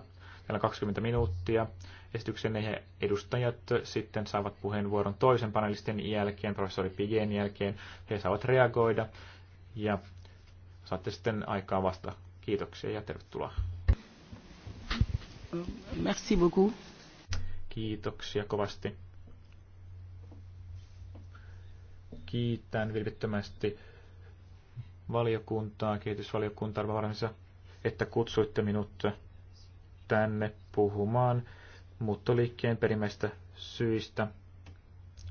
B: Täällä on 20 minuuttia esityksen edustajat sitten saavat puheenvuoron toisen panelistin jälkeen, professori Pigeen jälkeen. He saavat reagoida ja saatte sitten aikaa vasta. Kiitoksia ja tervetuloa.
A: Merci beaucoup.
B: Kiitoksia kovasti. Kiitän vilpittömästi valiokuntaa, kehitysvaliokuntaa varmissa, että kutsuitte minut tänne puhumaan muuttoliikkeen perimmäistä syistä,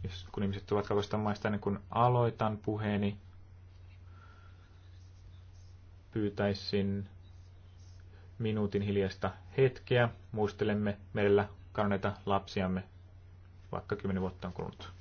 B: jos, kun ihmiset ovat kaukaisista maista, niin kun aloitan puheeni, pyytäisin minuutin hiljaista hetkeä. Muistelemme meillä kanneita lapsiamme, vaikka kymmenen vuotta on kulunut.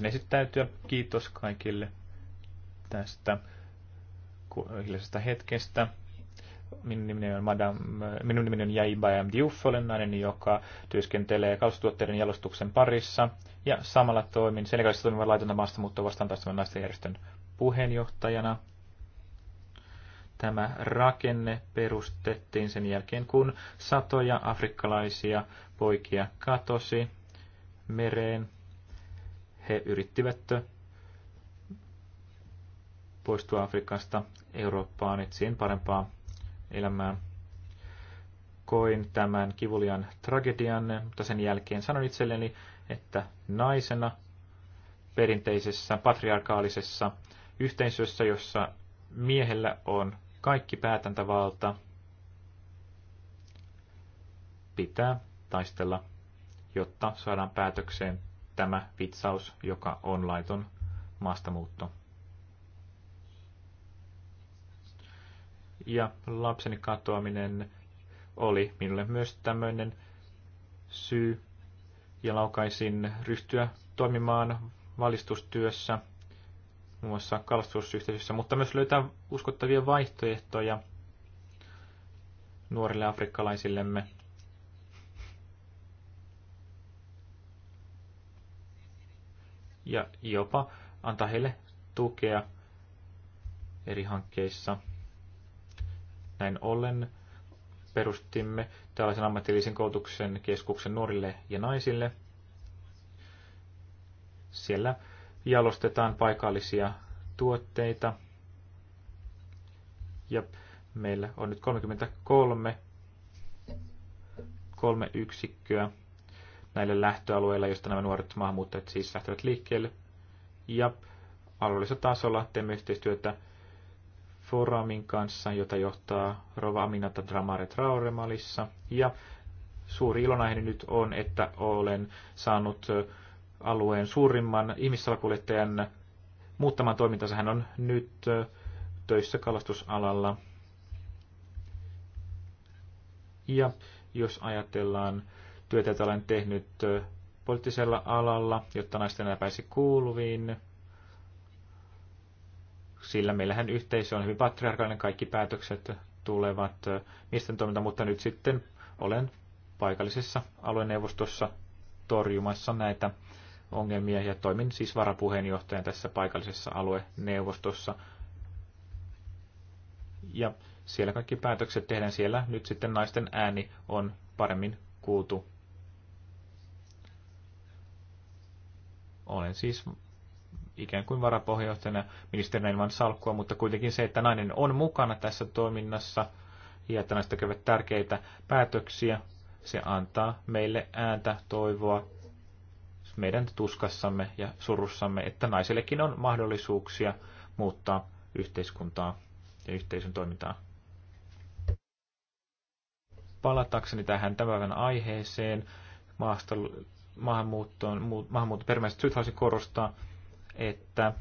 B: voisin esittäytyä. Kiitos kaikille tästä hiljaisesta hetkestä. Minun nimeni on, Madame, minun nimeni on Jaiba M. Diuff, olen nainen, joka työskentelee kalustuotteiden jalostuksen parissa. Ja samalla toimin Senegalissa toimivan laitonta maasta, mutta vastaan taas naisten järjestön puheenjohtajana. Tämä rakenne perustettiin sen jälkeen, kun satoja afrikkalaisia poikia katosi mereen he yrittivät poistua Afrikasta Eurooppaan etsien parempaa elämää. Koin tämän kivulian tragedian, mutta sen jälkeen sanon itselleni, että naisena perinteisessä patriarkaalisessa yhteisössä, jossa miehellä on kaikki päätäntävalta, pitää taistella, jotta saadaan päätökseen tämä vitsaus, joka on laiton maastamuutto. Ja lapseni katoaminen oli minulle myös tämmöinen syy ja laukaisin ryhtyä toimimaan valistustyössä, muun muassa kalastusyhteisössä, mutta myös löytää uskottavia vaihtoehtoja nuorille afrikkalaisillemme ja jopa antaa heille tukea eri hankkeissa. Näin ollen perustimme tällaisen ammatillisen koulutuksen keskuksen nuorille ja naisille. Siellä jalostetaan paikallisia tuotteita. Ja meillä on nyt 33 kolme yksikköä näille lähtöalueille, joista nämä nuoret maahanmuuttajat siis lähtevät liikkeelle. Ja alueellisella tasolla teemme yhteistyötä Foramin kanssa, jota johtaa Rova Aminata Dramare Traore Ja suuri ilonaihe nyt on, että olen saanut alueen suurimman ihmissalakuljettajan muuttamaan toimintansa. Hän on nyt töissä kalastusalalla. Ja jos ajatellaan työtä, jota olen tehnyt poliittisella alalla, jotta naisten enää pääsi kuuluviin. Sillä meillähän yhteisö on hyvin patriarkaalinen, kaikki päätökset tulevat miesten toiminta, mutta nyt sitten olen paikallisessa alueneuvostossa torjumassa näitä ongelmia ja toimin siis varapuheenjohtajan tässä paikallisessa alueneuvostossa. Ja siellä kaikki päätökset tehdään siellä. Nyt sitten naisten ääni on paremmin kuultu Olen siis ikään kuin varapohjohtajana ministerinä ilman salkkua, mutta kuitenkin se, että nainen on mukana tässä toiminnassa ja että naiset tekevät tärkeitä päätöksiä, se antaa meille ääntä, toivoa meidän tuskassamme ja surussamme, että naisellekin on mahdollisuuksia muuttaa yhteiskuntaa ja yhteisön toimintaa. Palatakseni tähän tämän aiheeseen, maasta maahanmuuttoon, maahanmuutto perimmäiset syyt haluaisin korostaa, että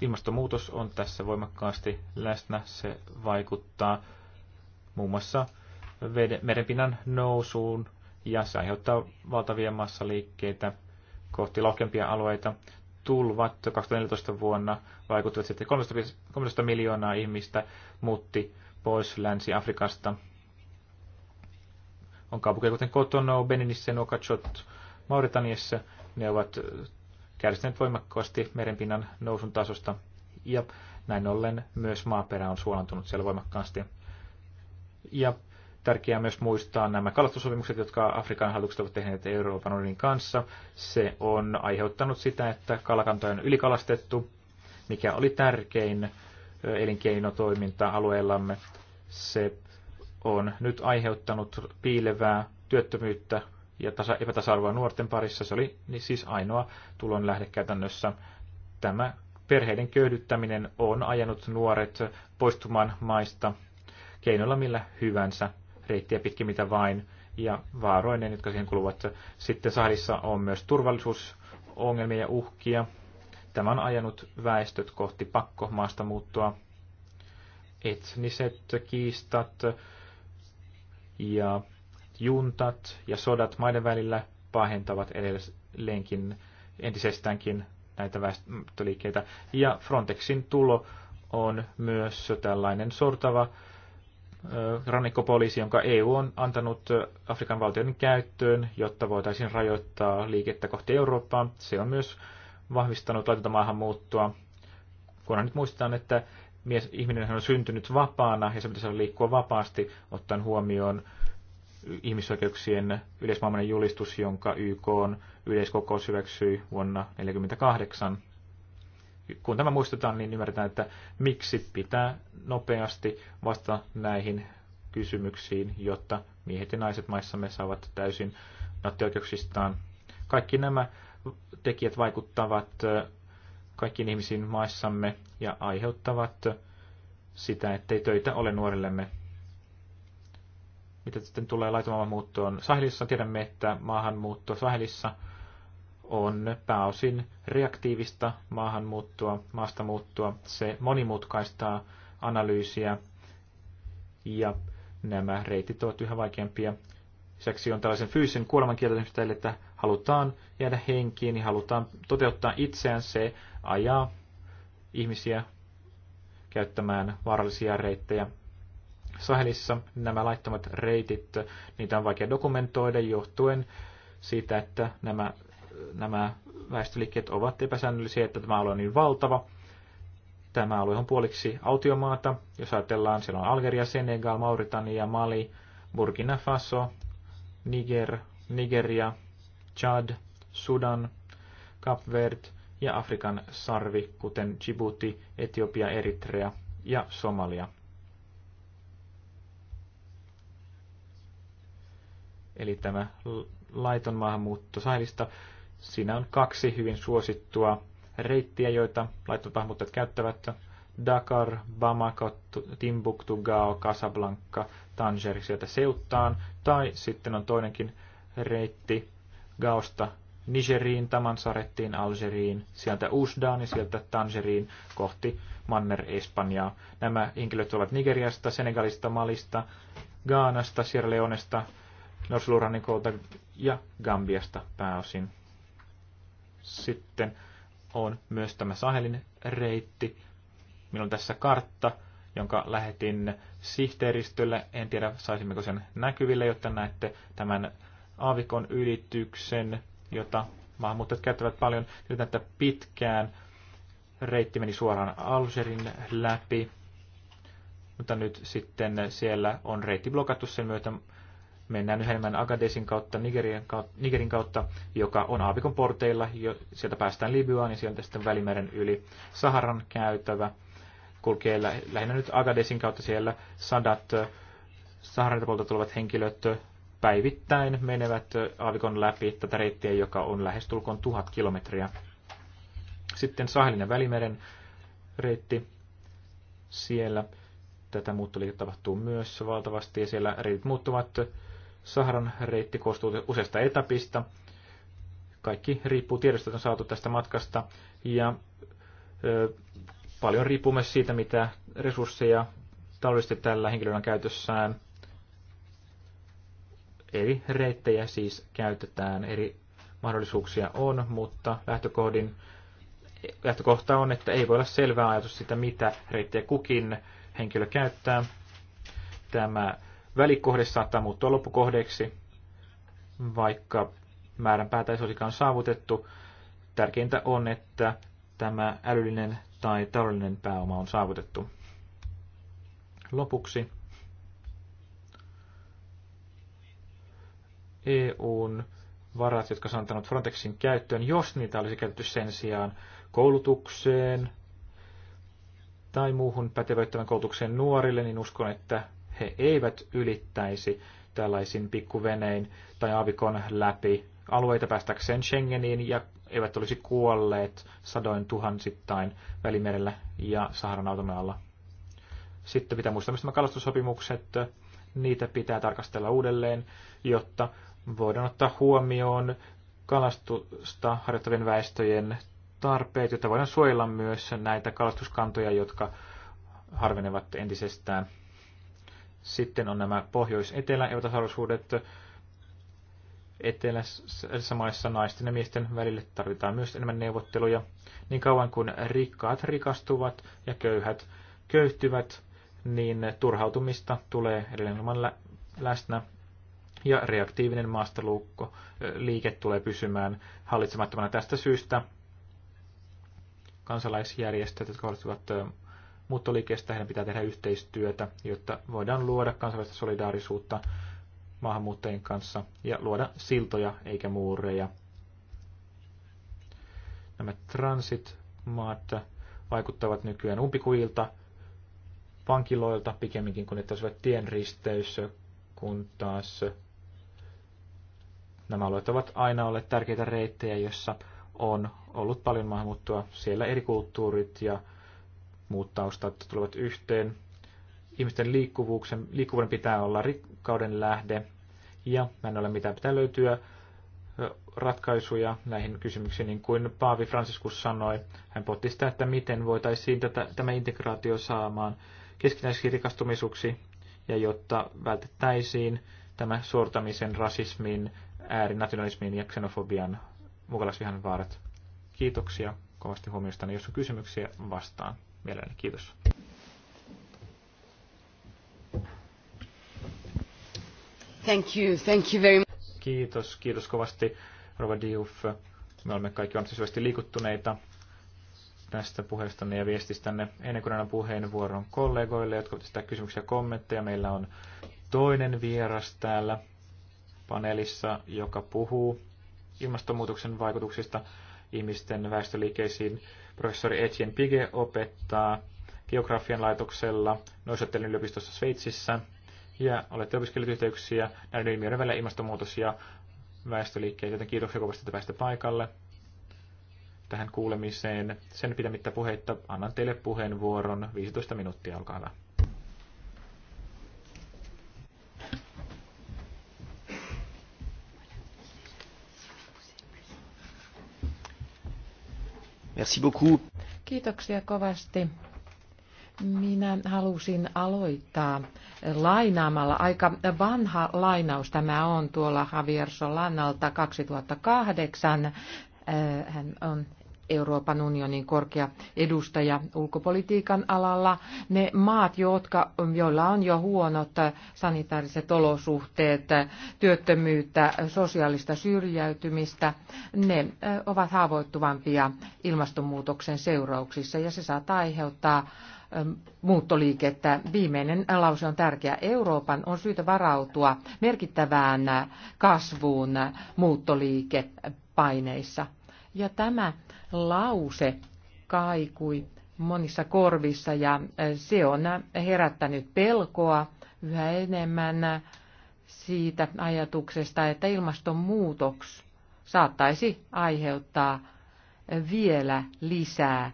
B: ilmastonmuutos on tässä voimakkaasti läsnä. Se vaikuttaa muun muassa merenpinnan nousuun ja se aiheuttaa valtavia massaliikkeitä kohti lohkempia alueita. Tulvat 2014 vuonna vaikuttivat sitten 13, 13 miljoonaa ihmistä muutti pois Länsi-Afrikasta – on kaupunkeja kuten Kotono, Beninissä, Nokachot, Mauritaniassa. Ne ovat kärsineet voimakkaasti merenpinnan nousun tasosta ja näin ollen myös maaperä on suolantunut siellä voimakkaasti. Ja tärkeää myös muistaa nämä kalastussopimukset, jotka Afrikan hallitukset ovat tehneet Euroopan unionin kanssa. Se on aiheuttanut sitä, että kalakantoja on ylikalastettu, mikä oli tärkein elinkeinotoiminta alueellamme. Se on nyt aiheuttanut piilevää työttömyyttä ja tasa- epätasa-arvoa nuorten parissa. Se oli niin siis ainoa tulonlähde käytännössä. Tämä perheiden köyhdyttäminen on ajanut nuoret poistumaan maista keinoilla millä hyvänsä, reittiä pitkin mitä vain, ja vaaroinen, jotka siihen kuluvat. Sitten Sahelissa on myös turvallisuusongelmia ja uhkia. Tämä on ajanut väestöt kohti muuttua. Etniset kiistat, ja juntat ja sodat maiden välillä pahentavat edelleenkin entisestäänkin näitä väestöliikkeitä. Ja Frontexin tulo on myös tällainen sortava rannikkopoliisi, jonka EU on antanut Afrikan valtioiden käyttöön, jotta voitaisiin rajoittaa liikettä kohti Eurooppaa. Se on myös vahvistanut laitonta maahanmuuttoa. Kunhan nyt muistetaan, että mies, ihminen on syntynyt vapaana ja se pitäisi liikkua vapaasti ottaen huomioon ihmisoikeuksien yleismaailmanen julistus, jonka YK on yleiskokous hyväksyi vuonna 1948. Kun tämä muistetaan, niin ymmärretään, että miksi pitää nopeasti vastata näihin kysymyksiin, jotta miehet ja naiset maissamme saavat täysin nattioikeuksistaan. Kaikki nämä tekijät vaikuttavat kaikkiin ihmisiin maissamme ja aiheuttavat sitä, ettei töitä ole nuorillemme. Mitä sitten tulee muuttoon? Sahelissa, tiedämme, että maahanmuutto Sahelissa on pääosin reaktiivista maahanmuuttoa, maastamuuttoa. Se monimutkaistaa analyysiä ja nämä reitit ovat yhä vaikeampia Lisäksi on tällaisen fyysisen kuoleman kieltämistä, että halutaan jäädä henkiin, niin halutaan toteuttaa itseään se ajaa ihmisiä käyttämään vaarallisia reittejä. Sahelissa nämä laittomat reitit, niitä on vaikea dokumentoida johtuen siitä, että nämä, nämä väestöliikkeet ovat epäsäännöllisiä, että tämä alue on niin valtava. Tämä alue on puoliksi autiomaata, jos ajatellaan, siellä on Algeria, Senegal, Mauritania, Mali, Burkina Faso, Niger, Nigeria, Chad, Sudan, Kapverd ja Afrikan sarvi, kuten Djibouti, Etiopia, Eritrea ja Somalia. Eli tämä laiton maahanmuutto Sahelista, siinä on kaksi hyvin suosittua reittiä, joita laiton maahanmuuttajat käyttävät. Dakar, Bamako, Timbuktu, Gao, Casablanca, Tangeriksi sieltä Seuttaan, tai sitten on toinenkin reitti Gaosta Nigeriin, Tamansarettiin, Algeriin, sieltä Usdaan ja sieltä Tangeriin kohti Manner-Espanjaa. Nämä henkilöt ovat Nigeriasta, Senegalista, Malista, Gaanasta, Sierra Leonesta, Norsulurannikolta ja Gambiasta pääosin. Sitten on myös tämä Sahelin reitti. Minulla on tässä kartta jonka lähetin sihteeristölle. En tiedä, saisimmeko sen näkyville, jotta näette tämän aavikon ylityksen, jota maahanmuuttajat käyttävät paljon. Nyt näyttää pitkään. Reitti meni suoraan Algerin läpi, mutta nyt sitten siellä on reitti blokattu sen myötä. Mennään yhä enemmän Agadesin kautta, Nigerin kautta, Nigerin kautta, joka on aavikon porteilla. sieltä päästään Libyaan ja sieltä sitten Välimeren yli Saharan käytävä kulkee lä- lähinnä nyt Agadesin kautta siellä sadat Saharan tulevat henkilöt päivittäin menevät aavikon läpi tätä reittiä, joka on lähestulkoon tuhat kilometriä. Sitten Sahelin ja Välimeren reitti siellä. Tätä muuttoliikettä tapahtuu myös valtavasti ja siellä reitit muuttuvat. Saharan reitti koostuu useista etapista. Kaikki riippuu tiedosta, on saatu tästä matkasta. Ja paljon riippuu myös siitä, mitä resursseja taloudellisesti tällä henkilöllä on käytössään. Eri reittejä siis käytetään, eri mahdollisuuksia on, mutta lähtökohdin, lähtökohta on, että ei voi olla selvää ajatus sitä, mitä reittejä kukin henkilö käyttää. Tämä välikohde saattaa muuttua loppukohdeksi, vaikka määränpäätä ei olisikaan saavutettu. Tärkeintä on, että tämä älyllinen tai taloudellinen pääoma on saavutettu. Lopuksi EUn varat, jotka on antanut Frontexin käyttöön, jos niitä olisi käytetty sen sijaan koulutukseen tai muuhun pätevöittävän koulutukseen nuorille, niin uskon, että he eivät ylittäisi tällaisin pikkuvenein tai avikon läpi alueita päästäkseen Schengeniin ja eivät olisi kuolleet sadoin tuhansittain Välimerellä ja Saharan automealla. Sitten pitää muistaa myös nämä kalastussopimukset. Niitä pitää tarkastella uudelleen, jotta voidaan ottaa huomioon kalastusta harjoittavien väestöjen tarpeet, jotta voidaan suojella myös näitä kalastuskantoja, jotka harvenevat entisestään. Sitten on nämä pohjois etelä eutasarvoisuudet etelässä maissa naisten ja miesten välille tarvitaan myös enemmän neuvotteluja. Niin kauan kuin rikkaat rikastuvat ja köyhät köyhtyvät, niin turhautumista tulee edelleen lä- läsnä ja reaktiivinen maastaluukko liike tulee pysymään hallitsemattomana tästä syystä. Kansalaisjärjestöt, jotka huolehtivat muuttoliikkeestä, heidän pitää tehdä yhteistyötä, jotta voidaan luoda kansainvälistä solidaarisuutta maahanmuuttajien kanssa ja luoda siltoja eikä muureja. Nämä transit-maat vaikuttavat nykyään umpikuilta, vankiloilta pikemminkin kuin että olisivat risteys, kun taas nämä alueet ovat aina olleet tärkeitä reittejä, joissa on ollut paljon maahanmuuttoa. Siellä eri kulttuurit ja muut taustat tulevat yhteen ihmisten liikkuvuuden, liikkuvuuden pitää olla rikkauden lähde, ja en ole mitä pitää löytyä ratkaisuja näihin kysymyksiin, niin kuin Paavi Franciscus sanoi. Hän pohti sitä, että miten voitaisiin tätä, tämä integraatio saamaan keskinäisiksi rikastumisuksi, ja jotta vältettäisiin tämä suortamisen, rasismin, äärinationalismin ja xenofobian mukalaisvihan vaarat. Kiitoksia kovasti huomiostani. Jos on kysymyksiä, vastaan mielelläni. Kiitos.
A: Thank you, thank you very much.
B: Kiitos, kiitos kovasti Rova Diuf. Me olemme kaikki antoisasti liikuttuneita tästä puheestanne ja viestistänne. Ennen kuin annan puheenvuoron kollegoille, jotka ovat sitä kysymyksiä ja kommentteja, meillä on toinen vieras täällä paneelissa, joka puhuu ilmastonmuutoksen vaikutuksista ihmisten väestöliikkeisiin. Professori Etienne Pige opettaa geografian laitoksella Neuchâtelin yliopistossa Sveitsissä ja olette opiskellut yhteyksiä näiden ilmiöiden välillä ilmastonmuutos ja väestöliikkeet, joten kiitoksia kovasti, että pääsitte paikalle tähän kuulemiseen. Sen pitämättä puheitta annan teille puheenvuoron 15 minuuttia, olkaa hyvä.
A: Merci beaucoup.
C: Kiitoksia kovasti minä halusin aloittaa lainaamalla. Aika vanha lainaus tämä on tuolla Javier Solanalta 2008. Äh, hän on Euroopan unionin korkea edustaja ulkopolitiikan alalla. Ne maat, jotka, joilla on jo huonot sanitaariset olosuhteet, työttömyyttä, sosiaalista syrjäytymistä, ne äh, ovat haavoittuvampia ilmastonmuutoksen seurauksissa ja se saattaa aiheuttaa muuttoliikettä. Viimeinen lause on tärkeä. Euroopan on syytä varautua merkittävään kasvuun muuttoliikepaineissa. Ja tämä lause kaikui monissa korvissa ja se on herättänyt pelkoa yhä enemmän siitä ajatuksesta, että ilmastonmuutoks saattaisi aiheuttaa vielä lisää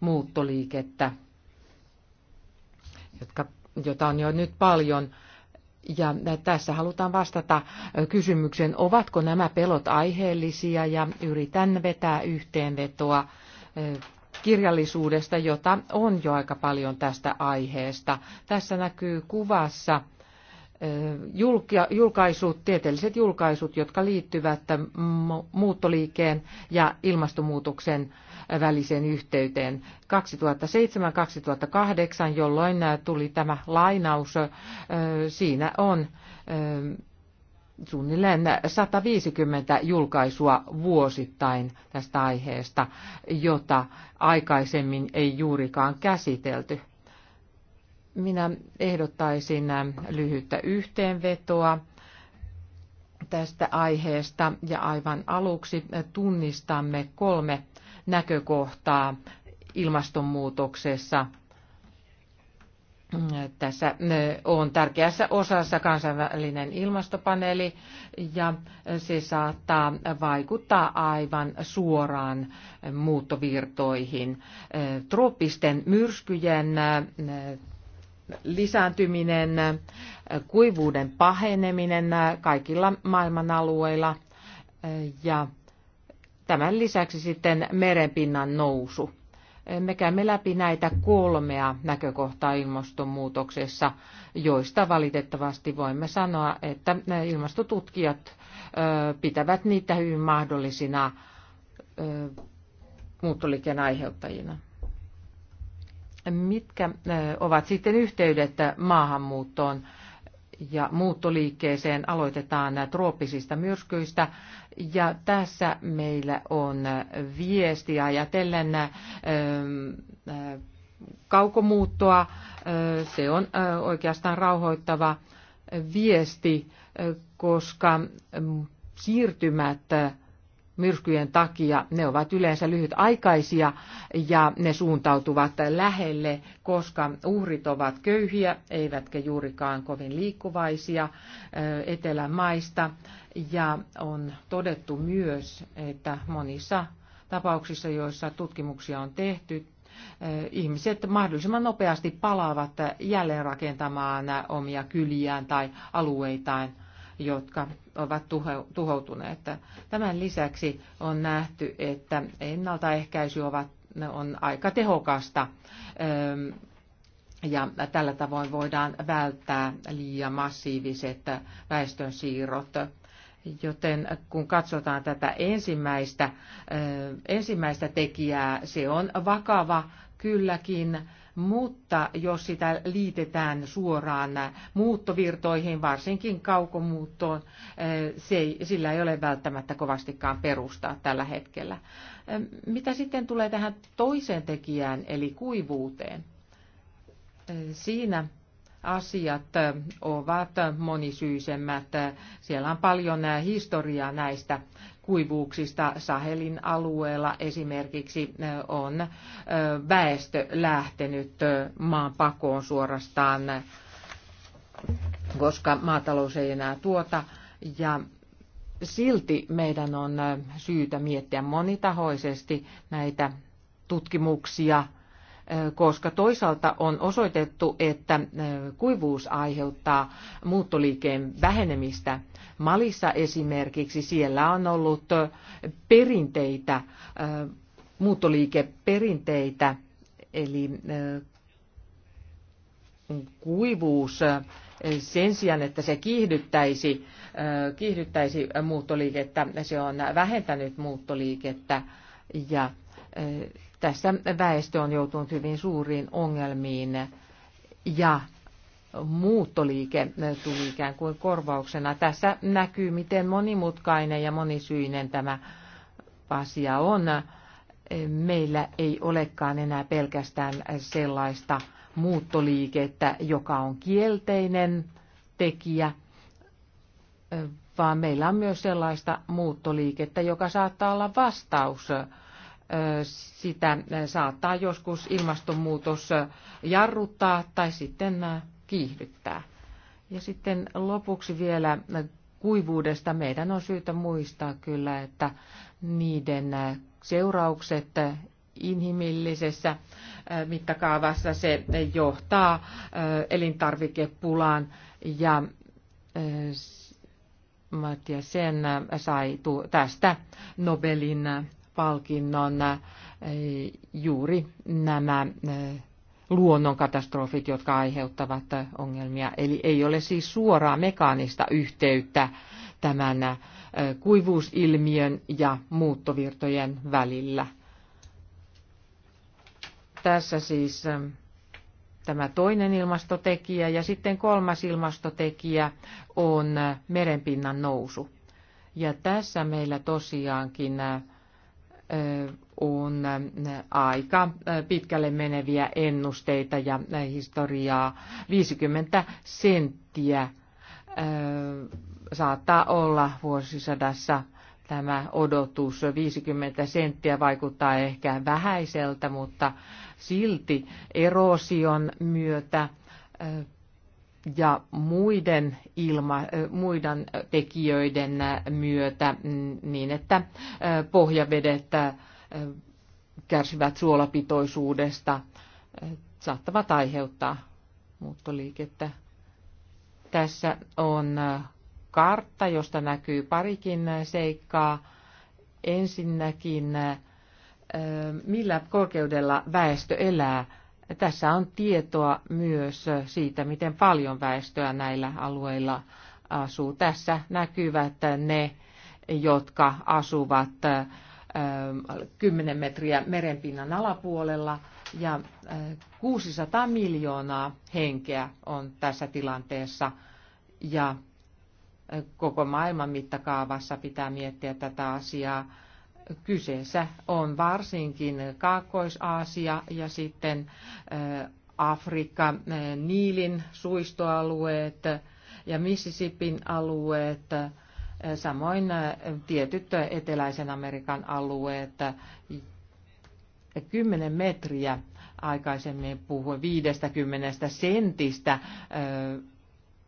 C: muuttoliikettä jotka, jota on jo nyt paljon. Ja tässä halutaan vastata kysymykseen, ovatko nämä pelot aiheellisia ja yritän vetää yhteenvetoa kirjallisuudesta, jota on jo aika paljon tästä aiheesta. Tässä näkyy kuvassa julkaisut, tieteelliset julkaisut, jotka liittyvät muuttoliikkeen ja ilmastonmuutoksen väliseen yhteyteen 2007-2008, jolloin äh, tuli tämä lainaus. Äh, siinä on äh, suunnilleen 150 julkaisua vuosittain tästä aiheesta, jota aikaisemmin ei juurikaan käsitelty. Minä ehdottaisin lyhyttä yhteenvetoa tästä aiheesta ja aivan aluksi tunnistamme kolme näkökohtaa ilmastonmuutoksessa. Tässä mm, on tärkeässä osassa kansainvälinen ilmastopaneeli ja se saattaa vaikuttaa aivan suoraan muuttovirtoihin. Trooppisten myrskyjen mm, lisääntyminen, kuivuuden paheneminen kaikilla maailman alueilla ja Tämän lisäksi sitten merenpinnan nousu. Me käymme läpi näitä kolmea näkökohtaa ilmastonmuutoksessa, joista valitettavasti voimme sanoa, että ilmastotutkijat pitävät niitä hyvin mahdollisina muuttoliikkeen aiheuttajina. Mitkä ovat sitten yhteydet maahanmuuttoon? ja muuttoliikkeeseen aloitetaan trooppisista myrskyistä. Ja tässä meillä on viesti ajatellen ähm, äh, kaukomuuttoa. Äh, se on äh, oikeastaan rauhoittava viesti, koska mm, siirtymät myrskyjen takia ne ovat yleensä lyhytaikaisia ja ne suuntautuvat lähelle, koska uhrit ovat köyhiä, eivätkä juurikaan kovin liikkuvaisia etelämaista. Ja on todettu myös, että monissa tapauksissa, joissa tutkimuksia on tehty, ihmiset mahdollisimman nopeasti palaavat jälleen rakentamaan omia kyliään tai alueitaan – jotka ovat tuhoutuneet. Tämän lisäksi on nähty, että ennaltaehkäisy ovat, on aika tehokasta ähm, ja tällä tavoin voidaan välttää liian massiiviset väestönsiirrot. Joten kun katsotaan tätä ensimmäistä, äh, ensimmäistä tekijää, se on vakava kylläkin mutta jos sitä liitetään suoraan muuttovirtoihin, varsinkin kaukomuuttoon, eh, se ei, sillä ei ole välttämättä kovastikaan perustaa tällä hetkellä. Eh, mitä sitten tulee tähän toiseen tekijään, eli kuivuuteen? Eh, siinä asiat ovat monisyisemmät. Siellä on paljon historiaa näistä kuivuuksista Sahelin alueella esimerkiksi on väestö lähtenyt maan pakoon suorastaan, koska maatalous ei enää tuota. Ja silti meidän on syytä miettiä monitahoisesti näitä tutkimuksia, koska toisaalta on osoitettu, että kuivuus aiheuttaa muuttoliikkeen vähenemistä – Malissa esimerkiksi siellä on ollut perinteitä, muuttoliikeperinteitä, eli kuivuus sen sijaan, että se kiihdyttäisi, kiihdyttäisi muuttoliikettä, se on vähentänyt muuttoliikettä ja tässä väestö on joutunut hyvin suuriin ongelmiin ja muuttoliike tuli ikään kuin korvauksena. Tässä näkyy, miten monimutkainen ja monisyinen tämä asia on. Meillä ei olekaan enää pelkästään sellaista muuttoliikettä, joka on kielteinen tekijä, vaan meillä on myös sellaista muuttoliikettä, joka saattaa olla vastaus. Sitä saattaa joskus ilmastonmuutos jarruttaa tai sitten kiihdyttää. Ja sitten lopuksi vielä kuivuudesta meidän on syytä muistaa kyllä, että niiden seuraukset inhimillisessä mittakaavassa se johtaa elintarvikepulaan ja Mattia sen sai tästä Nobelin palkinnon juuri nämä luonnonkatastrofit, jotka aiheuttavat ongelmia. Eli ei ole siis suoraa mekaanista yhteyttä tämän kuivuusilmiön ja muuttovirtojen välillä. Tässä siis tämä toinen ilmastotekijä ja sitten kolmas ilmastotekijä on merenpinnan nousu. Ja tässä meillä tosiaankin on aika pitkälle meneviä ennusteita ja historiaa. 50 senttiä saattaa olla vuosisadassa tämä odotus. 50 senttiä vaikuttaa ehkä vähäiseltä, mutta silti erosion myötä ja muiden, ilma, muiden tekijöiden myötä mm, niin, että pohjavedet kärsivät suolapitoisuudesta, saattavat aiheuttaa muuttoliikettä. Tässä on kartta, josta näkyy parikin seikkaa. Ensinnäkin, millä korkeudella väestö elää. Tässä on tietoa myös siitä, miten paljon väestöä näillä alueilla asuu. Tässä näkyvät ne, jotka asuvat 10 ähm, metriä merenpinnan alapuolella ja 600 äh, miljoonaa henkeä on tässä tilanteessa ja äh, koko maailman mittakaavassa pitää miettiä tätä asiaa. Kyseessä on varsinkin Kaakkois-Aasia ja sitten äh, Afrikka, Niilin suistoalueet ja Mississippin alueet – samoin äh, tietyt eteläisen Amerikan alueet 10 metriä aikaisemmin puhuin 50 sentistä. Äh,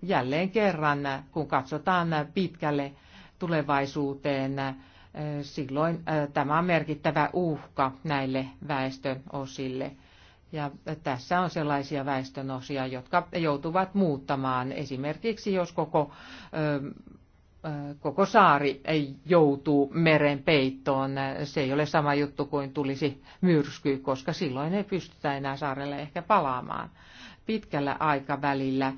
C: jälleen kerran, kun katsotaan pitkälle tulevaisuuteen, äh, silloin tämä on merkittävä uhka näille väestönosille. Ja tässä on sellaisia väestönosia, jotka joutuvat muuttamaan esimerkiksi, jos koko koko saari joutuu meren peittoon. Se ei ole sama juttu kuin tulisi myrsky, koska silloin ei pystytä enää saarelle ehkä palaamaan. Pitkällä aikavälillä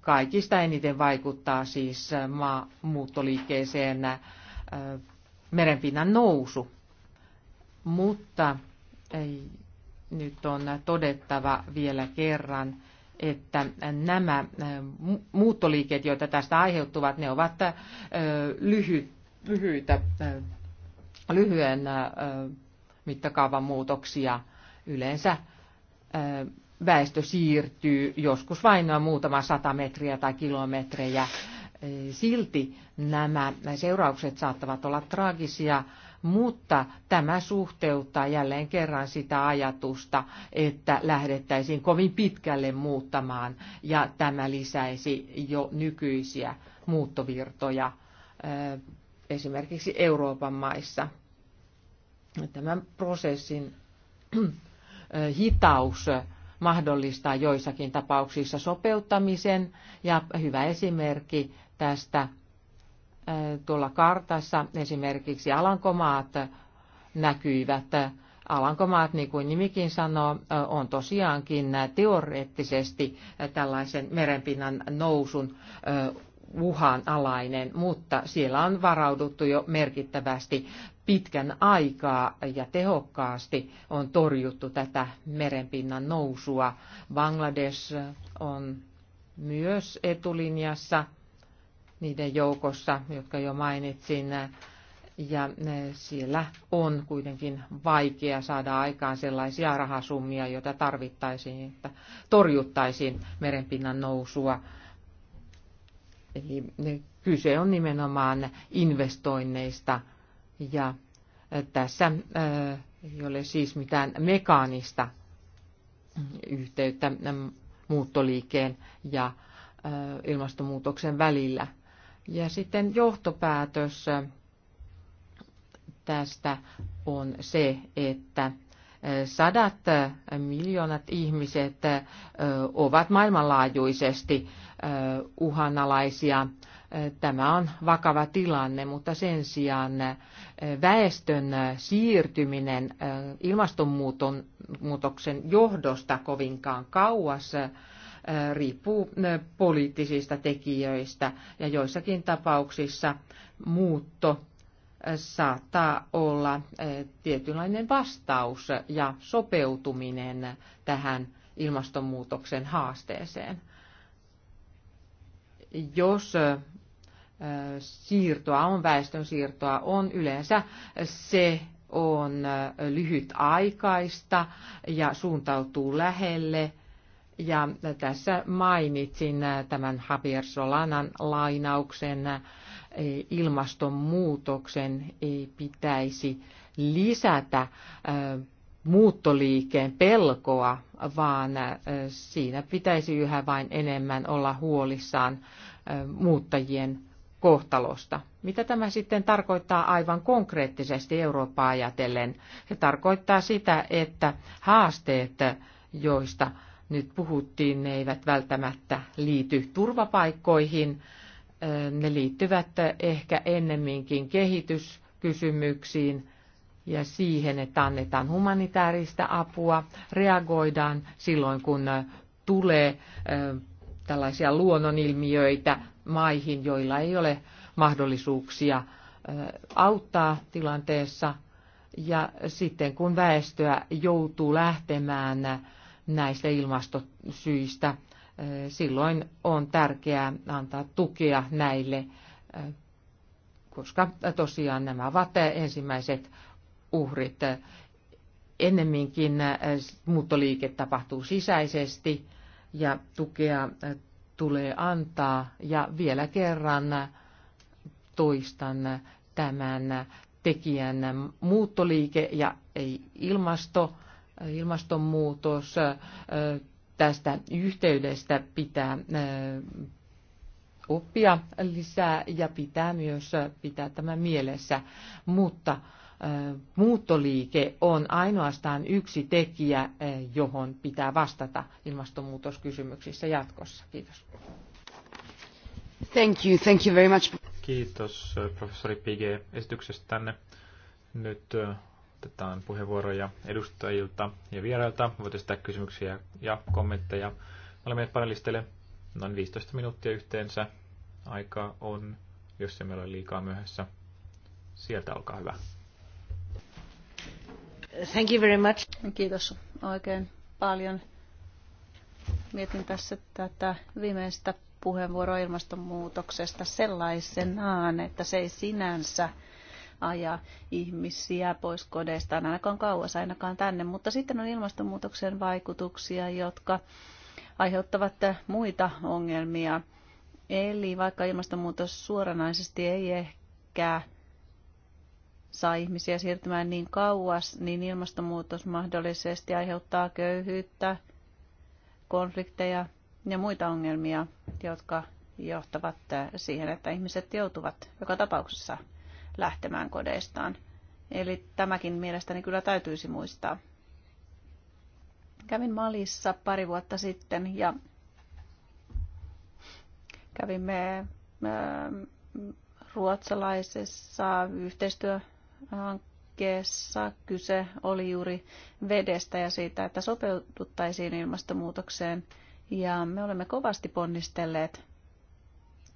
C: kaikista eniten vaikuttaa siis maamuuttoliikkeeseen merenpinnan nousu. Mutta ei, nyt on todettava vielä kerran, että nämä äh, muuttoliikkeet, joita tästä aiheuttuvat, ne ovat äh, lyhyitä, äh, lyhyen mittakaavan muutoksia. Yleensä väestö siirtyy joskus vain noin muutama sata metriä tai kilometrejä. Silti nämä seuraukset saattavat olla traagisia mutta tämä suhteuttaa jälleen kerran sitä ajatusta, että lähdettäisiin kovin pitkälle muuttamaan ja tämä lisäisi jo nykyisiä muuttovirtoja esimerkiksi Euroopan maissa. Tämän prosessin hitaus mahdollistaa joissakin tapauksissa sopeuttamisen ja hyvä esimerkki tästä tuolla kartassa esimerkiksi Alankomaat näkyivät. Alankomaat, niin kuin nimikin sanoo, on tosiaankin teoreettisesti tällaisen merenpinnan nousun uhan alainen, mutta siellä on varauduttu jo merkittävästi pitkän aikaa ja tehokkaasti on torjuttu tätä merenpinnan nousua. Bangladesh on myös etulinjassa niiden joukossa, jotka jo mainitsin. Ja eh, siellä on kuitenkin vaikea saada aikaan sellaisia rahasummia, joita tarvittaisiin, että torjuttaisiin merenpinnan nousua. Eli eh, kyse on nimenomaan investoinneista ja eh, tässä ei ole siis mitään mekaanista mm, yhteyttä mm, muuttoliikkeen ja ilmastonmuutoksen välillä – ja sitten johtopäätös tästä on se, että sadat miljoonat ihmiset ovat maailmanlaajuisesti uhanalaisia. Tämä on vakava tilanne, mutta sen sijaan väestön siirtyminen ilmastonmuutoksen johdosta kovinkaan kauas riippuu poliittisista tekijöistä ja joissakin tapauksissa muutto saattaa olla tietynlainen vastaus ja sopeutuminen tähän ilmastonmuutoksen haasteeseen. Jos siirtoa on, väestön siirtoa on yleensä se on lyhytaikaista ja suuntautuu lähelle ja tässä mainitsin tämän Javier Solanan lainauksen, ilmastonmuutoksen ei pitäisi lisätä muuttoliikkeen pelkoa, vaan siinä pitäisi yhä vain enemmän olla huolissaan muuttajien kohtalosta. Mitä tämä sitten tarkoittaa aivan konkreettisesti Eurooppaa ajatellen? Se tarkoittaa sitä, että haasteet, joista nyt puhuttiin, ne eivät välttämättä liity turvapaikkoihin. Ne liittyvät ehkä ennemminkin kehityskysymyksiin ja siihen, että annetaan humanitaarista apua, reagoidaan silloin, kun tulee tällaisia luonnonilmiöitä maihin, joilla ei ole mahdollisuuksia auttaa tilanteessa. Ja sitten kun väestöä joutuu lähtemään näistä ilmastosyistä. Silloin on tärkeää antaa tukea näille, koska tosiaan nämä ovat ensimmäiset uhrit. Ennemminkin muuttoliike tapahtuu sisäisesti ja tukea tulee antaa. Ja vielä kerran toistan tämän tekijän muuttoliike ja ei ilmasto ilmastonmuutos tästä yhteydestä pitää oppia lisää ja pitää myös pitää tämä mielessä, mutta muuttoliike on ainoastaan yksi tekijä, johon pitää vastata ilmastonmuutoskysymyksissä jatkossa. Kiitos.
A: Thank you, thank you very much.
B: Kiitos professori Pige tänne. Nyt otetaan puheenvuoroja edustajilta ja vierailta. Voit esittää kysymyksiä ja kommentteja. Olemme panelisteille noin 15 minuuttia yhteensä. Aika on, jos meillä on liikaa myöhässä. Sieltä olkaa hyvä.
D: Thank you very much. Kiitos oikein paljon. Mietin tässä tätä viimeistä puheenvuoroa ilmastonmuutoksesta sellaisenaan, että se ei sinänsä ajaa ihmisiä pois kodeistaan, ainakaan kauas, ainakaan tänne. Mutta sitten on ilmastonmuutoksen vaikutuksia, jotka aiheuttavat muita ongelmia. Eli vaikka ilmastonmuutos suoranaisesti ei ehkä saa ihmisiä siirtymään niin kauas, niin ilmastonmuutos mahdollisesti aiheuttaa köyhyyttä, konflikteja ja muita ongelmia, jotka johtavat siihen, että ihmiset joutuvat joka tapauksessa lähtemään kodeistaan. Eli tämäkin mielestäni kyllä täytyisi muistaa. Kävin Malissa pari vuotta sitten ja kävimme ähm, ruotsalaisessa yhteistyöhankkeessa. Kyse oli juuri vedestä ja siitä, että sopeututtaisiin ilmastonmuutokseen. Ja me olemme kovasti ponnistelleet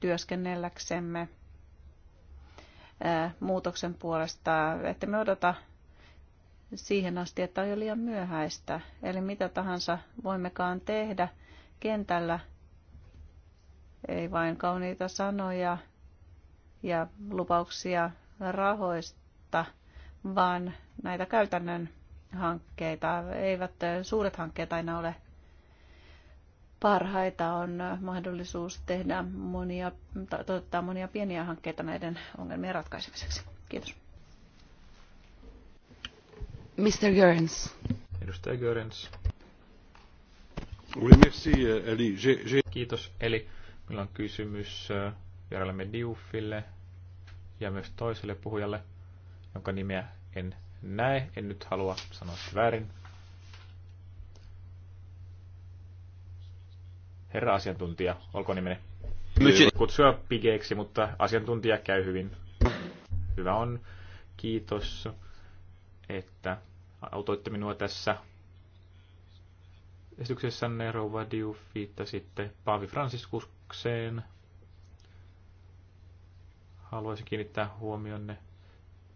D: työskennelläksemme – muutoksen puolesta, että me odota siihen asti, että on jo liian myöhäistä. Eli mitä tahansa voimmekaan tehdä kentällä, ei vain kauniita sanoja ja lupauksia rahoista, vaan näitä käytännön hankkeita. Eivät suuret hankkeet aina ole parhaita on mahdollisuus tehdä monia, toteuttaa monia pieniä hankkeita näiden ongelmien ratkaisemiseksi. Kiitos. Mr. Görens.
B: Edustaja Görens. Oui, merci, eh, Eli. Kiitos. Eli meillä on kysymys eh, vierailemme Diuffille ja myös toiselle puhujalle, jonka nimeä en näe. En nyt halua sanoa väärin. Herra asiantuntija, olkoon nimeni. Kutsua pigeeksi, mutta asiantuntija käy hyvin. Hyvä on. Kiitos, että autoitte minua tässä esityksessä Rouva Diu sitten Paavi Franciskukseen. Haluaisin kiinnittää huomionne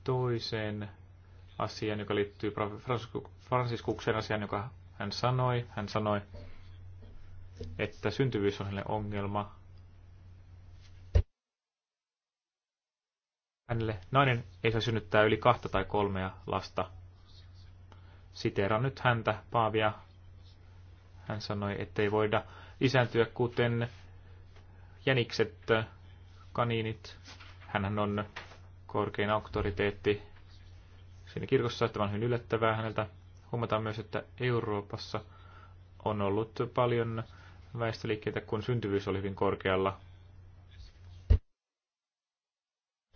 B: toiseen asiaan, joka liittyy Franciskukseen asiaan, joka hän sanoi. Hän sanoi, että syntyvyys on hänelle ongelma. Hänelle nainen ei saa synnyttää yli kahta tai kolmea lasta. Siteeraan nyt häntä, Paavia. Hän sanoi, ettei voida isäntyä kuten jänikset, kaniinit. Hänhän on korkein auktoriteetti siinä kirkossa, että on hyvin yllättävää häneltä. Huomataan myös, että Euroopassa on ollut paljon väestöliikkeitä, kun syntyvyys oli hyvin korkealla.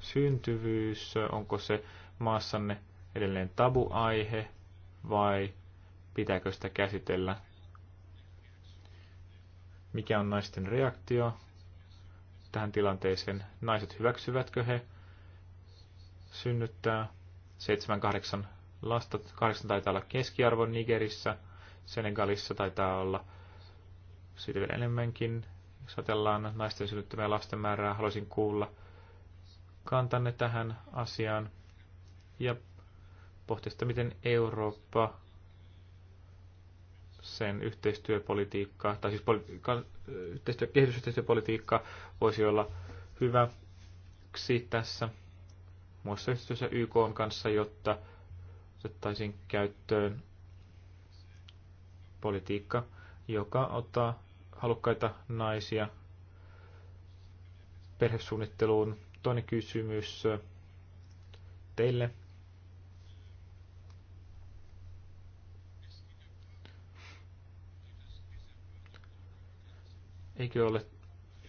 B: Syntyvyys, onko se maassanne edelleen tabuaihe vai pitääkö sitä käsitellä? Mikä on naisten reaktio tähän tilanteeseen? Naiset hyväksyvätkö he synnyttää 7-8 lasta? 8 taitaa olla keskiarvo Nigerissä, Senegalissa taitaa olla siitä vielä enemmänkin. Jos ajatellaan naisten synnyttämää lasten määrää, haluaisin kuulla kantanne tähän asiaan ja pohtia sitä, miten Eurooppa sen yhteistyöpolitiikka, tai siis poli- yhteistyö, kehitysyhteistyöpolitiikka voisi olla hyväksi tässä muassa yhteistyössä YK on kanssa, jotta otettaisiin käyttöön politiikka, joka ottaa halukkaita naisia perhesuunnitteluun. Toinen kysymys teille. Eikö ole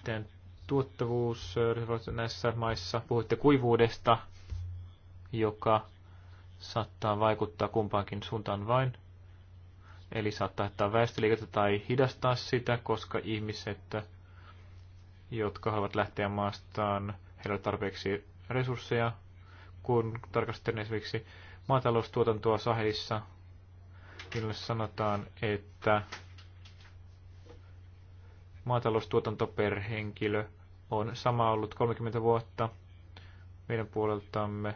B: teidän tuottavuus näissä maissa? Puhuitte kuivuudesta, joka saattaa vaikuttaa kumpaankin suuntaan vain. Eli saattaa haittaa väestöliikettä tai hidastaa sitä, koska ihmiset, jotka haluavat lähteä maastaan, heillä on tarpeeksi resursseja, kun tarkastelen esimerkiksi maataloustuotantoa Sahelissa, millä sanotaan, että maataloustuotanto per henkilö on sama ollut 30 vuotta meidän puoleltamme.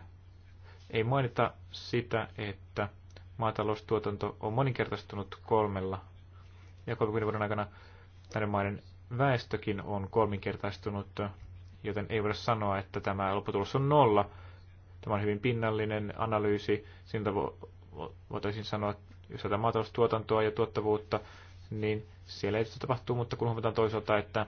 B: Ei mainita sitä, että maataloustuotanto on moninkertaistunut kolmella ja 30 vuoden aikana näiden maiden väestökin on kolminkertaistunut, joten ei voida sanoa, että tämä lopputulos on nolla. Tämä on hyvin pinnallinen analyysi. Siltä vo- voitaisiin sanoa, että jos tätä maataloustuotantoa ja tuottavuutta, niin siellä ei tapahtuu, mutta kun huomataan toisaalta, että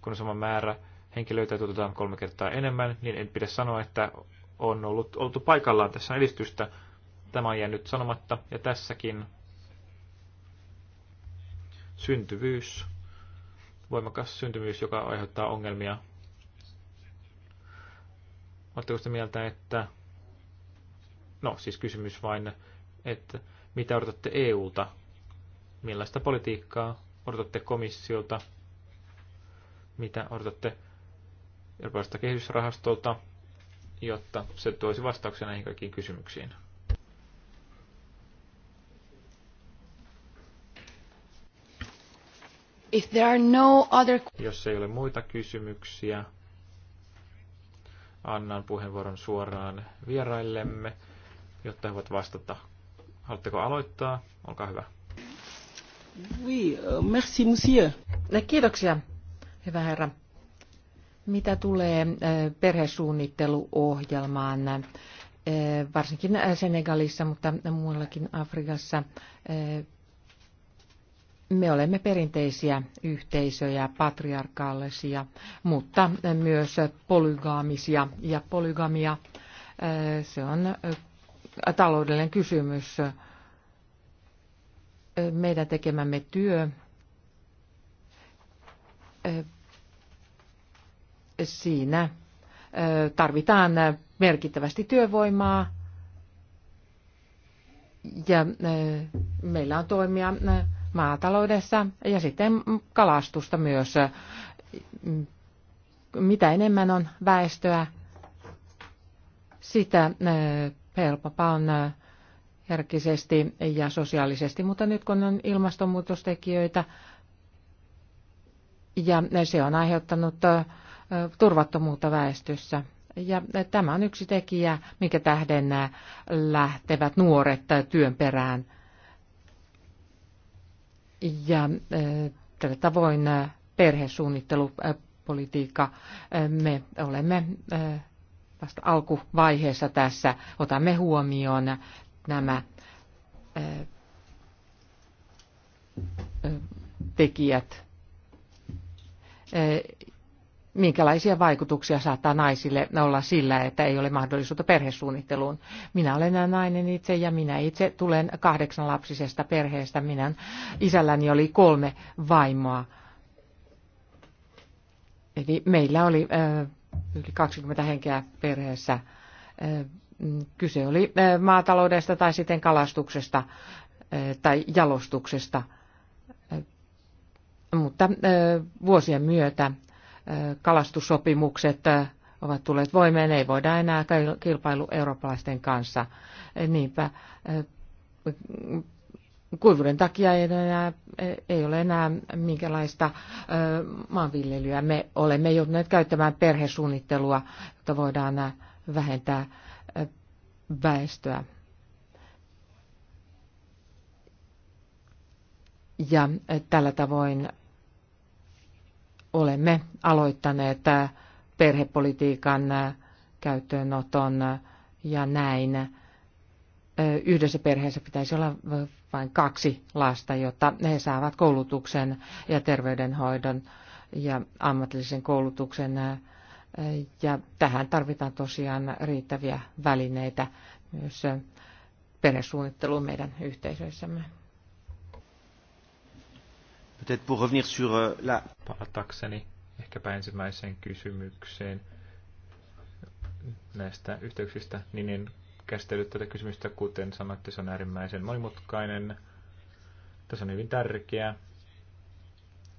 B: kun on sama määrä henkilöitä tuotetaan kolme kertaa enemmän, niin en pidä sanoa, että on ollut oltu paikallaan tässä edistystä, Tämä on jäänyt sanomatta ja tässäkin syntyvyys, voimakas syntyvyys, joka aiheuttaa ongelmia. Oletteko sitä mieltä, että, no siis kysymys vain, että mitä odotatte EUlta? Millaista politiikkaa odotatte komissiolta? Mitä odotatte Euroopasta kehitysrahastolta, jotta se toisi vastauksia näihin kaikkiin kysymyksiin?
A: If there are no other...
B: Jos ei ole muita kysymyksiä, annan puheenvuoron suoraan vieraillemme, jotta he voivat vastata. Haluatteko aloittaa? Olkaa hyvä.
C: Oui, euh, merci monsieur. Eh, kiitoksia, hyvä herra. Mitä tulee eh, perhesuunnitteluohjelmaan, eh, varsinkin Senegalissa, mutta muuallakin Afrikassa, me olemme perinteisiä yhteisöjä, patriarkaalisia, mutta myös polygaamisia ja polygamia. Eh, se on eh, taloudellinen kysymys. Eh, meidän tekemämme työ siinä tarvitaan merkittävästi työvoimaa ja meillä on toimia maataloudessa ja sitten kalastusta myös. Mitä enemmän on väestöä, sitä helpompaa on järkisesti ja sosiaalisesti, mutta nyt kun on ilmastonmuutostekijöitä, ja se on aiheuttanut turvattomuutta väestössä. Ja tämä on yksi tekijä, minkä tähden lähtevät nuoret työn perään – ja eh, tällä tavoin eh, perhesuunnittelupolitiikka. Eh, me olemme vasta alkuvaiheessa tässä. Otamme huomioon nämä tekijät minkälaisia vaikutuksia saattaa naisille olla sillä, että ei ole mahdollisuutta perhesuunnitteluun. Minä olen nainen itse ja minä itse tulen kahdeksan lapsisesta perheestä. Minä isälläni oli kolme vaimoa. Eli meillä oli äh, yli 20 henkeä perheessä. Äh, kyse oli äh, maataloudesta tai sitten kalastuksesta äh, tai jalostuksesta. Äh, mutta äh, vuosien myötä kalastussopimukset ovat tulleet voimeen, ei voida enää kilpailu eurooppalaisten kanssa. Niinpä kuivuuden takia ei ole enää, e, ei ole enää minkälaista maanviljelyä. Me olemme joutuneet käyttämään perhesuunnittelua, jotta voidaan vähentää väestöä. Ja tällä tavoin olemme aloittaneet äh, perhepolitiikan äh, käyttöönoton äh, ja näin. Yhdessä perheessä pitäisi olla vain kaksi lasta, jotta he saavat koulutuksen ja terveydenhoidon ja ammatillisen koulutuksen. Ja tähän tarvitaan tosiaan riittäviä välineitä myös perhesuunnitteluun meidän yhteisöissämme.
B: Peut-être pour revenir sur euh, la... Palatakseni ehkäpä ensimmäiseen kysymykseen näistä yhteyksistä, niin en käsitellyt tätä kysymystä, kuten sanoitte, se on äärimmäisen monimutkainen. Tässä on hyvin tärkeää.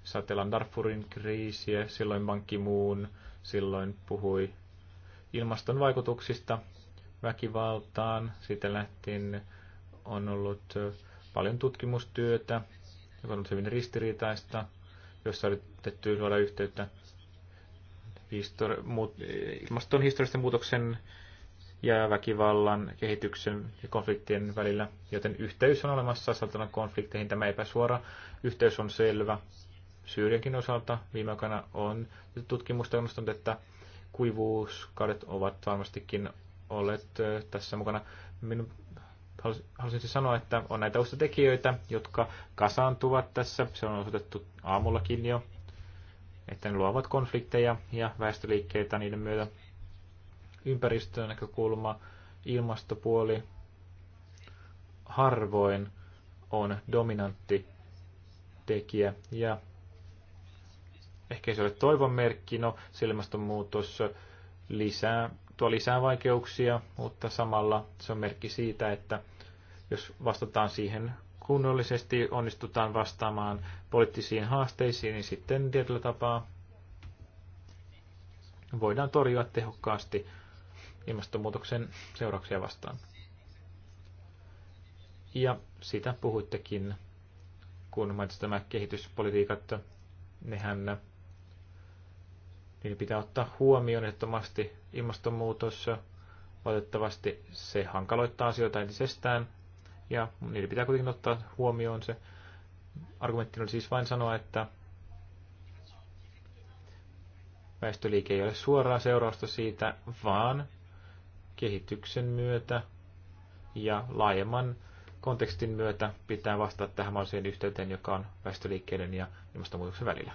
B: Satellaan Darfurin kriisiä, silloin Moon silloin puhui ilmaston vaikutuksista väkivaltaan. Siitä lähtien on ollut paljon tutkimustyötä joka on ollut hyvin ristiriitaista, jossa on yritetty luoda yhteyttä histori- muut, ilmaston historiallisen muutoksen ja väkivallan, kehityksen ja konfliktien välillä, joten yhteys on olemassa Saltanan konflikteihin. Tämä epäsuora yhteys on selvä. Syyriankin osalta viime aikoina on tutkimusta nostanut, että kuivuuskaudet ovat varmastikin olleet tässä mukana. Minun halusin siis sanoa, että on näitä tekijöitä, jotka kasaantuvat tässä. Se on osoitettu aamullakin jo, että ne luovat konflikteja ja väestöliikkeitä niiden myötä. Ympäristön näkökulma, ilmastopuoli harvoin on dominantti tekijä ja ehkä se ole toivon merkki, no se ilmastonmuutos lisää, tuo lisää vaikeuksia, mutta samalla se on merkki siitä, että jos vastataan siihen kunnollisesti, onnistutaan vastaamaan poliittisiin haasteisiin, niin sitten tietyllä tapaa voidaan torjua tehokkaasti ilmastonmuutoksen seurauksia vastaan. Ja sitä puhuittekin, kun mainitsit tämä kehityspolitiikat, nehän niin pitää ottaa huomioon ehdottomasti ilmastonmuutos. Valitettavasti se hankaloittaa asioita entisestään ja niiden pitää kuitenkin ottaa huomioon se. Argumentti oli siis vain sanoa, että väestöliike ei ole suoraa seurausta siitä, vaan kehityksen myötä ja laajemman kontekstin myötä pitää vastata tähän mahdolliseen yhteyteen, joka on väestöliikkeiden ja ilmastonmuutoksen välillä.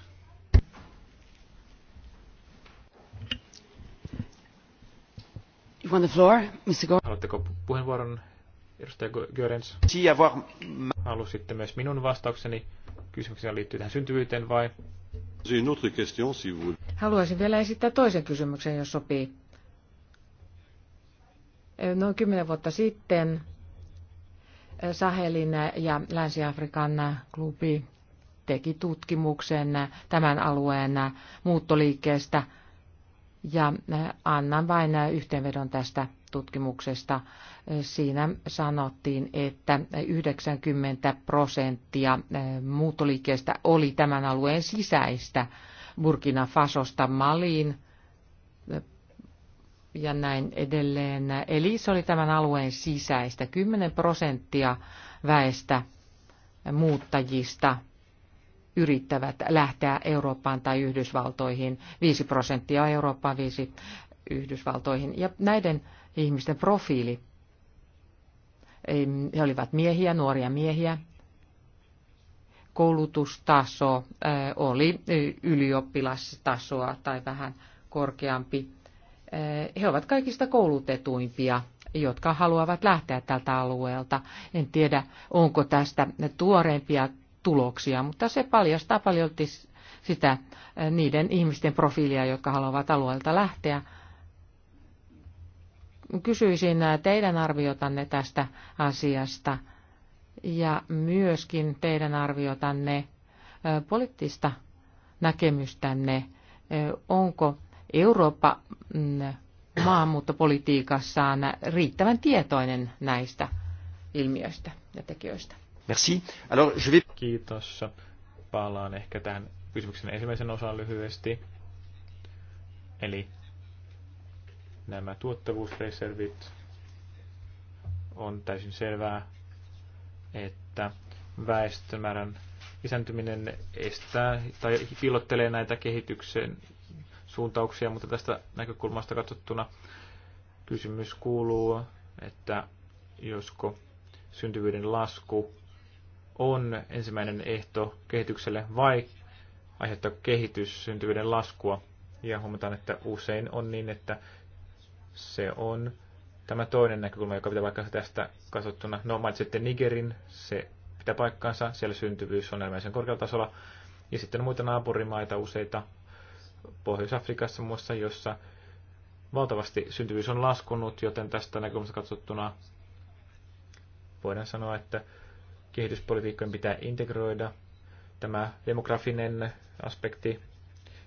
B: You want the floor, Mr. Haluatteko puheenvuoron, Edustaja Görens, halusitte myös minun vastaukseni kysymykseen liittyy tähän syntyvyyteen vai?
C: Haluaisin vielä esittää toisen kysymyksen, jos sopii. Noin kymmenen vuotta sitten Sahelin ja Länsi-Afrikan klubi teki tutkimuksen tämän alueen muuttoliikkeestä ja annan vain yhteenvedon tästä tutkimuksesta. Siinä sanottiin, että 90 prosenttia eh, muuttoliikkeestä oli tämän alueen sisäistä Burkina Fasosta Maliin eh, ja näin edelleen. Eli se oli tämän alueen sisäistä. 10 prosenttia väestä muuttajista yrittävät lähteä Eurooppaan tai Yhdysvaltoihin, 5 prosenttia Eurooppaan, 5 Yhdysvaltoihin. Ja näiden ihmisten profiili. He olivat miehiä, nuoria miehiä. Koulutustaso oli ylioppilastasoa tai vähän korkeampi. He ovat kaikista koulutetuimpia, jotka haluavat lähteä tältä alueelta. En tiedä, onko tästä tuoreempia tuloksia, mutta se paljastaa paljon sitä niiden ihmisten profiilia, jotka haluavat alueelta lähteä Kysyisin teidän arviotanne tästä asiasta ja myöskin teidän arviotanne poliittista näkemystänne. Onko Eurooppa mm, maahanmuuttopolitiikassaan riittävän tietoinen näistä ilmiöistä ja tekijöistä?
B: Merci. Alors, je vais... Kiitos. Palaan ehkä tähän kysymyksen ensimmäisen osan lyhyesti. Eli nämä tuottavuusreservit. On täysin selvää, että väestömäärän lisääntyminen estää tai pilottelee näitä kehityksen suuntauksia, mutta tästä näkökulmasta katsottuna kysymys kuuluu, että josko syntyvyyden lasku on ensimmäinen ehto kehitykselle vai aiheuttaa kehitys syntyvyyden laskua. Ja huomataan, että usein on niin, että se on tämä toinen näkökulma, joka pitää vaikka tästä katsottuna. No, mainitsitte Nigerin, se pitää paikkansa, siellä syntyvyys on elämäisen korkealla tasolla. Ja sitten muita naapurimaita useita, Pohjois-Afrikassa muassa, jossa valtavasti syntyvyys on laskunut, joten tästä näkökulmasta katsottuna voidaan sanoa, että kehityspolitiikkojen pitää integroida tämä demografinen aspekti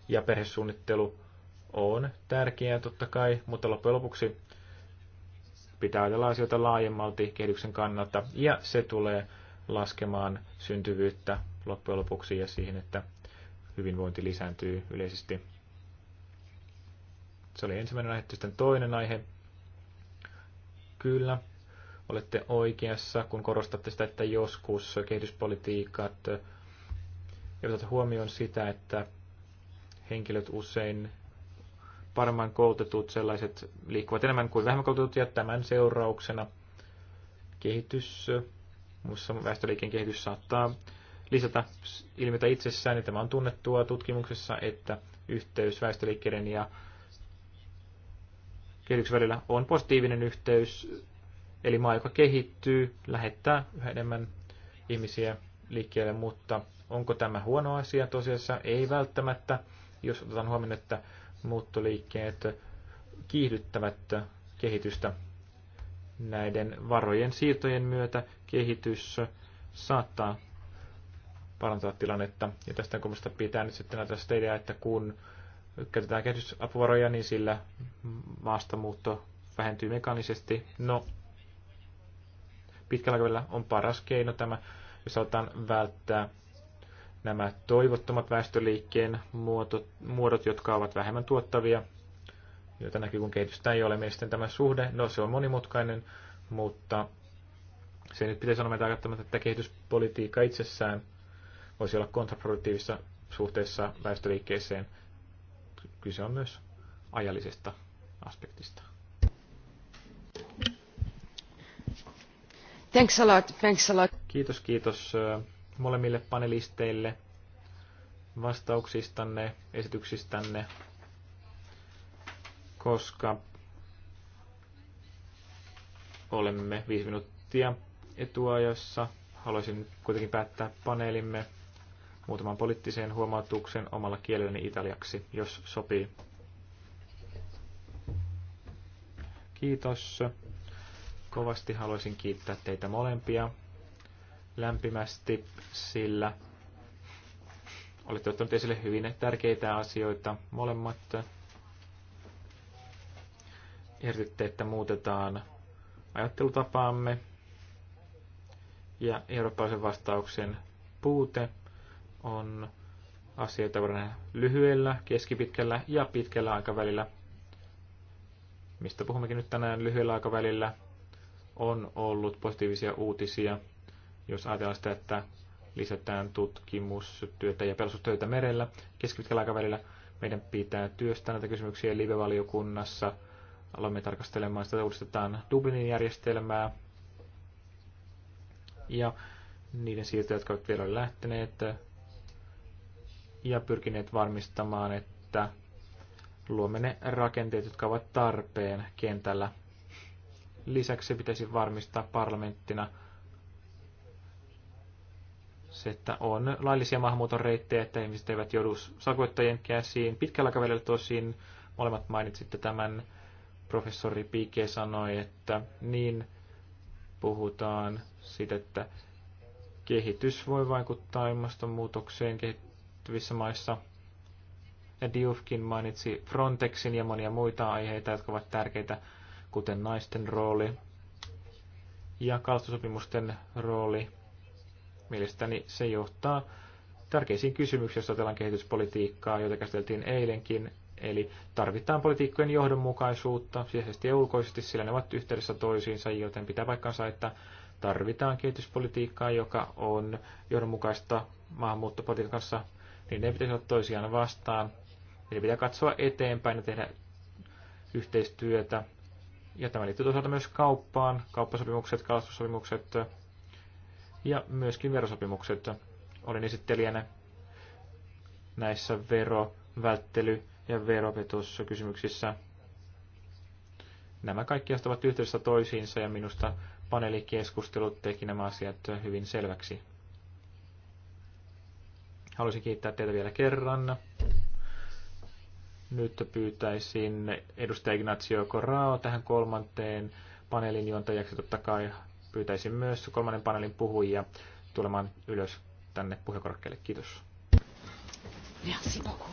B: ja perhesuunnittelu on tärkeää totta kai, mutta loppujen lopuksi pitää ajatella asioita laajemmalti kehityksen kannalta, ja se tulee laskemaan syntyvyyttä loppujen lopuksi ja siihen, että hyvinvointi lisääntyy yleisesti. Se oli ensimmäinen aihe, sitten toinen aihe. Kyllä, olette oikeassa, kun korostatte sitä, että joskus kehityspolitiikat eivät huomioon sitä, että henkilöt usein paremman koulutetut sellaiset liikkuvat enemmän kuin vähemmän koulutetut, ja tämän seurauksena kehitys, muussa väestöliikkeen kehitys saattaa lisätä ilmiötä itsessään, ja tämä on tunnettua tutkimuksessa, että yhteys väestöliikkeiden ja kehityksen välillä on positiivinen yhteys, eli maa, joka kehittyy, lähettää yhä enemmän ihmisiä liikkeelle, mutta onko tämä huono asia tosiasiassa? Ei välttämättä, jos otetaan huomioon, että muuttoliikkeet kiihdyttävät kehitystä. Näiden varojen siirtojen myötä kehitys saattaa parantaa tilannetta. Ja tästä kokomusta pitää nyt sitten näitä sitä että kun käytetään kehitysapuvaroja, niin sillä maastamuutto vähentyy mekaanisesti. No, pitkällä aikavälillä on paras keino tämä, jos halutaan välttää nämä toivottomat väestöliikkeen muodot, muodot, jotka ovat vähemmän tuottavia, joita näkyy kun kehitystä ei ole. Mielestäni tämä suhde, no se on monimutkainen, mutta se nyt pitäisi sanoa tarkoittamatta, että kehityspolitiikka itsessään voisi olla kontraproduktiivissa suhteessa väestöliikkeeseen. Kyse on myös ajallisesta aspektista.
C: Thanks a lot, thanks a lot. Kiitos,
B: kiitos äh, molemmille panelisteille vastauksistanne, esityksistänne, koska olemme viisi minuuttia etuajassa. Haluaisin kuitenkin päättää paneelimme muutaman poliittiseen huomautuksen omalla kielelläni italiaksi, jos sopii. Kiitos. Kovasti haluaisin kiittää teitä molempia lämpimästi, sillä olette ottanut esille hyvin tärkeitä asioita molemmat. Ehdotitte, että muutetaan ajattelutapaamme ja eurooppalaisen vastauksen puute on asioita voidaan lyhyellä, keskipitkällä ja pitkällä aikavälillä. Mistä puhummekin nyt tänään lyhyellä aikavälillä, on ollut positiivisia uutisia – jos ajatellaan sitä, että lisätään tutkimustyötä ja pelastustyötä merellä keskipitkällä aikavälillä, meidän pitää työstää näitä kysymyksiä live-valiokunnassa. Aloimme tarkastelemaan sitä, että uudistetaan Dublinin järjestelmää ja niiden siirtoja, jotka ovat vielä lähteneet ja pyrkineet varmistamaan, että luomme ne rakenteet, jotka ovat tarpeen kentällä. Lisäksi pitäisi varmistaa parlamenttina – se, että on laillisia maahanmuuton reittejä, että ihmiset eivät joudu sakoittajien käsiin. Pitkällä kävelyllä tosin molemmat mainitsitte tämän. Professori Piike sanoi, että niin puhutaan siitä, että kehitys voi vaikuttaa ilmastonmuutokseen kehittyvissä maissa. Ja Diufkin mainitsi Frontexin ja monia muita aiheita, jotka ovat tärkeitä, kuten naisten rooli ja kalastusopimusten rooli Mielestäni se johtaa tärkeisiin kysymyksiin, jos ajatellaan kehityspolitiikkaa, joita käsiteltiin eilenkin. Eli tarvitaan politiikkojen johdonmukaisuutta sisäisesti ja ulkoisesti, sillä ne ovat yhteydessä toisiinsa, joten pitää paikkansa, että tarvitaan kehityspolitiikkaa, joka on johdonmukaista maahanmuuttopolitiikan kanssa, niin ne pitäisi olla toisiaan vastaan. Eli pitää katsoa eteenpäin ja tehdä yhteistyötä. Ja tämä liittyy toisaalta myös kauppaan, kauppasopimukset, kalastussopimukset, ja myöskin verosopimukset. Olin esittelijänä näissä verovälttely- ja veropetuskysymyksissä. Nämä kaikki ovat yhteydessä toisiinsa ja minusta paneelikeskustelut teki nämä asiat hyvin selväksi. Haluaisin kiittää teitä vielä kerran. Nyt pyytäisin edustaja Ignacio Corrao tähän kolmanteen paneelin juontajaksi. Totta kai Pyytäisin myös kolmannen paneelin puhujia tulemaan ylös tänne puhekorokkeelle. Kiitos.
A: Merci beaucoup.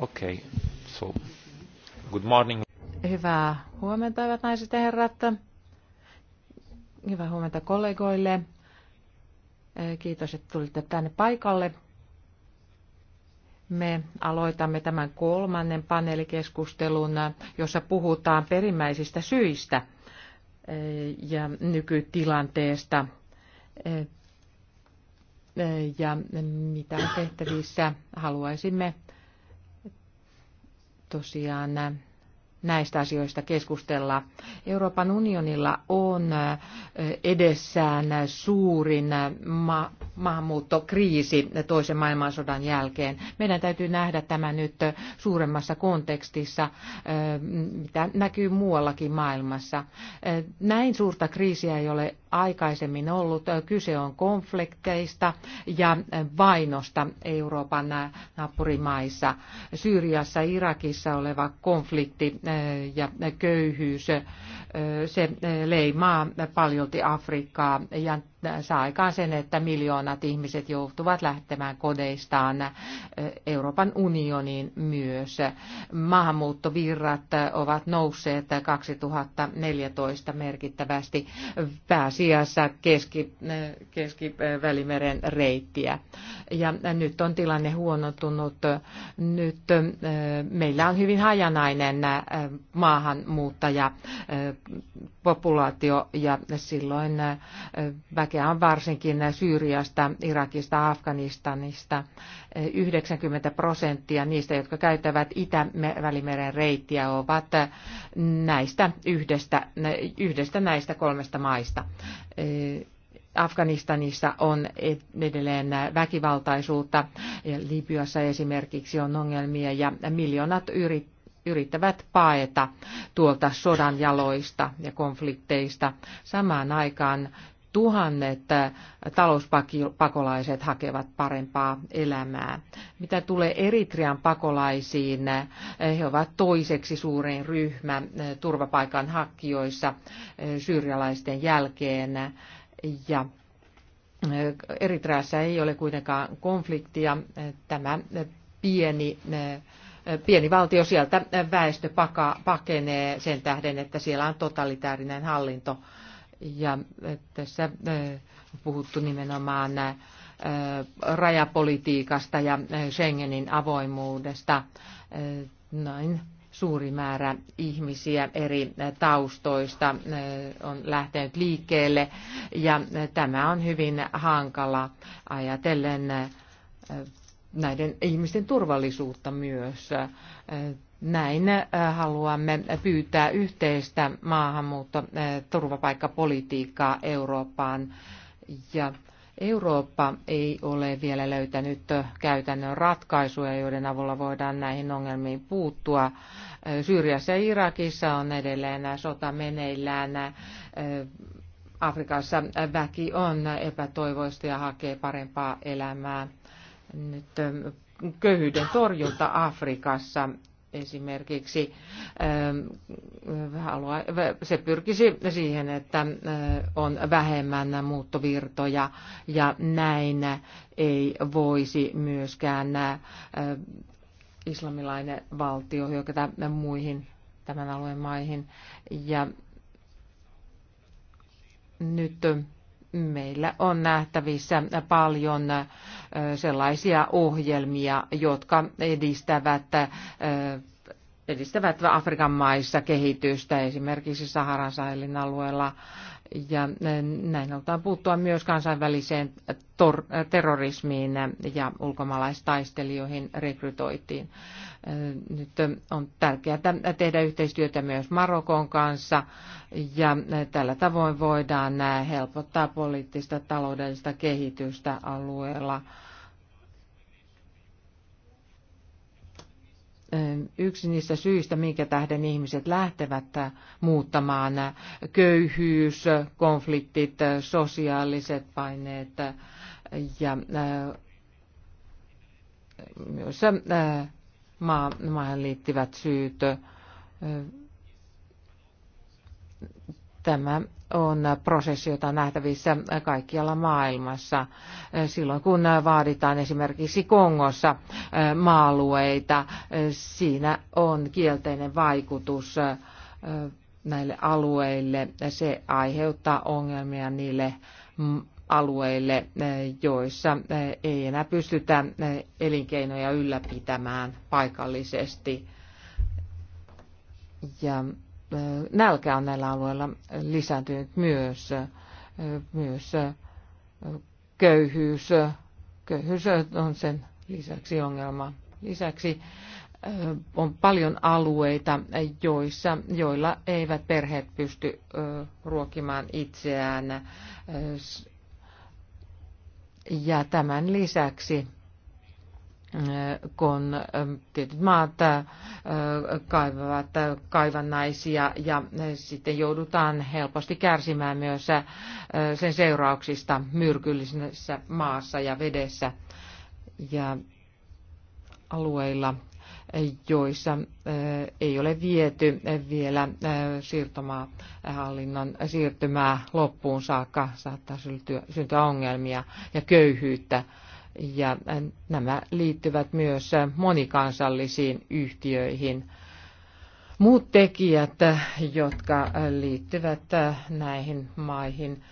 B: Okei, okay. so good morning.
C: Hyvää huomenta, hyvät naiset ja herrat. Hyvää huomenta kollegoille. Kiitos, että tulitte tänne paikalle. Me aloitamme tämän kolmannen paneelikeskustelun, jossa puhutaan perimmäisistä syistä ja nykytilanteesta ja mitä tehtävissä. Haluaisimme tosiaan näistä asioista keskustella. Euroopan unionilla on edessään suurin ma- maahanmuuttokriisi toisen maailmansodan jälkeen. Meidän täytyy nähdä tämä nyt suuremmassa kontekstissa, mitä näkyy muuallakin maailmassa. Näin suurta kriisiä ei ole aikaisemmin ollut. Kyse on konflikteista ja vainosta Euroopan naapurimaissa. Syyriassa, Irakissa oleva konflikti eh, ja köyhyys se eh, leimaa paljolti Afrikkaa ja saa aikaan sen, että miljoonat ihmiset joutuvat lähtemään kodeistaan eh, Euroopan unioniin myös. Maahanmuuttovirrat ovat nousseet 2014 merkittävästi pääasiassa keski, eh, keskivälimeren reittiä. Ja nyt on tilanne huonontunut. Nyt meillä on hyvin hajanainen maahanmuuttaja populaatio ja silloin äh, väkeä on varsinkin Syyriasta, Irakista, Afganistanista. 90 äh, prosenttia niistä, jotka käyttävät Itä-Välimeren reittiä, ovat äh, näistä yhdestä, yhdestä näistä kolmesta maista. Afganistanissa on edelleen väkivaltaisuutta. Libyassa esimerkiksi on ongelmia ja miljoonat yrittäjät yrittävät paeta tuolta sodan jaloista ja konflikteista. Samaan aikaan tuhannet äh, talouspakolaiset hakevat parempaa elämää. Mitä tulee Eritrean pakolaisiin, äh, he ovat toiseksi suurin ryhmä äh, hakijoissa syyrialaisten jälkeen. Ja Eritreassa ei ole kuitenkaan konfliktia. Tämä pieni pieni valtio, sieltä väestö pakenee sen tähden, että siellä on totalitaarinen hallinto. Ja tässä on puhuttu nimenomaan rajapolitiikasta ja Schengenin avoimuudesta. Noin suuri määrä ihmisiä eri taustoista on lähtenyt liikkeelle ja tämä on hyvin hankala ajatellen näiden ihmisten turvallisuutta myös. Näin äh, haluamme pyytää yhteistä maahanmuutto- äh, turvapaikkapolitiikkaa Eurooppaan. Ja Eurooppa ei ole vielä löytänyt käytännön ratkaisuja, joiden avulla voidaan näihin ongelmiin puuttua. Äh, Syyriassa ja Irakissa on edelleen sota meneillään. Afrikassa väki on epätoivoista ja hakee parempaa elämää nyt ähm, köyhyyden torjunta Afrikassa esimerkiksi ähm, se pyrkisi siihen, että äh, on vähemmän muuttovirtoja ja näin ei voisi myöskään äh, islamilainen valtio hyökätä muihin tämän alueen maihin. Ja nyt meillä on nähtävissä paljon sellaisia ohjelmia, jotka edistävät edistävät Afrikan maissa kehitystä, esimerkiksi Saharan sahelin alueella ja näin halutaan puuttua myös kansainväliseen terrorismiin ja ulkomaalaistaistelijoihin rekrytoitiin. Nyt on tärkeää tehdä yhteistyötä myös Marokon kanssa ja tällä tavoin voidaan helpottaa poliittista taloudellista kehitystä alueella yksi niistä syistä, minkä tähden ihmiset lähtevät muuttamaan köyhyys, konfliktit, sosiaaliset paineet ja myös maahan liittyvät syyt. Tämä on prosessi, jota on nähtävissä kaikkialla maailmassa. Silloin kun vaaditaan esimerkiksi Kongossa maalueita, siinä on kielteinen vaikutus näille alueille. Se aiheuttaa ongelmia niille alueille, joissa ei enää pystytä elinkeinoja ylläpitämään paikallisesti. Ja nälkä on näillä alueilla lisääntynyt myös, myös köyhyys. Köyhyys on sen lisäksi ongelma. Lisäksi on paljon alueita, joissa, joilla eivät perheet pysty ruokimaan itseään. Ja tämän lisäksi kun tietyt maat kaivavat kaivannaisia ja sitten joudutaan helposti kärsimään myös sen seurauksista myrkyllisessä maassa ja vedessä ja alueilla, joissa ei ole viety vielä siirtomaa hallinnon siirtymää loppuun saakka, saattaa syntyä ongelmia ja köyhyyttä ja nämä liittyvät myös monikansallisiin yhtiöihin. Muut tekijät, jotka liittyvät näihin maihin,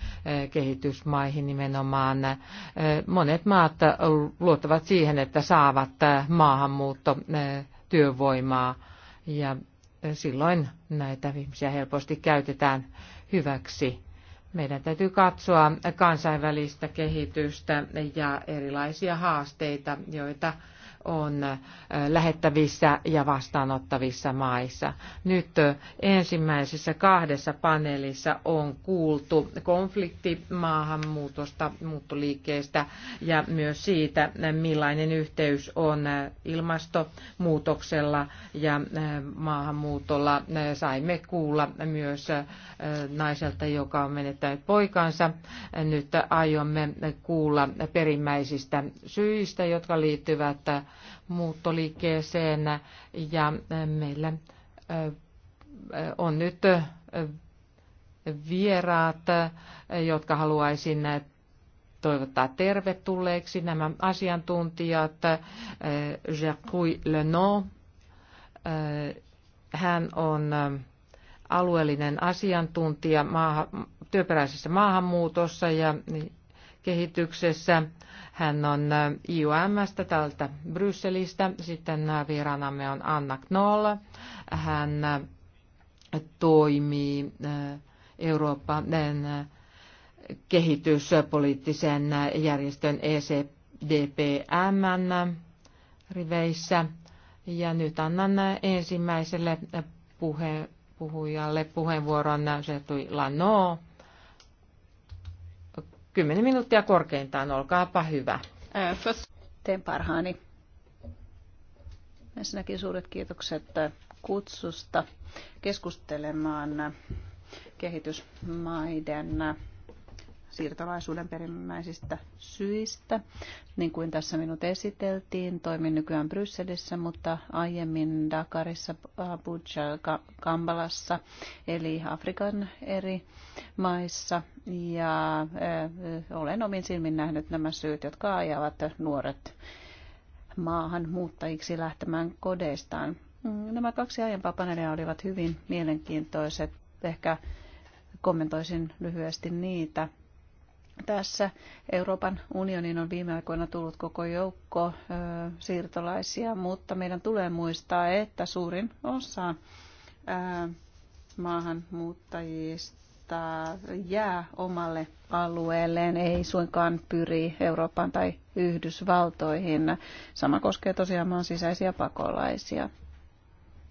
C: kehitysmaihin nimenomaan, monet maat luottavat siihen, että saavat maahanmuutto työvoimaa ja silloin näitä ihmisiä helposti käytetään hyväksi meidän täytyy katsoa kansainvälistä kehitystä ja erilaisia haasteita, joita on lähettävissä ja vastaanottavissa maissa. Nyt ensimmäisessä kahdessa paneelissa on kuultu maahanmuutosta, muuttoliikkeestä ja myös siitä, millainen yhteys on ilmastonmuutoksella ja maahanmuutolla. Saimme kuulla myös naiselta, joka on menettänyt poikansa. Nyt aiomme kuulla perimmäisistä syistä, jotka liittyvät muuttoliikkeeseen ja äh, meillä äh, on nyt äh, vieraat, jotka haluaisin toivottaa tervetulleeksi nämä asiantuntijat. Jacques Lenon, hän on alueellinen asiantuntija maaha, työperäisessä maahanmuutossa ja kehityksessä. Hän on IOMstä täältä Brysselistä. Sitten vieraanamme on Anna Knoll. Hän toimii Euroopan kehityspoliittisen järjestön ECDPM riveissä. Ja nyt annan ensimmäiselle puhe, puhujalle puheenvuoron Sertui Lanoa. Kymmenen minuuttia korkeintaan, olkaapa hyvä. Äh,
D: Teen parhaani. Ensinnäkin suuret kiitokset kutsusta keskustelemaan kehitysmaiden siirtolaisuuden perimmäisistä syistä. Niin kuin tässä minut esiteltiin, toimin nykyään Brysselissä, mutta aiemmin Dakarissa, Abuja, Kambalassa, eli Afrikan eri maissa. Ja olen omin silmin nähnyt nämä syyt, jotka ajavat nuoret maahan muuttajiksi lähtemään kodeistaan. Nämä kaksi aiempaa paneelia olivat hyvin mielenkiintoiset. Ehkä kommentoisin lyhyesti niitä tässä Euroopan unionin on viime aikoina tullut koko joukko siirtolaisia, mutta meidän tulee muistaa, että suurin osa maahanmuuttajista jää omalle alueelleen, ei suinkaan pyri Eurooppaan tai Yhdysvaltoihin. Sama koskee tosiaan maan sisäisiä pakolaisia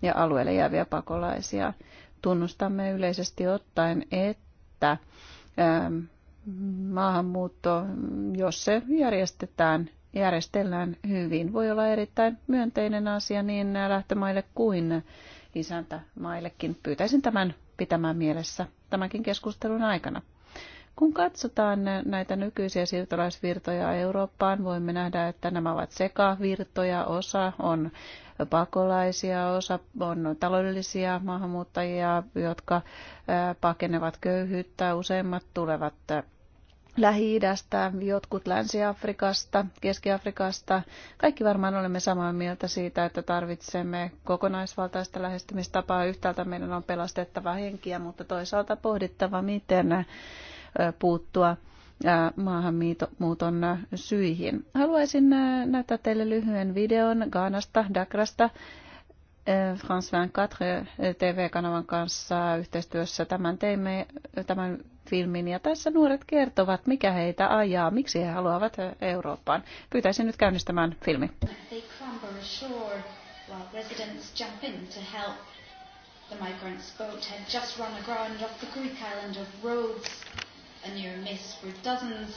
D: ja alueelle jääviä pakolaisia. Tunnustamme yleisesti ottaen, että maahanmuutto, jos se järjestetään, järjestellään hyvin, voi olla erittäin myönteinen asia niin lähtömaille kuin isäntämaillekin. Pyytäisin tämän pitämään mielessä tämänkin keskustelun aikana. Kun katsotaan näitä nykyisiä siirtolaisvirtoja Eurooppaan, voimme nähdä, että nämä ovat sekavirtoja. Osa on pakolaisia, osa on taloudellisia maahanmuuttajia, jotka pakenevat köyhyyttä. Useimmat tulevat Lähi-idästä, jotkut Länsi-Afrikasta, Keski-Afrikasta. Kaikki varmaan olemme samaa mieltä siitä, että tarvitsemme kokonaisvaltaista lähestymistapaa. Yhtäältä meidän on pelastettava henkiä, mutta toisaalta pohdittava, miten puuttua maahanmuuton syihin. Haluaisin näyttää teille lyhyen videon Gaanasta, Dakrasta, Eh, France 24 eh, TV-kanavan kanssa yhteistyössä tämän teimme tämän filmin. Ja tässä nuoret kertovat, mikä heitä ajaa, miksi he haluavat eh, Eurooppaan. Pyytäisin nyt käynnistämään filmi.
E: The migrants' boat had just run aground off the Greek island of Rhodes. A near miss were dozens,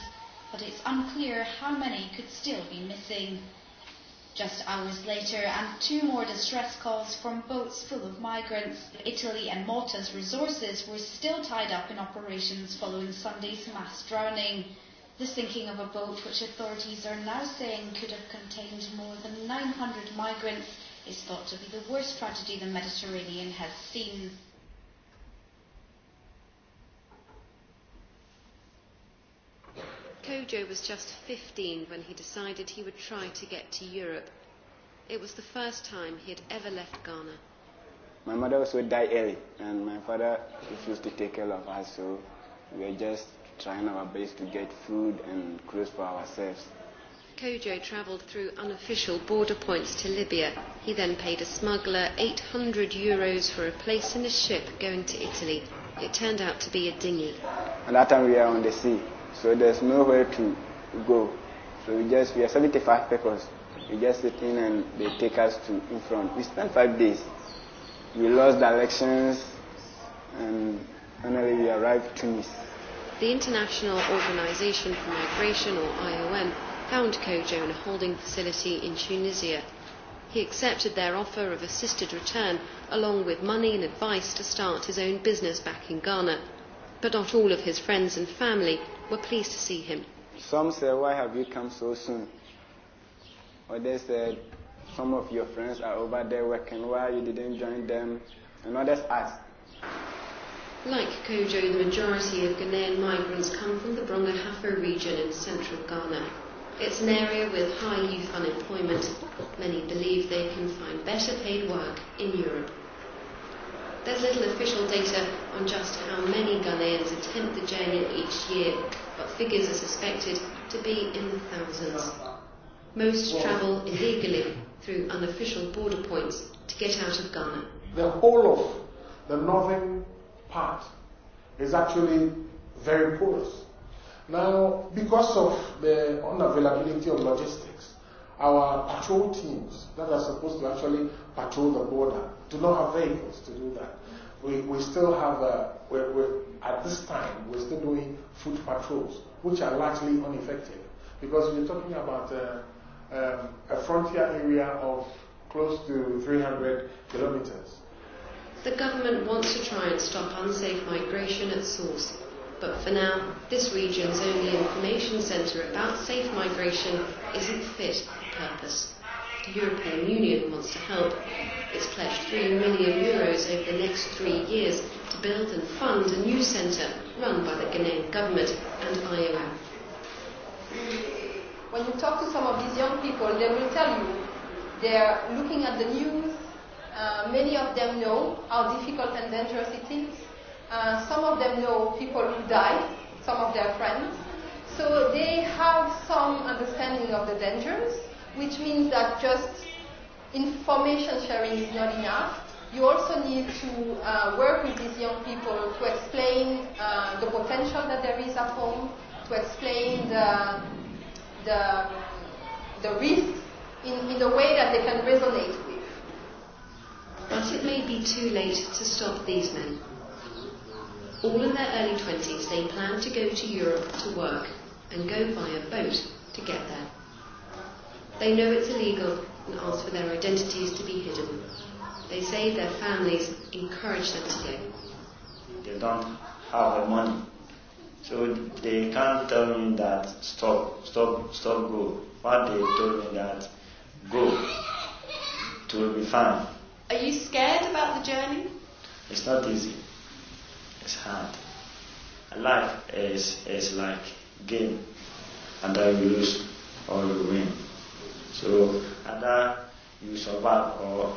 E: but it's unclear how many could still be missing just hours later, and two more distress calls from boats full of migrants. Italy and Malta's resources were still tied up in operations following Sunday's mass drowning. The sinking of a boat, which authorities are now saying could have contained more than 900 migrants, is thought to be the worst tragedy the Mediterranean has seen. Kojo was just 15 when he decided he would try to get to Europe. It was the first time he had ever left Ghana.
B: My mother also died early, and my father refused to take care of us, so we were just trying our best to get food and clothes for ourselves.
E: Kojo travelled through unofficial border points to Libya. He then paid a smuggler 800 euros for a place in a ship going to Italy. It turned out to be a dinghy. At that time, we were on the sea, So there's nowhere to go. So we just, we are 75 purpose. We just sit in and they take us to in front. We spent five days. We lost directions and finally we arrived to Tunis. The International Organization for Migration, or IOM, found Kojo in a holding facility in Tunisia. He accepted their offer of assisted return, along with money and advice to start his own business back in Ghana but not all of his friends and family were pleased to see him.
B: Some said, Why have you come so soon? Or they said, Some of your friends are over there working, why you didn't join
E: them? And others asked. Like Kojo, the majority of Ghanaian migrants come from the Brongahafo region in central Ghana. It's an area with high youth unemployment. Many believe they can find better paid work in Europe. There's little official data on just how many Ghanaians attempt the journey each year, but figures are suspected to be in the thousands. Most travel illegally through unofficial border points to get out of Ghana. The whole of the northern part is actually very porous. Now, because of the unavailability of logistics, our patrol teams that are supposed to actually patrol the border do not have vehicles to do that. We, we still have, a, uh, we're, we're, at this time, we're still doing foot patrols, which are largely ineffective because we're talking about a, uh, um, a frontier area of close to 300 kilometers. The government wants to try and stop unsafe migration at source, but for now, this region's only information centre about safe migration isn't fit for purpose. The European Union wants to help, It's pledged 3 million euros over the next three years to build and fund a new centre run by the Ghanaian government and IOM. When you talk to some of these young people, they will tell you they're looking at the news. Uh, many of them know how difficult and dangerous it is. Uh, some of them know people who died, some of their friends. So they have some understanding of the dangers, which means that just information sharing is not enough. You also need to uh, work with these young people to explain uh, the potential that there is at home, to explain the, the, the risks in, in a way that they can resonate with. But it may be too late to stop these men. All in their early 20s, they plan to go to Europe to work and go by a boat to get there. They know it's illegal and ask for their identities to be hidden. They say their families encourage them to go.
A: They don't have the money. So they can't tell me that stop, stop, stop, go. What they told me that go, it will be fine.
E: Are you scared about the journey?
A: It's not easy. It's hard. Life
B: is, is like game, and I will lose or will win.
A: So either you survive or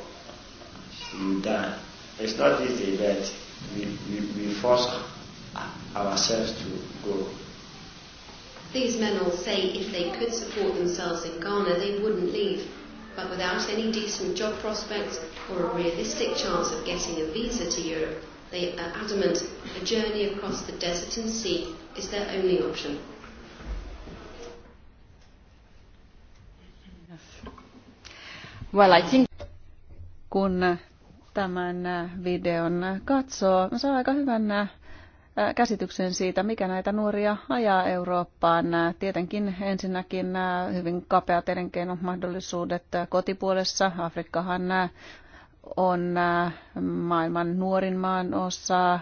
A: you die. It's not easy, that we, we, we force ourselves to go.
E: These men all say if they could support themselves in Ghana, they wouldn't leave. But without any decent job prospects or a realistic chance of getting a visa to Europe, they are adamant a journey across the desert and sea is their only option.
D: Well, I think... Kun tämän videon katsoo, no saa aika hyvän äh, käsityksen siitä, mikä näitä nuoria ajaa Eurooppaan. Tietenkin ensinnäkin äh, hyvin kapeat mahdollisuudet äh, kotipuolessa. Afrikkahan on maailman nuorin maan osa.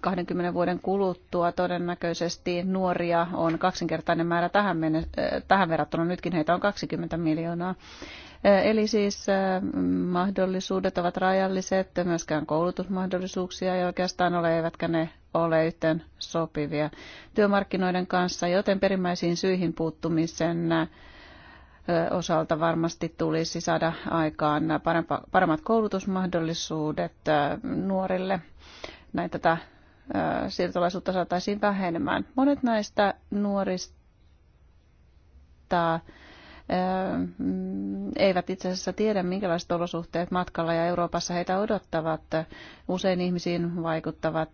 D: 20 vuoden kuluttua todennäköisesti nuoria on kaksinkertainen määrä tähän, menne, tähän verrattuna. Nytkin heitä on 20 miljoonaa. Eli siis mahdollisuudet ovat rajalliset, myöskään koulutusmahdollisuuksia ei oikeastaan ole, eivätkä ne ole yhteen sopivia työmarkkinoiden kanssa, joten perimmäisiin syihin puuttumisen osalta varmasti tulisi saada aikaan paremmat koulutusmahdollisuudet nuorille. Näin tätä siirtolaisuutta saataisiin vähenemään. Monet näistä nuorista mm, eivät itse asiassa tiedä, minkälaiset olosuhteet matkalla ja Euroopassa heitä odottavat. Usein ihmisiin vaikuttavat,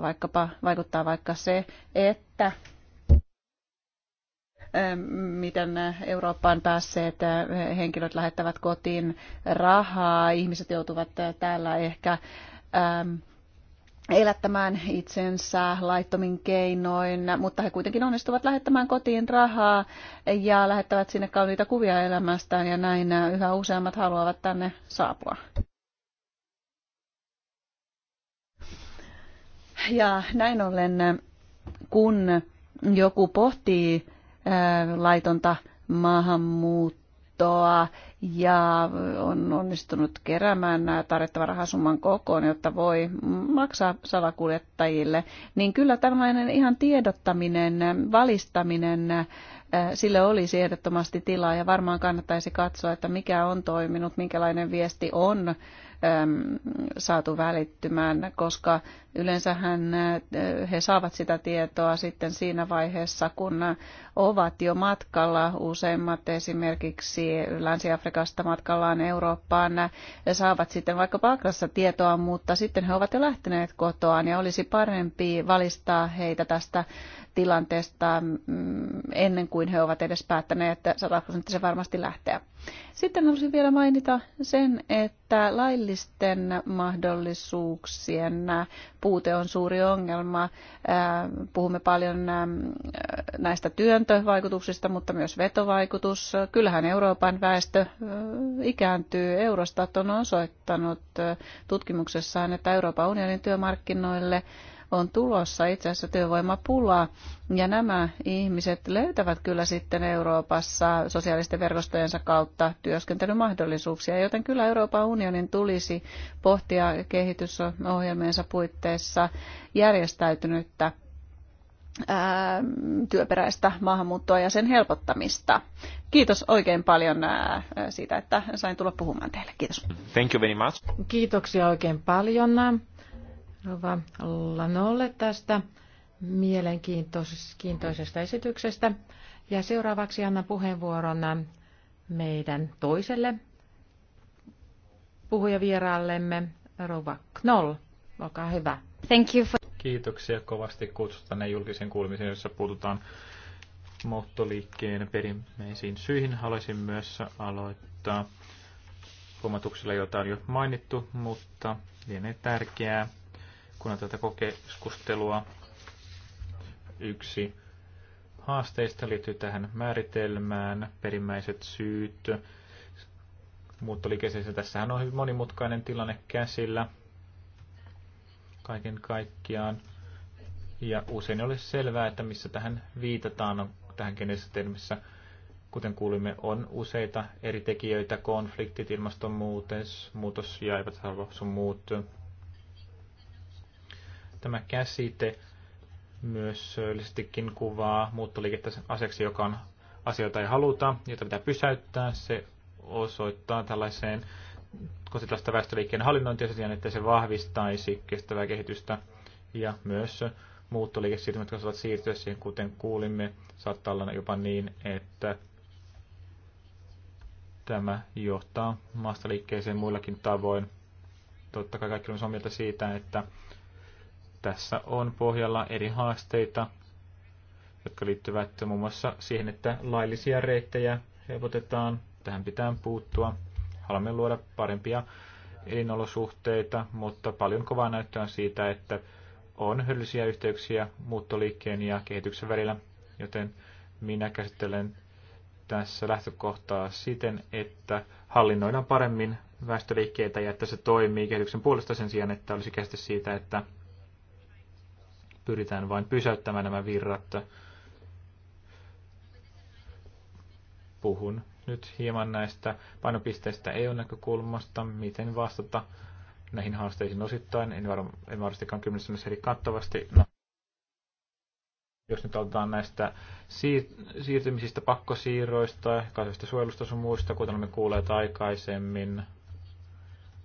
D: vaikkapa, vaikuttaa vaikka se, että miten Eurooppaan päässeet henkilöt lähettävät kotiin rahaa. Ihmiset joutuvat täällä ehkä elättämään itsensä laittomin keinoin, mutta he kuitenkin onnistuvat lähettämään kotiin rahaa ja lähettävät sinne kauniita kuvia elämästään ja näin yhä useammat haluavat tänne saapua. Ja näin ollen, kun joku pohtii laitonta maahanmuuttoa ja on onnistunut keräämään tarjottavan rahasumman kokoon, jotta voi maksaa salakuljettajille, niin kyllä tällainen ihan tiedottaminen, valistaminen, sille olisi ehdottomasti tilaa ja varmaan kannattaisi katsoa, että mikä on toiminut, minkälainen viesti on saatu välittymään, koska yleensähän he saavat sitä tietoa sitten siinä vaiheessa, kun ovat jo matkalla. Useimmat esimerkiksi Länsi-Afrikasta matkallaan Eurooppaan saavat sitten vaikka Pakrassa tietoa, mutta sitten he ovat jo lähteneet kotoaan ja olisi parempi valistaa heitä tästä tilanteesta mm, ennen kuin he ovat edes päättäneet että se varmasti lähtee. Sitten haluaisin vielä mainita sen, että laillisten mahdollisuuksien puute on suuri ongelma. Puhumme paljon näistä työntövaikutuksista, mutta myös vetovaikutus. Kyllähän Euroopan väestö ikääntyy. Eurostat on osoittanut tutkimuksessaan, että Euroopan unionin työmarkkinoille on tulossa itse asiassa työvoimapulaa. Ja nämä ihmiset löytävät kyllä sitten Euroopassa sosiaalisten verkostojensa kautta työskentelymahdollisuuksia, joten kyllä Euroopan unionin tulisi pohtia kehitysohjelmiensa puitteissa järjestäytynyttä ää, työperäistä maahanmuuttoa ja sen helpottamista. Kiitos oikein paljon ää, siitä, että sain tulla puhumaan teille. Kiitos.
B: Thank you very much.
C: Kiitoksia oikein paljon. Rova Lanolle tästä mielenkiintoisesta esityksestä. Ja seuraavaksi annan puheenvuoron meidän toiselle puhujavieraallemme, Rova Knoll. Olkaa hyvä. Thank you for...
B: Kiitoksia kovasti kutsusta tänne julkisen kuulemisen, jossa puututaan muuttoliikkeen perimmäisiin syihin. Haluaisin myös aloittaa huomatuksella, jota on jo mainittu, mutta lienee tärkeää kun tätä kokeskustelua. Yksi haasteista liittyy tähän määritelmään, perimmäiset syyt, muuttoliikeseissä. Tässähän on hyvin monimutkainen tilanne käsillä kaiken kaikkiaan. Ja usein ei selvää, että missä tähän viitataan, on no, tähän kenessä Kuten kuulimme, on useita eri tekijöitä, konfliktit, ilmastonmuutos muutos ja eivät muut Tämä käsite myös yleisestikin kuvaa muuttoliikettä asiaksi, joka on asioita ei haluta, jota pitää pysäyttää. Se osoittaa tällaiseen kosittavasta väestöliikkeen hallinnointia sen että se vahvistaisi kestävää kehitystä ja myös muuttoliikesiirtymät saavat siirtyä siihen, kuten kuulimme. Saattaa olla jopa niin, että tämä johtaa maasta liikkeeseen muillakin tavoin. Totta kai kaikki on samaa mieltä siitä, että tässä on pohjalla eri haasteita, jotka liittyvät muun muassa siihen, että laillisia reittejä helpotetaan. Tähän pitää puuttua. Haluamme luoda parempia elinolosuhteita, mutta paljon kovaa näyttöä siitä, että on hyödyllisiä yhteyksiä muuttoliikkeen ja kehityksen välillä, joten minä käsittelen tässä lähtökohtaa siten, että hallinnoidaan paremmin väestöliikkeitä ja että se toimii kehityksen puolesta sen sijaan, että olisi käsite siitä, että pyritään vain pysäyttämään nämä virrat. Puhun nyt hieman näistä painopisteistä EU-näkökulmasta, miten vastata näihin haasteisiin osittain. En, varm- en varmastikaan kymmenessä eri kattavasti. No. Jos nyt aloitetaan näistä siir- siirtymisistä, pakkosiirroista, kasvista suojelusta sun muista, kuten olemme kuulleet aikaisemmin,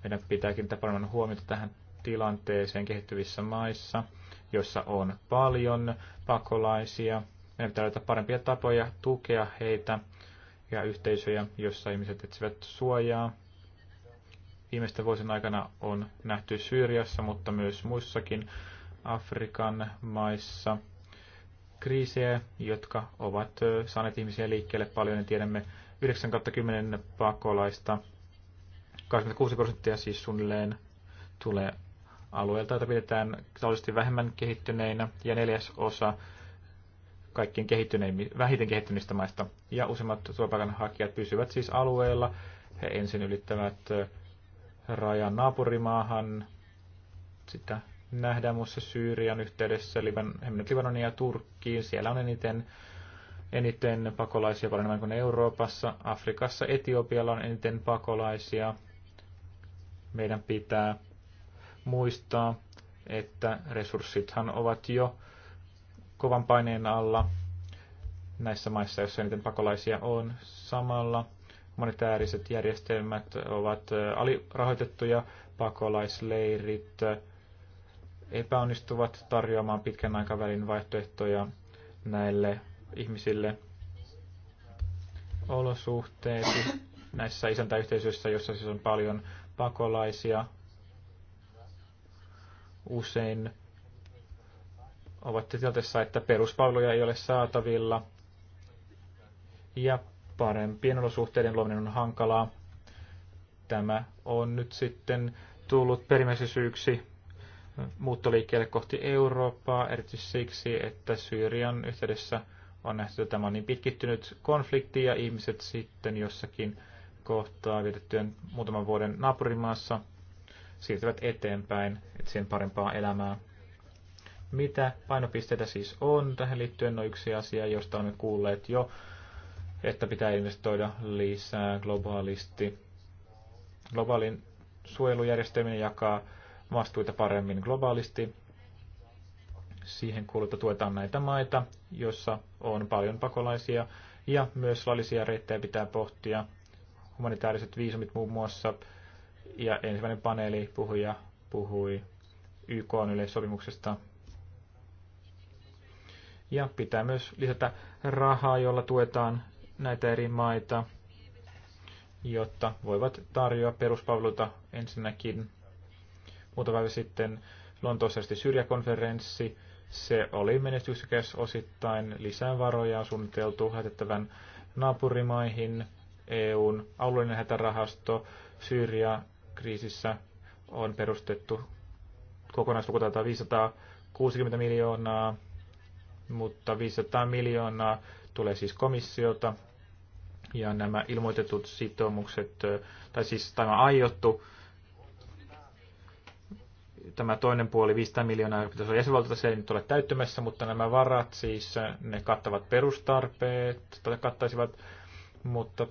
B: meidän pitääkin kiinnittää paremmin huomiota tähän tilanteeseen kehittyvissä maissa – jossa on paljon pakolaisia. Meidän pitää löytää parempia tapoja tukea heitä ja yhteisöjä, joissa ihmiset etsivät suojaa. Viimeisten vuosien aikana on nähty Syyriassa, mutta myös muissakin Afrikan maissa kriisejä, jotka ovat saaneet ihmisiä liikkeelle paljon. Ja tiedämme 9-10 pakolaista, 26 prosenttia siis suunnilleen tulee alueelta, joita pidetään taloudellisesti vähemmän kehittyneinä, ja neljäs osa kaikkien vähiten kehittyneistä maista. Ja useimmat turvapaikanhakijat pysyvät siis alueella. He ensin ylittävät rajan naapurimaahan. Sitä nähdään muussa Syyrian yhteydessä, Liban, Libanonia ja Turkkiin. Siellä on eniten, eniten pakolaisia, paljon enemmän kuin Euroopassa. Afrikassa Etiopialla on eniten pakolaisia. Meidän pitää muistaa, että resurssithan ovat jo kovan paineen alla näissä maissa, joissa eniten pakolaisia on. Samalla monetääriset järjestelmät ovat alirahoitettuja, pakolaisleirit epäonnistuvat tarjoamaan pitkän aikavälin vaihtoehtoja näille ihmisille. Olosuhteet näissä isäntäyhteisöissä, joissa siis on paljon pakolaisia, usein ovat tilanteessa, että peruspalveluja ei ole saatavilla ja parempien olosuhteiden luominen on hankalaa. Tämä on nyt sitten tullut perimmäisen syyksi muuttoliikkeelle kohti Eurooppaa, erityisesti siksi, että Syyrian yhteydessä on nähty, että tämä on niin pitkittynyt konflikti ja ihmiset sitten jossakin kohtaa vietettyjen muutaman vuoden naapurimaassa – siirtyvät eteenpäin etsien parempaa elämää. Mitä painopisteitä siis on? Tähän liittyen No yksi asia, josta olemme kuulleet jo, että pitää investoida lisää globaalisti. Globaalin suojelujärjestelmien jakaa vastuita paremmin globaalisti. Siihen kuuluu, tuetaan näitä maita, joissa on paljon pakolaisia, ja myös laillisia reittejä pitää pohtia. Humanitaariset viisumit muun muassa ja ensimmäinen paneeli puhuja puhui YK yleissopimuksesta. Ja pitää myös lisätä rahaa, jolla tuetaan näitä eri maita, jotta voivat tarjota peruspalveluita ensinnäkin. Muutama päivä sitten Lontoossa syrjäkonferenssi. Se oli menestyksekäs osittain. Lisää varoja on suunniteltu lähetettävän naapurimaihin, EUn alueellinen hätärahasto, Syyria kriisissä on perustettu kokonaislukutalta 560 miljoonaa, mutta 500 miljoonaa tulee siis komissiota. Ja nämä ilmoitetut sitoumukset, tai siis tämä aiottu, tämä toinen puoli 500 miljoonaa, joka pitäisi olla jäsenvaltiota, se ei nyt ole täyttymässä, mutta nämä varat siis, ne kattavat perustarpeet, tai kattaisivat, mutta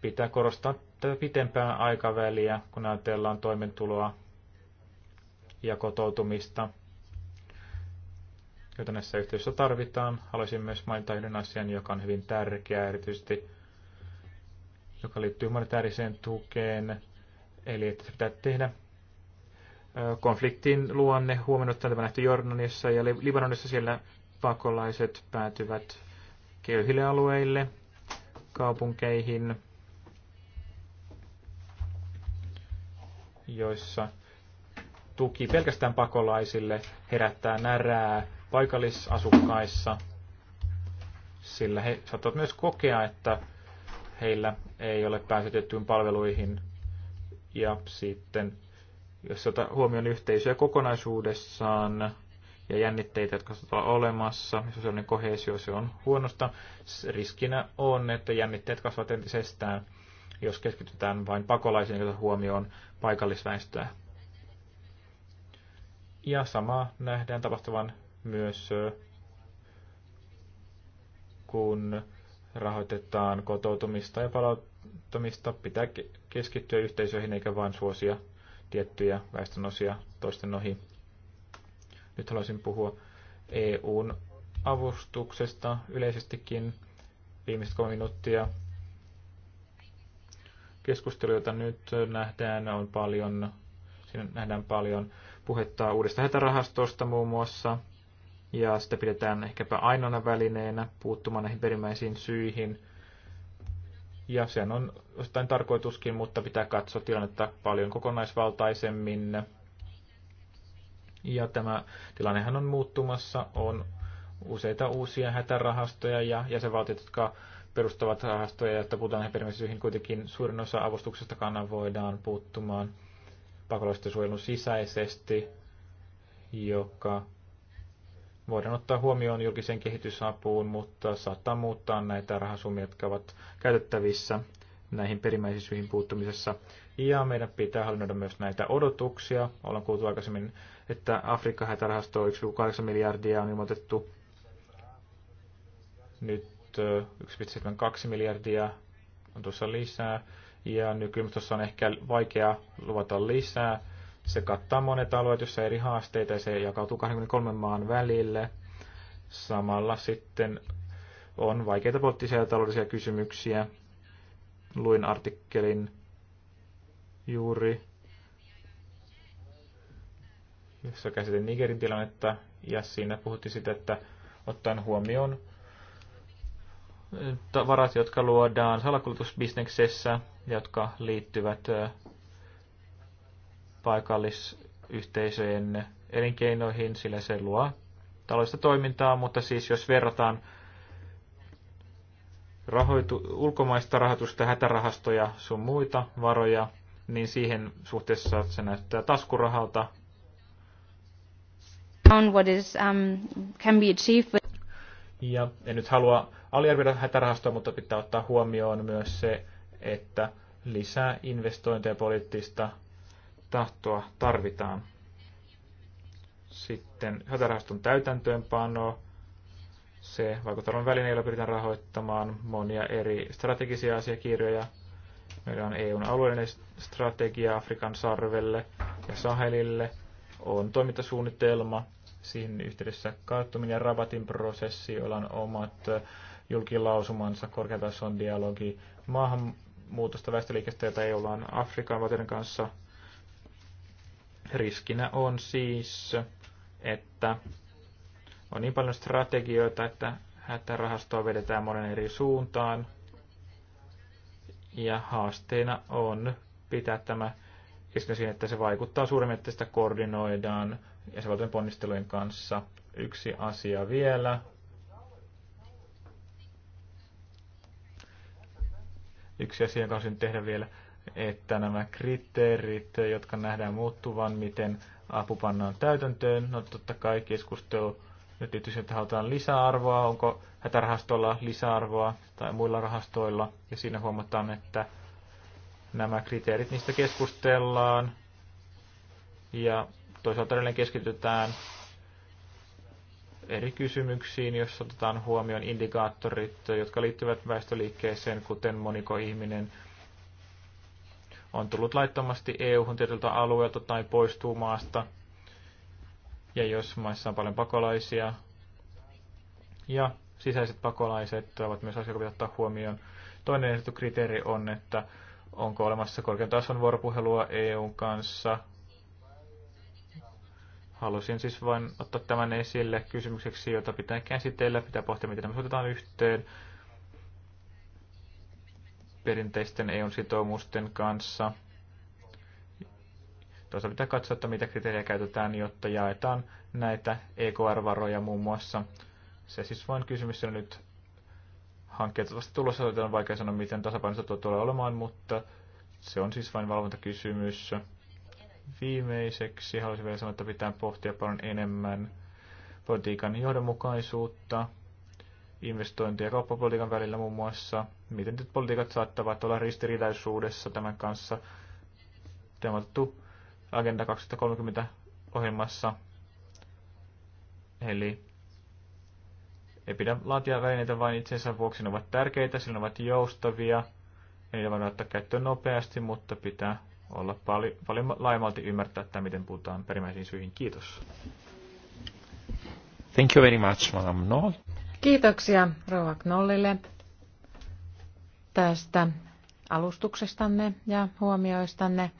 B: pitää korostaa tätä pitempää aikaväliä, kun ajatellaan toimentuloa ja kotoutumista, jota näissä yhteydessä tarvitaan. Haluaisin myös mainita yhden asian, joka on hyvin tärkeä, erityisesti joka liittyy humanitaariseen tukeen, eli että se pitää tehdä konfliktin luonne huomioon tämä nähty Jordanissa ja Libanonissa siellä pakolaiset päätyvät köyhille alueille, kaupunkeihin, joissa tuki pelkästään pakolaisille herättää närää paikallisasukkaissa, sillä he saattavat myös kokea, että heillä ei ole pääsytettyyn palveluihin. Ja sitten, jos otetaan huomioon yhteisöä kokonaisuudessaan ja jännitteitä, jotka ovat olemassa, sosiaalinen kohesio, se on huonosta. Riskinä on, että jännitteet kasvavat entisestään – jos keskitytään vain pakolaisiin, ja huomioon paikallisväestöä. Ja sama nähdään tapahtuvan myös, kun rahoitetaan kotoutumista ja palauttamista. Pitää keskittyä yhteisöihin eikä vain suosia tiettyjä väestönosia toisten ohi. Nyt haluaisin puhua EUn avustuksesta yleisestikin viimeiset kolme minuuttia keskustelu, jota nyt nähdään, on paljon, siinä nähdään paljon puhetta uudesta hätärahastosta muun muassa, ja sitä pidetään ehkäpä ainoana välineenä puuttumaan näihin perimmäisiin syihin. Ja sehän on jostain tarkoituskin, mutta pitää katsoa tilannetta paljon kokonaisvaltaisemmin. Ja tämä tilannehan on muuttumassa, on useita uusia hätärahastoja ja jäsenvaltiot, jotka perustavat rahastoja, jotta puhutaan näihin kuitenkin suurin osa avustuksesta voidaan puuttumaan pakolaisten suojelun sisäisesti, joka voidaan ottaa huomioon julkiseen kehitysapuun, mutta saattaa muuttaa näitä rahasummia, jotka ovat käytettävissä näihin perimmäisiin syihin puuttumisessa. Ja meidän pitää hallinnoida myös näitä odotuksia. Ollaan kuultu aikaisemmin, että Afrikka hätärahasto 1,8 miljardia on ilmoitettu. Nyt nyt 1,72 miljardia on tuossa lisää, ja nykyilmastossa on ehkä vaikea luvata lisää. Se kattaa monet alueet, joissa eri haasteita, ja se jakautuu 23 maan välille. Samalla sitten on vaikeita poliittisia ja taloudellisia kysymyksiä. Luin artikkelin juuri, jossa käsitin Nigerin tilannetta, ja siinä puhuttiin sitä, että ottaen huomioon varat, jotka luodaan salakuljetusbisneksessä, jotka liittyvät paikallisyhteisöjen elinkeinoihin, sillä se luo taloudellista toimintaa, mutta siis jos verrataan rahoitu, ulkomaista rahoitusta, hätärahastoja, sun muita varoja, niin siihen suhteessa se näyttää taskurahalta.
E: On what is, um, can be achieved
B: ja en nyt halua aliarvioida hätärahastoa, mutta pitää ottaa huomioon myös se, että lisää investointeja poliittista tahtoa tarvitaan. Sitten hätärahaston täytäntöönpano. Se vaikuttavan välineillä pyritään rahoittamaan monia eri strategisia asiakirjoja. Meillä on EUn alueellinen strategia Afrikan sarvelle ja Sahelille. On toimintasuunnitelma siinä yhteydessä kaattuminen ja Rabatin prosessi, jolla on omat julkilausumansa, korkeatason dialogi maahanmuutosta väestöliikestä, jota ei olla Afrikan valtioiden kanssa. Riskinä on siis, että on niin paljon strategioita, että hätärahastoa vedetään monen eri suuntaan. Ja haasteena on pitää tämä iskä siinä että se vaikuttaa suuremmin, että sitä koordinoidaan jäsenvaltojen ponnistelujen kanssa. Yksi asia vielä. Yksi asia, jonka olisin tehdä vielä, että nämä kriteerit, jotka nähdään muuttuvan, miten apu pannaan täytäntöön, no totta kai keskustelu nyt tietysti, että halutaan lisäarvoa, onko hätärahastolla lisäarvoa tai muilla rahastoilla, ja siinä huomataan, että nämä kriteerit, niistä keskustellaan, ja toisaalta edelleen keskitytään eri kysymyksiin, jos otetaan huomioon indikaattorit, jotka liittyvät väestöliikkeeseen, kuten moniko ihminen on tullut laittomasti EU-hun tietyltä alueelta tai poistuu maasta, ja jos maissa on paljon pakolaisia, ja sisäiset pakolaiset ovat myös asioita, pitää ottaa huomioon. Toinen esitetty kriteeri on, että onko olemassa korkean tason vuoropuhelua EUn kanssa – Halusin siis vain ottaa tämän esille kysymykseksi, jota pitää käsitellä, pitää pohtia, miten nämä otetaan yhteen perinteisten EU-sitoumusten kanssa. Tuosta pitää katsoa, että mitä kriteerejä käytetään, jotta jaetaan näitä EKR-varoja muun muassa. Se siis vain kysymys on nyt hankkeet vasta tulossa, joten on vaikea sanoa, miten tasapainosta tuo tulee olemaan, mutta se on siis vain valvontakysymys viimeiseksi haluaisin vielä sanoa, että pitää pohtia paljon enemmän politiikan johdonmukaisuutta, investointi- ja kauppapolitiikan välillä muun muassa. Miten nyt politiikat saattavat olla ristiriitaisuudessa tämän kanssa? Tämä on otettu Agenda 2030 ohjelmassa. Eli ei pidä laatia välineitä vain itsensä vuoksi, ne ovat tärkeitä, sillä ne ovat joustavia, ja niitä voidaan ottaa käyttöön nopeasti, mutta pitää olla pali, paljon laajemmalti ymmärtää, että miten puhutaan perimmäisiin syihin. Kiitos. Thank you very much, Madam Knoll.
C: Kiitoksia Rouva Knollille tästä alustuksestanne ja huomioistanne.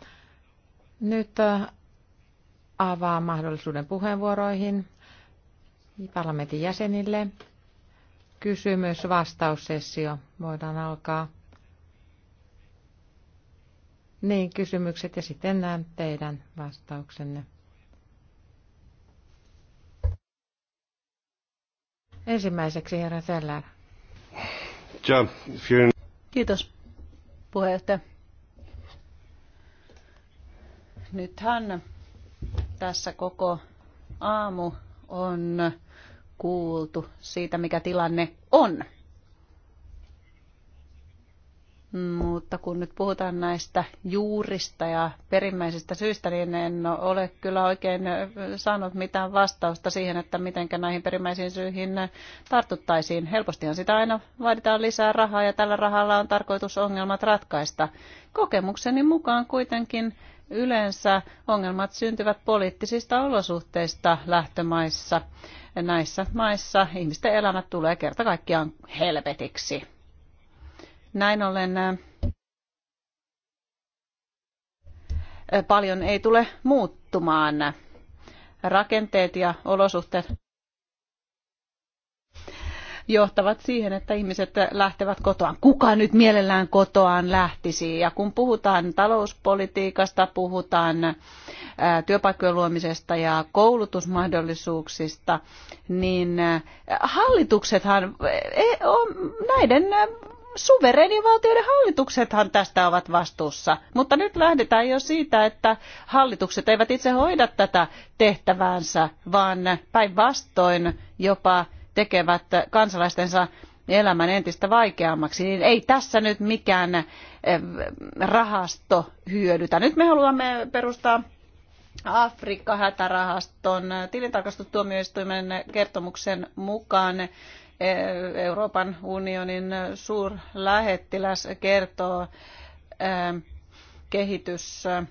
C: Nyt äh, avaa mahdollisuuden puheenvuoroihin parlamentin jäsenille. Kysymys-vastaussessio voidaan alkaa. Niin, kysymykset ja sitten näen teidän vastauksenne. Ensimmäiseksi herra Seller. Kiitos puheenjohtaja.
D: Nythän tässä koko aamu on kuultu siitä, mikä tilanne on mutta kun nyt puhutaan näistä juurista ja perimmäisistä syistä, niin en ole kyllä oikein saanut mitään vastausta siihen, että miten näihin perimmäisiin syihin tartuttaisiin. Helpostihan sitä aina vaaditaan lisää rahaa ja tällä rahalla on tarkoitus ongelmat ratkaista. Kokemukseni mukaan kuitenkin yleensä ongelmat syntyvät poliittisista olosuhteista lähtömaissa. Näissä maissa ihmisten elämä tulee kerta kaikkiaan helvetiksi näin ollen paljon ei tule muuttumaan. Rakenteet ja olosuhteet johtavat siihen, että ihmiset lähtevät kotoaan. Kuka nyt mielellään kotoaan lähtisi? Ja kun puhutaan talouspolitiikasta, puhutaan työpaikkojen luomisesta ja koulutusmahdollisuuksista, niin hallituksethan e, näiden suverenivaltioiden hallituksethan tästä ovat vastuussa. Mutta nyt lähdetään jo siitä, että hallitukset eivät itse hoida tätä tehtäväänsä, vaan päinvastoin jopa tekevät kansalaistensa elämän entistä vaikeammaksi, niin ei tässä nyt mikään eh, rahasto hyödytä. Nyt me haluamme perustaa Afrikka-hätärahaston tilintarkastustuomioistuimen kertomuksen mukaan E- Euroopan unionin suurlähettiläs kertoo e- kehitys e-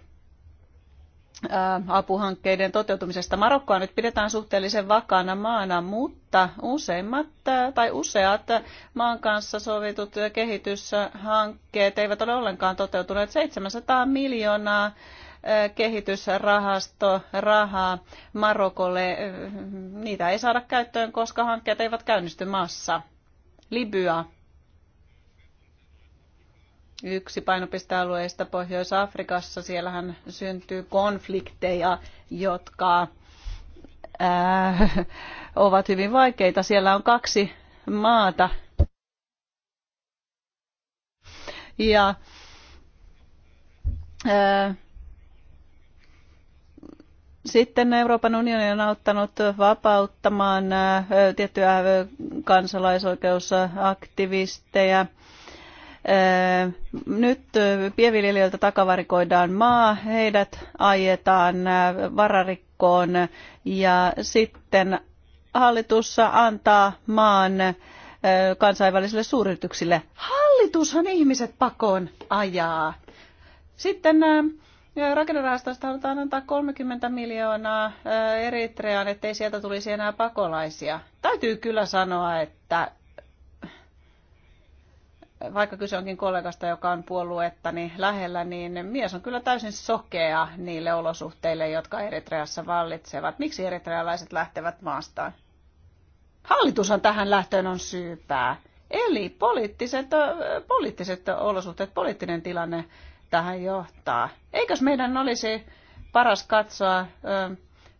D: apuhankkeiden toteutumisesta. Marokkoa nyt pidetään suhteellisen vakaana maana, mutta useimmat tai useat maan kanssa sovitut kehityshankkeet eivät ole ollenkaan toteutuneet. 700 miljoonaa kehitysrahasto rahaa Marokolle, niitä ei saada käyttöön, koska hankkeet eivät käynnisty maassa. Libya. Yksi painopistealueista Pohjois-Afrikassa, siellähän syntyy konflikteja, jotka ää, ovat hyvin vaikeita. Siellä on kaksi maata. Ja ää, sitten Euroopan unioni on auttanut vapauttamaan tiettyjä kansalaisoikeusaktivisteja. Nyt pienviljelijöiltä takavarikoidaan maa, heidät ajetaan vararikkoon ja sitten hallitus antaa maan kansainvälisille suuryrityksille. Hallitushan ihmiset pakoon ajaa. Sitten Rakennerahastosta halutaan antaa 30 miljoonaa äh, Eritreaan, ettei sieltä tulisi enää pakolaisia. Täytyy kyllä sanoa, että äh, vaikka kyse onkin kollegasta, joka on puolueettani lähellä, niin mies on kyllä täysin sokea niille olosuhteille, jotka Eritreassa vallitsevat. Miksi eritrealaiset lähtevät maastaan? Hallitushan tähän lähtöön on syypää. Eli poliittiset, äh, poliittiset olosuhteet, poliittinen tilanne tähän johtaa. Eikös meidän olisi paras katsoa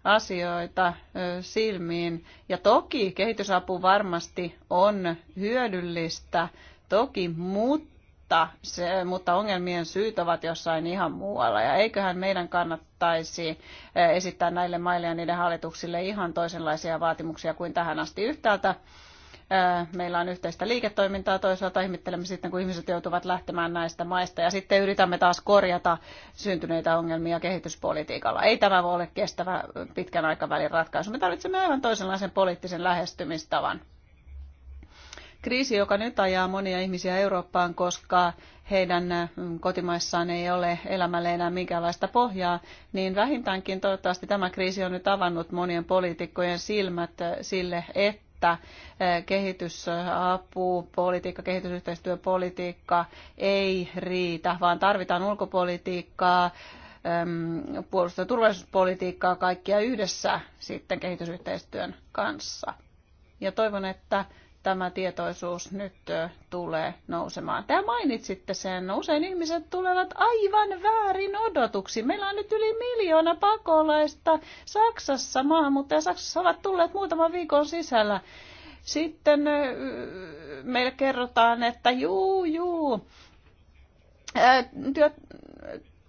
D: asioita silmiin. Ja toki kehitysapu varmasti on hyödyllistä, toki, mutta, se, mutta ongelmien syyt ovat jossain ihan muualla. Ja eiköhän meidän kannattaisi esittää näille maille ja niiden hallituksille ihan toisenlaisia vaatimuksia kuin tähän asti yhtäältä meillä on yhteistä liiketoimintaa, toisaalta ihmettelemme sitten, kun ihmiset joutuvat lähtemään näistä maista ja sitten yritämme taas korjata syntyneitä ongelmia kehityspolitiikalla. Ei tämä voi olla kestävä pitkän aikavälin ratkaisu. Me tarvitsemme aivan toisenlaisen poliittisen lähestymistavan. Kriisi, joka nyt ajaa monia ihmisiä Eurooppaan, koska heidän kotimaissaan ei ole elämälle enää minkäänlaista pohjaa, niin vähintäänkin toivottavasti tämä kriisi on nyt avannut monien poliitikkojen silmät sille, että että kehitysapu, politiikka, kehitysyhteistyöpolitiikka ei riitä, vaan tarvitaan ulkopolitiikkaa, puolustus- ja turvallisuuspolitiikkaa kaikkia yhdessä sitten kehitysyhteistyön kanssa. Ja toivon, että tämä tietoisuus nyt tulee nousemaan. Tämä mainitsitte sen, usein ihmiset tulevat aivan väärin odotuksi. Meillä on nyt yli miljoona pakolaista Saksassa mutta Saksassa ovat tulleet muutaman viikon sisällä. Sitten meille kerrotaan, että juu, juu, työ,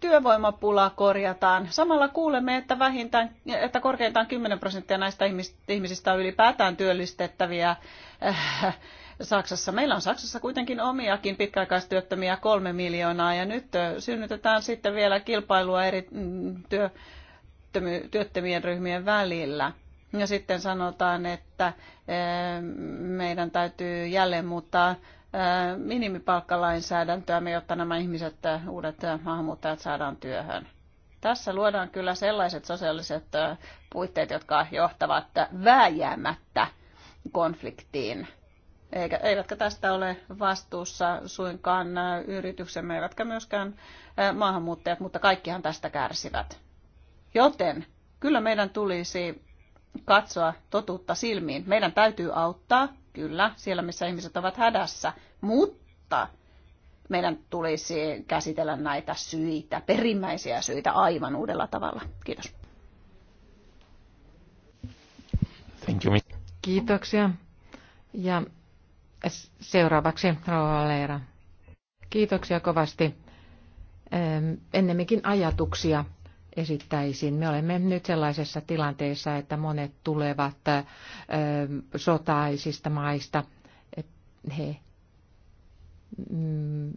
D: työvoimapula korjataan. Samalla kuulemme, että, vähintään, että korkeintaan 10 prosenttia näistä ihmisistä on ylipäätään työllistettäviä äh, Saksassa. Meillä on Saksassa kuitenkin omiakin pitkäaikaistyöttömiä kolme miljoonaa ja nyt äh, synnytetään sitten vielä kilpailua eri mm, työ, työttömien ryhmien välillä. Ja sitten sanotaan, että äh, meidän täytyy jälleen muuttaa minimipalkkalainsäädäntöämme, jotta nämä ihmiset, uudet maahanmuuttajat saadaan työhön. Tässä luodaan kyllä sellaiset sosiaaliset puitteet, jotka johtavat vääjäämättä konfliktiin. Eikä, eivätkä tästä ole vastuussa suinkaan yrityksemme, eivätkä myöskään maahanmuuttajat, mutta kaikkihan tästä kärsivät. Joten kyllä meidän tulisi katsoa totuutta silmiin. Meidän täytyy auttaa kyllä, siellä missä ihmiset ovat hädässä, mutta meidän tulisi käsitellä näitä syitä, perimmäisiä syitä aivan uudella tavalla. Kiitos.
C: Thank you. Kiitoksia. Ja seuraavaksi Rauha Leera. Kiitoksia kovasti. Ennemminkin ajatuksia esittäisin. Me olemme nyt sellaisessa tilanteessa, että monet tulevat sotaisista maista. He mm,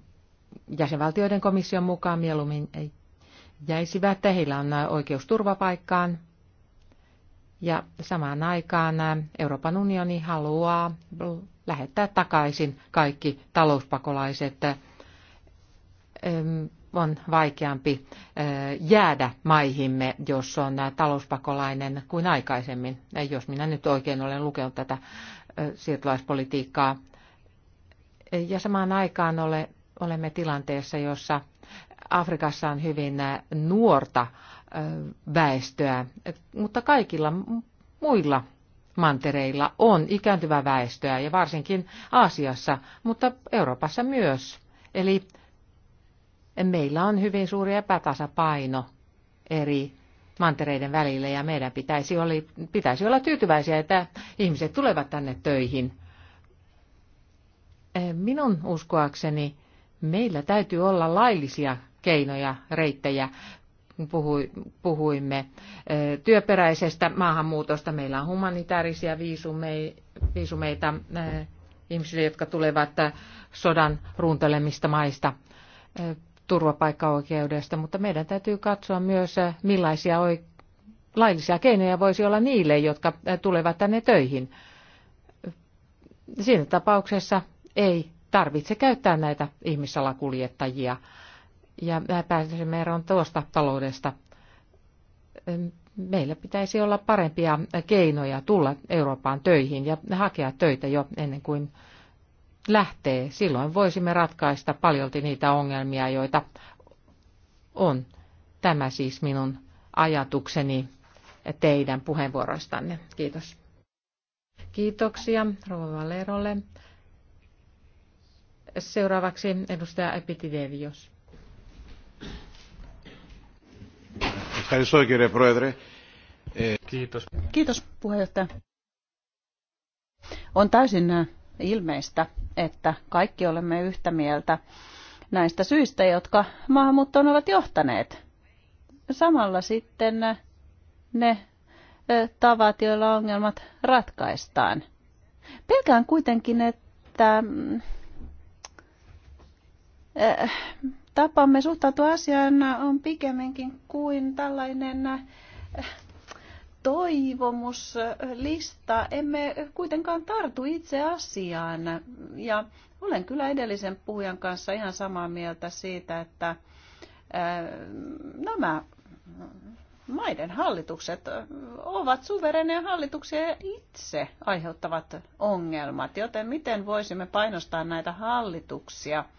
C: jäsenvaltioiden komission mukaan mieluummin jäisivät, että heillä on oikeus turvapaikkaan. Ja samaan aikaan Euroopan unioni haluaa lähettää takaisin kaikki talouspakolaiset on vaikeampi jäädä maihimme, jos on talouspakolainen kuin aikaisemmin. Jos minä nyt oikein olen lukenut tätä siirtolaispolitiikkaa. Ja samaan aikaan ole, olemme tilanteessa, jossa Afrikassa on hyvin nuorta väestöä, mutta kaikilla muilla mantereilla on ikääntyvää väestöä ja varsinkin Aasiassa, mutta Euroopassa myös. Eli meillä on hyvin suuri epätasapaino eri mantereiden välillä ja meidän pitäisi, oli, pitäisi olla tyytyväisiä, että ihmiset tulevat tänne töihin. Eh, minun uskoakseni meillä täytyy olla laillisia keinoja, reittejä. Puhuimme eh, työperäisestä maahanmuutosta. Meillä on humanitaarisia viisumeita eh, ihmisille, jotka tulevat sodan runtelemista maista turvapaikkaoikeudesta, mutta meidän täytyy katsoa myös, äh, millaisia laillisia keinoja voisi olla niille, jotka äh, tulevat tänne töihin. Siinä tapauksessa ei tarvitse käyttää näitä ihmissalakuljettajia ja äh, pääsemme eroon tuosta taloudesta. Meillä pitäisi olla parempia keinoja tulla Eurooppaan töihin ja hakea töitä jo ennen kuin lähtee, silloin voisimme ratkaista paljolti niitä ongelmia, joita on. Tämä siis minun ajatukseni teidän puheenvuoroistanne. Kiitos. Kiitoksia Rova Valerolle. Seuraavaksi edustaja Epitidevios.
B: Kiitos.
D: Kiitos puheenjohtaja. On täysin ilmeistä, että kaikki olemme yhtä mieltä näistä syistä, jotka maahanmuuttoon ovat johtaneet. Samalla sitten ne tavat, joilla ongelmat ratkaistaan. Pelkään kuitenkin, että mm, tapamme suhtautua asiaan on pikemminkin kuin tällainen toivomuslista. Emme kuitenkaan tartu itse asiaan. Ja olen kyllä edellisen puhujan kanssa ihan samaa mieltä siitä, että nämä maiden hallitukset ovat suvereneja hallituksia ja itse aiheuttavat ongelmat, joten miten voisimme painostaa näitä hallituksia –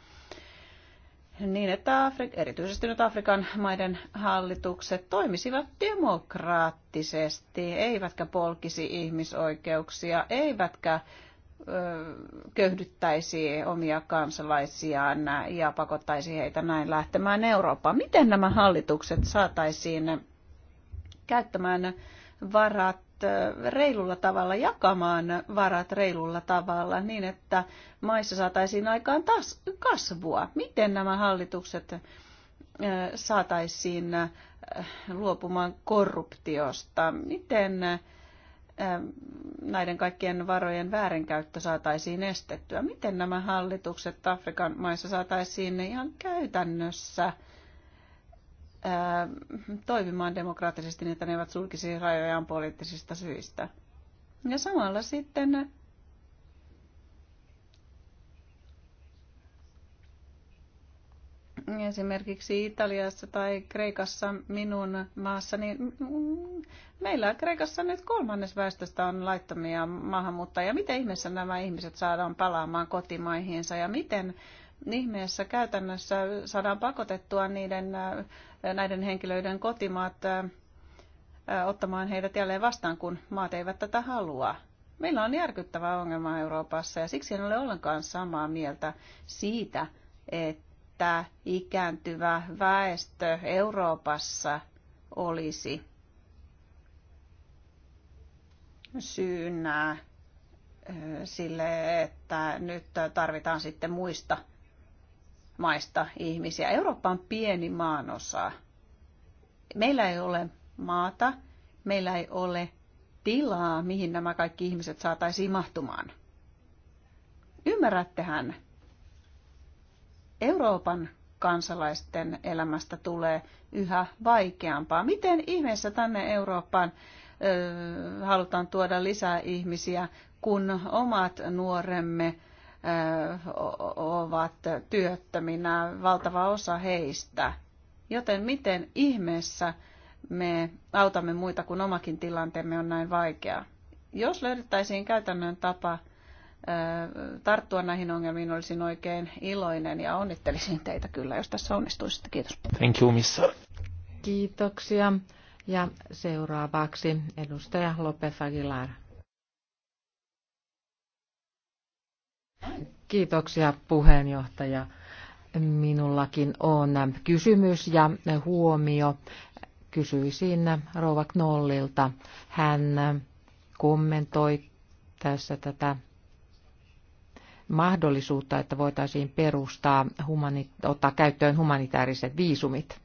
D: niin, että Afri- erityisesti nyt Afrikan maiden hallitukset toimisivat demokraattisesti, eivätkä polkisi ihmisoikeuksia, eivätkä köyhdyttäisi omia kansalaisiaan ja pakottaisi heitä näin lähtemään Eurooppaan. Miten nämä hallitukset saataisiin käyttämään varat reilulla tavalla, jakamaan varat reilulla tavalla niin, että maissa saataisiin aikaan taas kasvua. Miten nämä hallitukset saataisiin luopumaan korruptiosta? Miten näiden kaikkien varojen väärinkäyttö saataisiin estettyä? Miten nämä hallitukset Afrikan maissa saataisiin ihan käytännössä toimimaan demokraattisesti, niin että ne eivät sulkisi rajojaan poliittisista syistä. Ja samalla sitten esimerkiksi Italiassa tai Kreikassa minun maassa, niin meillä Kreikassa nyt kolmannes väestöstä on laittomia maahanmuuttajia. Miten ihmeessä nämä ihmiset saadaan palaamaan kotimaihinsa ja miten ihmeessä käytännössä saadaan pakotettua niiden näiden henkilöiden kotimaat ottamaan heidät jälleen vastaan, kun maat eivät tätä halua. Meillä on järkyttävä ongelma Euroopassa ja siksi en ole ollenkaan samaa mieltä siitä, että ikääntyvä väestö Euroopassa olisi syynä sille, että nyt tarvitaan sitten muista maista ihmisiä. Eurooppa on pieni maanosa. Meillä ei ole maata, meillä ei ole tilaa, mihin nämä kaikki ihmiset saataisiin mahtumaan. Ymmärrättehän, Euroopan kansalaisten elämästä tulee yhä vaikeampaa. Miten ihmeessä tänne Eurooppaan ö, halutaan tuoda lisää ihmisiä, kun omat nuoremme – ovat työttöminä, valtava osa heistä. Joten miten ihmeessä me autamme muita, kun omakin tilanteemme on näin vaikea? Jos löydettäisiin käytännön tapa tarttua näihin ongelmiin, olisin oikein iloinen ja
C: onnittelisin teitä kyllä, jos tässä onnistuisitte. Kiitos.
D: Thank you, missä.
C: Kiitoksia. Ja seuraavaksi edustaja Lope Fagilar. Kiitoksia puheenjohtaja. Minullakin on kysymys ja huomio. Kysyisin Rouva Knollilta. Hän kommentoi tässä tätä mahdollisuutta, että voitaisiin perustaa, ottaa käyttöön humanitaariset viisumit.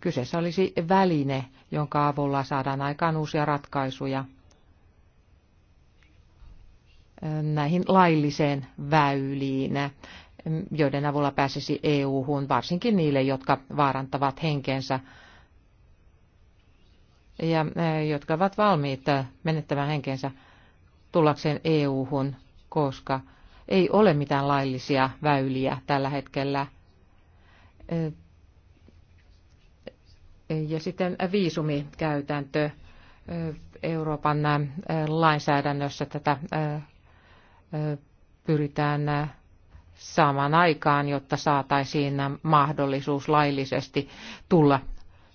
C: Kyseessä olisi väline, jonka avulla saadaan aikaan uusia ratkaisuja – näihin lailliseen väyliin, joiden avulla pääsisi EU-hun, varsinkin niille, jotka vaarantavat henkensä ja jotka ovat valmiita menettämään henkensä tullakseen EU-hun, koska ei ole mitään laillisia väyliä tällä hetkellä. Ja sitten viisumikäytäntö. Euroopan lainsäädännössä tätä pyritään saamaan aikaan, jotta saataisiin mahdollisuus laillisesti tulla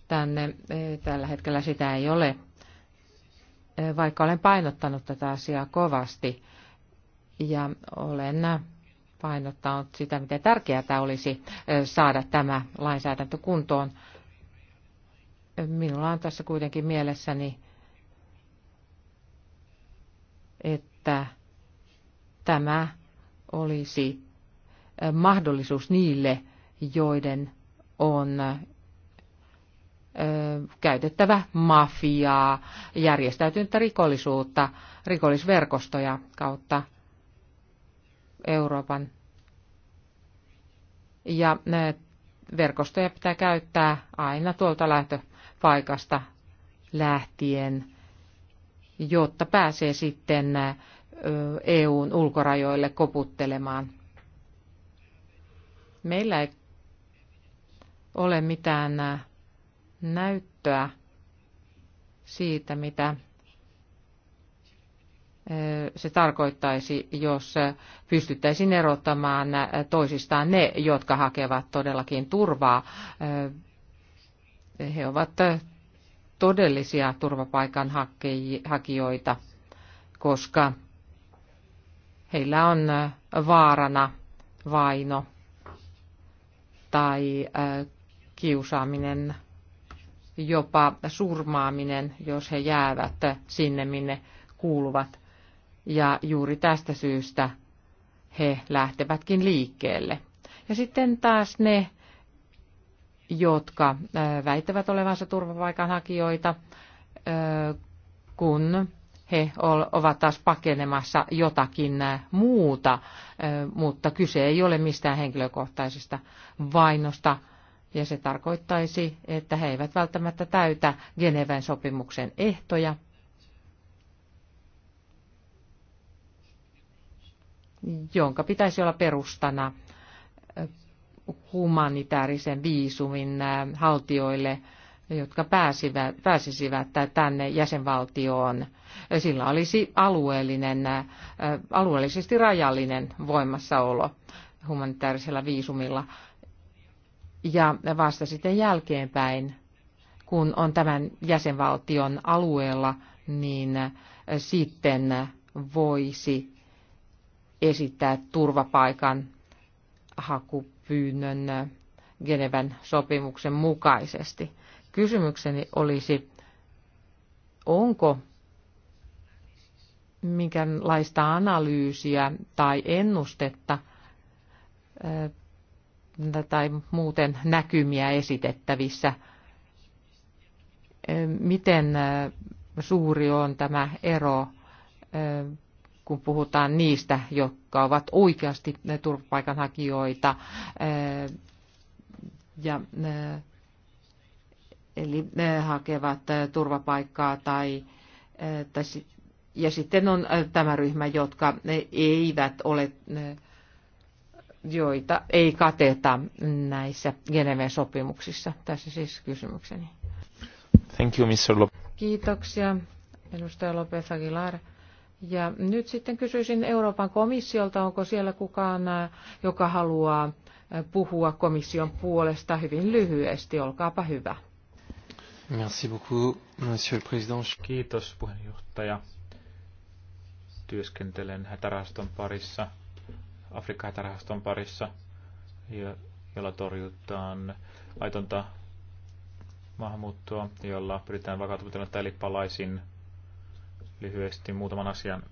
C: tänne. Tällä hetkellä sitä ei ole, vaikka olen painottanut tätä asiaa kovasti ja olen painottanut sitä, miten tärkeää tämä olisi saada tämä lainsäädäntö kuntoon. Minulla on tässä kuitenkin mielessäni, että Tämä olisi mahdollisuus niille, joiden on käytettävä mafiaa, järjestäytynyttä rikollisuutta, rikollisverkostoja kautta Euroopan. Ja verkostoja pitää käyttää aina tuolta lähtöpaikasta lähtien, jotta pääsee sitten EUn ulkorajoille koputtelemaan. Meillä ei ole mitään näyttöä siitä, mitä se tarkoittaisi, jos pystyttäisiin erottamaan toisistaan ne, jotka hakevat todellakin turvaa. He ovat todellisia turvapaikanhakijoita, koska heillä on vaarana vaino tai kiusaaminen, jopa surmaaminen, jos he jäävät sinne, minne kuuluvat. Ja juuri tästä syystä he lähtevätkin liikkeelle. Ja sitten taas ne, jotka väittävät olevansa turvapaikanhakijoita, kun he ovat taas pakenemassa jotakin äh, muuta, äh, mutta kyse ei ole mistään henkilökohtaisesta vainosta. Ja se tarkoittaisi, että he eivät välttämättä täytä Geneven sopimuksen ehtoja. jonka pitäisi olla perustana äh, humanitaarisen viisumin haltioille – jotka pääsivät, pääsisivät tänne jäsenvaltioon. Sillä olisi alueellinen, alueellisesti rajallinen voimassaolo humanitaarisella viisumilla. Ja vasta sitten jälkeenpäin, kun on tämän jäsenvaltion alueella, niin sitten voisi esittää turvapaikan hakupyynnön Geneven sopimuksen mukaisesti. Kysymykseni olisi, onko minkälaista analyysiä tai ennustetta tai muuten näkymiä esitettävissä, miten suuri on tämä ero, kun puhutaan niistä, jotka ovat oikeasti turvapaikanhakijoita ja eli eh, hakevat eh, turvapaikkaa tai, eh, tai ja sitten on tämä ryhmä, jotka eivät ole, joita ei kateta näissä Geneven sopimuksissa. Tässä siis kysymykseni. Thank you, Mr. Lope. Kiitoksia, edustaja Lopez Aguilar. Ja nyt sitten kysyisin Euroopan komissiolta, onko siellä kukaan, joka haluaa puhua komission puolesta hyvin lyhyesti. Olkaapa hyvä.
A: Merci
B: beaucoup, monsieur le président. Kiitos puheenjohtaja. Työskentelen hätärahaston parissa, Afrikan hätärahaston parissa, jolla torjutaan laitonta maahanmuuttoa, jolla pyritään vakautumaan tälle palaisin lyhyesti muutaman asian.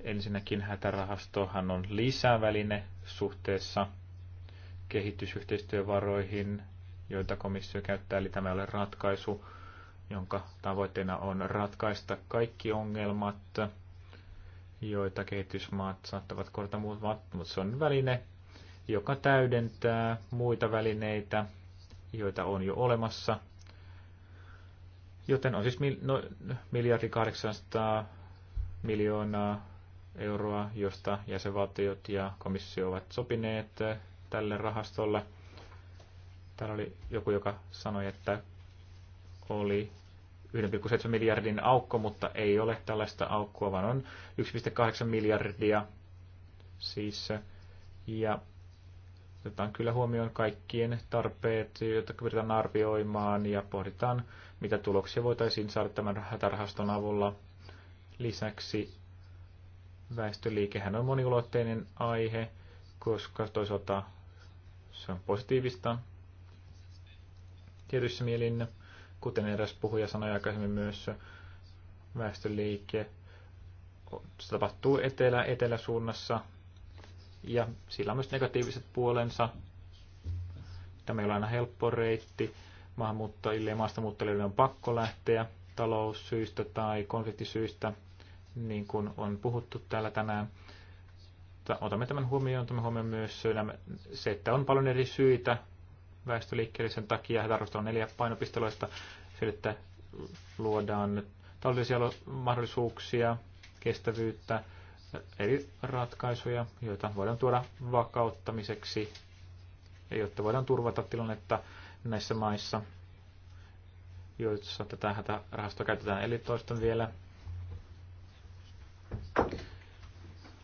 B: Ensinnäkin hätärahastohan on lisäväline suhteessa kehitysyhteistyövaroihin, joita komissio käyttää, eli tämä ei ole ratkaisu, jonka tavoitteena on ratkaista kaikki ongelmat, joita kehitysmaat saattavat korjata muut mutta se on väline, joka täydentää muita välineitä, joita on jo olemassa. Joten on siis mil, no, miljardi 800 miljoonaa euroa, josta jäsenvaltiot ja komissio ovat sopineet tälle rahastolle – Täällä oli joku, joka sanoi, että oli 1,7 miljardin aukko, mutta ei ole tällaista aukkoa, vaan on 1,8 miljardia. Siis, ja otetaan kyllä huomioon kaikkien tarpeet, joita pyritään arvioimaan ja pohditaan, mitä tuloksia voitaisiin saada tämän hätärahaston avulla. Lisäksi väestöliikehän on moniulotteinen aihe, koska toisaalta se on positiivista, tietyissä mielin, kuten eräs puhuja sanoi aikaisemmin myös, väestöliike se tapahtuu etelä, eteläsuunnassa ja sillä on myös negatiiviset puolensa. Tämä ei ole aina helppo reitti. Maahanmuuttajille ja maastamuuttajille on pakko lähteä taloussyistä tai konfliktisyistä, niin kuin on puhuttu täällä tänään otamme tämän huomioon, otamme huomioon myös se, että on paljon eri syitä väestöliikkeellisen takia takia tarkastellaan neljä painopisteloista sille, että luodaan taloudellisia mahdollisuuksia, kestävyyttä, eri ratkaisuja, joita voidaan tuoda vakauttamiseksi ja jotta voidaan turvata tilannetta näissä maissa, joissa tätä hätärahastoa käytetään. Eli toistan vielä.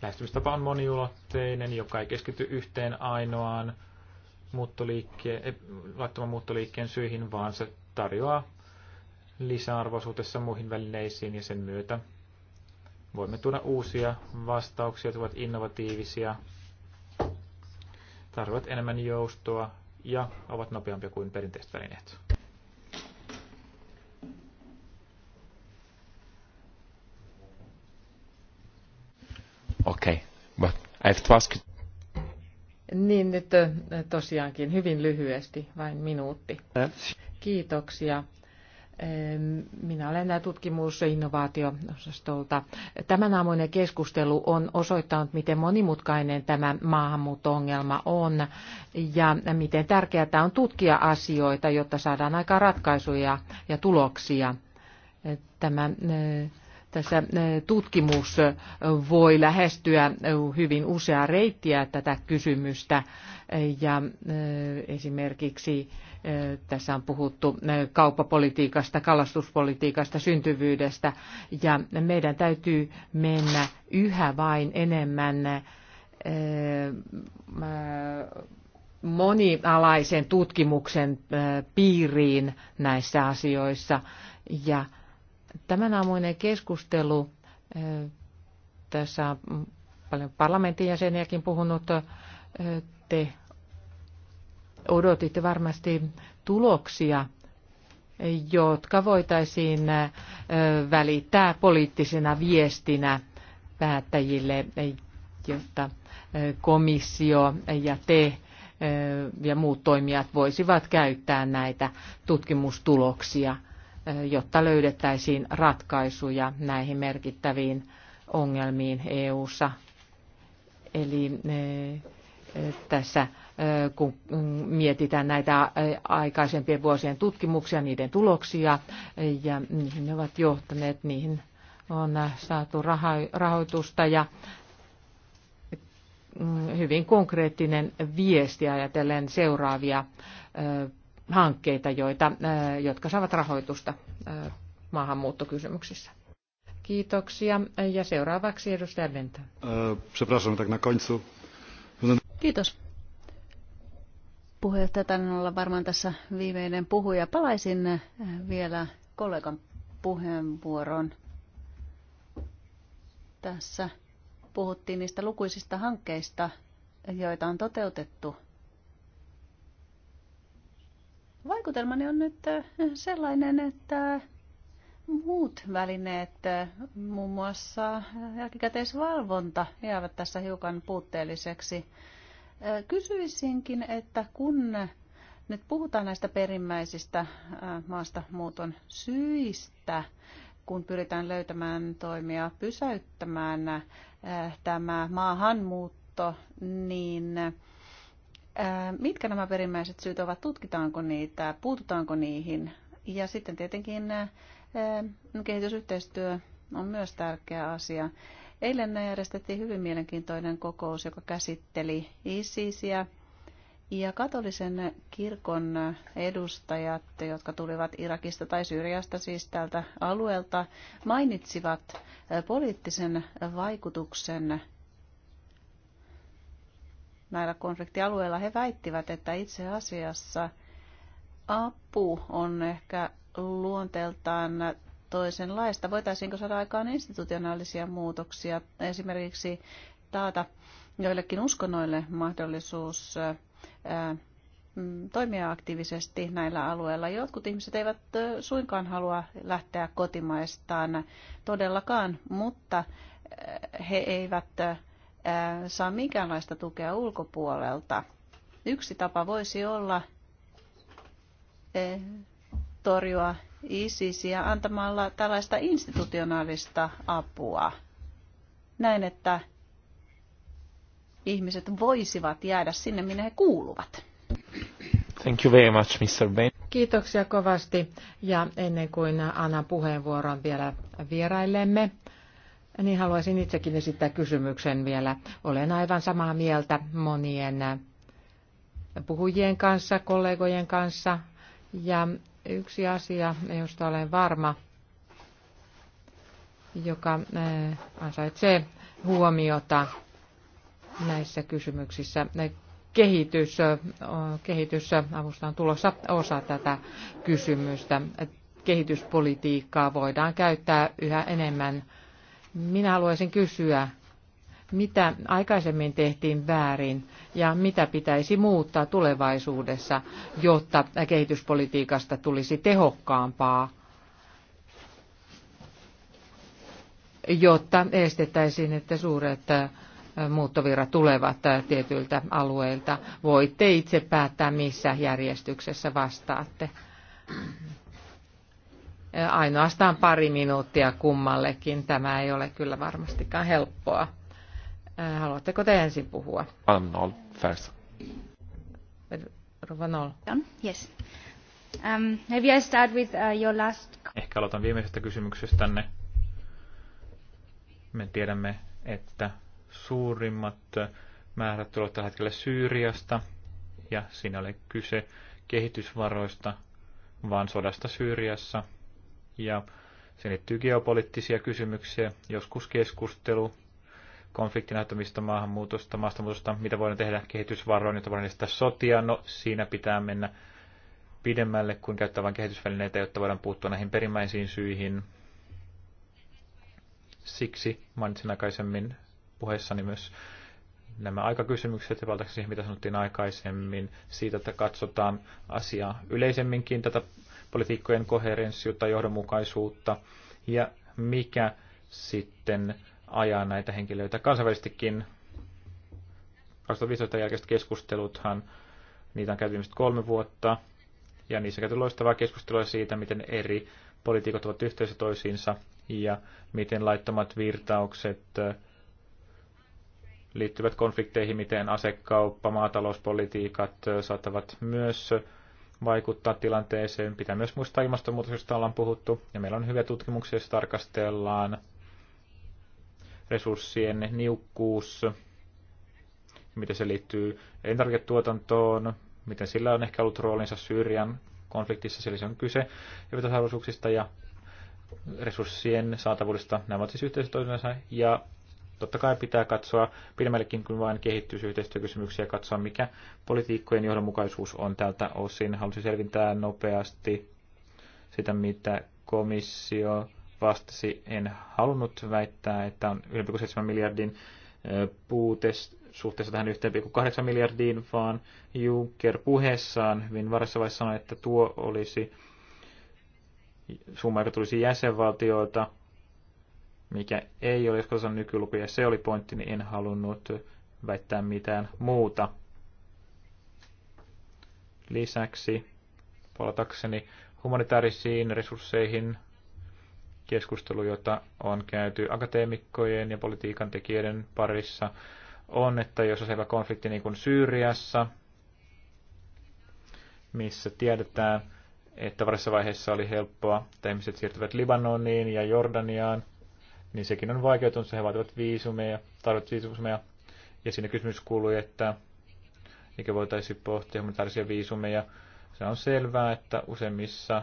B: Lähestymistapa on moniulotteinen, joka ei keskity yhteen ainoaan laittoman muuttoliikkeen syihin, vaan se tarjoaa lisäarvoisuutessa muihin välineisiin ja sen myötä voimme tuoda uusia vastauksia, jotka ovat innovatiivisia, tarjoavat enemmän joustoa ja ovat nopeampia kuin perinteiset välineet. Okay, but I have to ask you.
C: Niin nyt tosiaankin hyvin lyhyesti, vain minuutti. Kiitoksia. Minä olen tutkimus- ja innovaatio-osastolta. Tämän aamuinen keskustelu on osoittanut, miten monimutkainen tämä maahanmuutto-ongelma on ja miten tärkeää on tutkia asioita, jotta saadaan aikaan ratkaisuja ja tuloksia. Tämä tässä eh, tutkimus eh, voi lähestyä eh, hyvin useaa reittiä tätä kysymystä. Ja esimerkiksi tässä on puhuttu kauppapolitiikasta, kalastuspolitiikasta, syntyvyydestä. Ja meidän täytyy mennä yhä vain enemmän monialaisen tutkimuksen piiriin näissä asioissa. Ja Tämän aamuinen keskustelu, eh, tässä on paljon parlamentin jäseniäkin puhunut, eh, te odotitte varmasti tuloksia, jotka voitaisiin eh, välittää poliittisena viestinä päättäjille, jotta komissio ja te ja muut toimijat voisivat käyttää näitä tutkimustuloksia – jotta löydettäisiin ratkaisuja näihin merkittäviin ongelmiin EU:ssa. Eli e, e, tässä e, kun mietitään näitä aikaisempien vuosien tutkimuksia, niiden tuloksia, ja mihin ne ovat johtaneet, niihin on saatu rahoitusta ja mm, hyvin konkreettinen viesti ajatellen seuraavia hankkeita, joita, jotka saavat rahoitusta maahanmuuttokysymyksissä. Kiitoksia. Ja seuraavaksi edustaja Venta.
B: Przepraszam, tak na końcu.
D: Kiitos. Puheenjohtaja tänne olla varmaan tässä viimeinen puhuja. Palaisin vielä kollegan puheenvuoron. Tässä puhuttiin niistä lukuisista hankkeista, joita on toteutettu – Vaikutelmani on nyt äh, sellainen, että muut välineet, äh, muun muassa äh, jälkikäteisvalvonta, jäävät tässä hiukan puutteelliseksi. Kysyisinkin, että kun nyt puhutaan näistä perimmäisistä maastamuuton syistä, kun pyritään löytämään toimia pysäyttämään tämä maahanmuutto, niin Mitkä nämä perimmäiset syyt ovat? Tutkitaanko niitä? Puututaanko niihin? Ja sitten tietenkin kehitysyhteistyö on myös tärkeä asia. Eilen järjestettiin hyvin mielenkiintoinen kokous, joka käsitteli ISISiä ja katolisen kirkon edustajat, jotka tulivat Irakista tai Syyriasta, siis tältä alueelta, mainitsivat poliittisen vaikutuksen näillä konfliktialueilla, he väittivät, että itse asiassa apu on ehkä luonteeltaan toisenlaista. Voitaisiinko saada aikaan institutionaalisia muutoksia, esimerkiksi taata joillekin uskonnoille mahdollisuus toimia aktiivisesti näillä alueilla. Jotkut ihmiset eivät suinkaan halua lähteä kotimaistaan todellakaan, mutta he eivät Äh, saa minkäänlaista tukea ulkopuolelta. Yksi tapa voisi olla äh, torjua ISISiä antamalla tällaista institutionaalista apua. Näin, että ihmiset voisivat
C: jäädä sinne, minne he kuuluvat.
B: Thank you very much, Mr. Bain.
C: Kiitoksia kovasti. Ja ennen kuin annan puheenvuoron vielä vieraillemme, niin haluaisin itsekin esittää kysymyksen vielä. Olen aivan samaa mieltä monien puhujien kanssa, kollegojen kanssa. Ja yksi asia, josta olen varma, joka eh, ansaitsee huomiota näissä kysymyksissä. Kehitys, eh, kehitysavusta on tulossa osa tätä kysymystä. Kehityspolitiikkaa voidaan käyttää yhä enemmän minä haluaisin kysyä, mitä aikaisemmin tehtiin väärin ja mitä pitäisi muuttaa tulevaisuudessa, jotta kehityspolitiikasta tulisi tehokkaampaa, jotta estettäisiin, että suuret äh, muuttovirrat tulevat äh, tietyiltä alueilta. Voitte itse päättää, missä järjestyksessä vastaatte ainoastaan pari minuuttia kummallekin. Tämä ei ole kyllä varmastikaan helppoa. Haluatteko te ensin puhua? Nol, first. Yes. Um, maybe I start with uh, your last...
B: Ehkä aloitan viimeisestä kysymyksestänne. Me tiedämme, että suurimmat määrät tulevat tällä hetkellä Syyriasta, ja siinä oli kyse kehitysvaroista, vaan sodasta Syyriassa – ja se liittyy geopoliittisia kysymyksiä, joskus keskustelu konfliktin aiheuttamista maahanmuutosta, maastamuutosta, mitä voidaan tehdä kehitysvaroin, jotta voidaan estää sotia. No, siinä pitää mennä pidemmälle kuin käyttää vain kehitysvälineitä, jotta voidaan puuttua näihin perimmäisiin syihin. Siksi mainitsin aikaisemmin puheessani myös nämä aikakysymykset ja valtaksi siihen, mitä sanottiin aikaisemmin, siitä, että katsotaan asiaa yleisemminkin tätä politiikkojen koherenssiutta, johdonmukaisuutta ja mikä sitten ajaa näitä henkilöitä kansainvälisestikin. 2015 jälkeiset keskusteluthan, niitä on käyty kolme vuotta, ja niissä käyty loistavaa keskustelua siitä, miten eri poliitikot ovat yhteydessä toisiinsa, ja miten laittomat virtaukset äh, liittyvät konflikteihin, miten asekauppa, maatalouspolitiikat äh, saattavat myös vaikuttaa tilanteeseen. Pitää myös muistaa ilmastonmuutos, josta ollaan puhuttu, ja meillä on hyviä tutkimuksia, joissa tarkastellaan resurssien niukkuus, miten se liittyy elintarviketuotantoon, miten sillä on ehkä ollut roolinsa Syyrian konfliktissa, sillä se on kyse epätasaisuuksista ja resurssien saatavuudesta. Nämä ovat siis yhteisötoiminnassa ja Totta kai pitää katsoa pidemmällekin kuin vain kehittyisyhteistyökysymyksiä ja katsoa, mikä politiikkojen johdonmukaisuus on tältä osin. Haluaisin selvittää nopeasti sitä, mitä komissio vastasi. En halunnut väittää, että on 1,7 miljardin puute suhteessa tähän 1,8 miljardiin, vaan Juncker puheessaan hyvin varassa vaiheessa sanoi, että tuo olisi summa, joka tulisi jäsenvaltioilta, mikä ei ole kosan nykylupia. Se oli pointti, niin en halunnut väittää mitään muuta. Lisäksi palatakseni humanitaarisiin resursseihin keskustelu, jota on käyty akateemikkojen ja politiikan tekijöiden parissa, on, että jos on selvä konflikti niin kuin Syyriassa, missä tiedetään, että varassa vaiheessa oli helppoa, että ihmiset siirtyvät Libanoniin ja Jordaniaan, niin sekin on vaikeutunut, se he vaativat viisumeja, tarvitsevat viisumeja. Ja siinä kysymys kuului, että eikä voitaisiin pohtia humanitaarisia viisumeja. Se on selvää, että useimmissa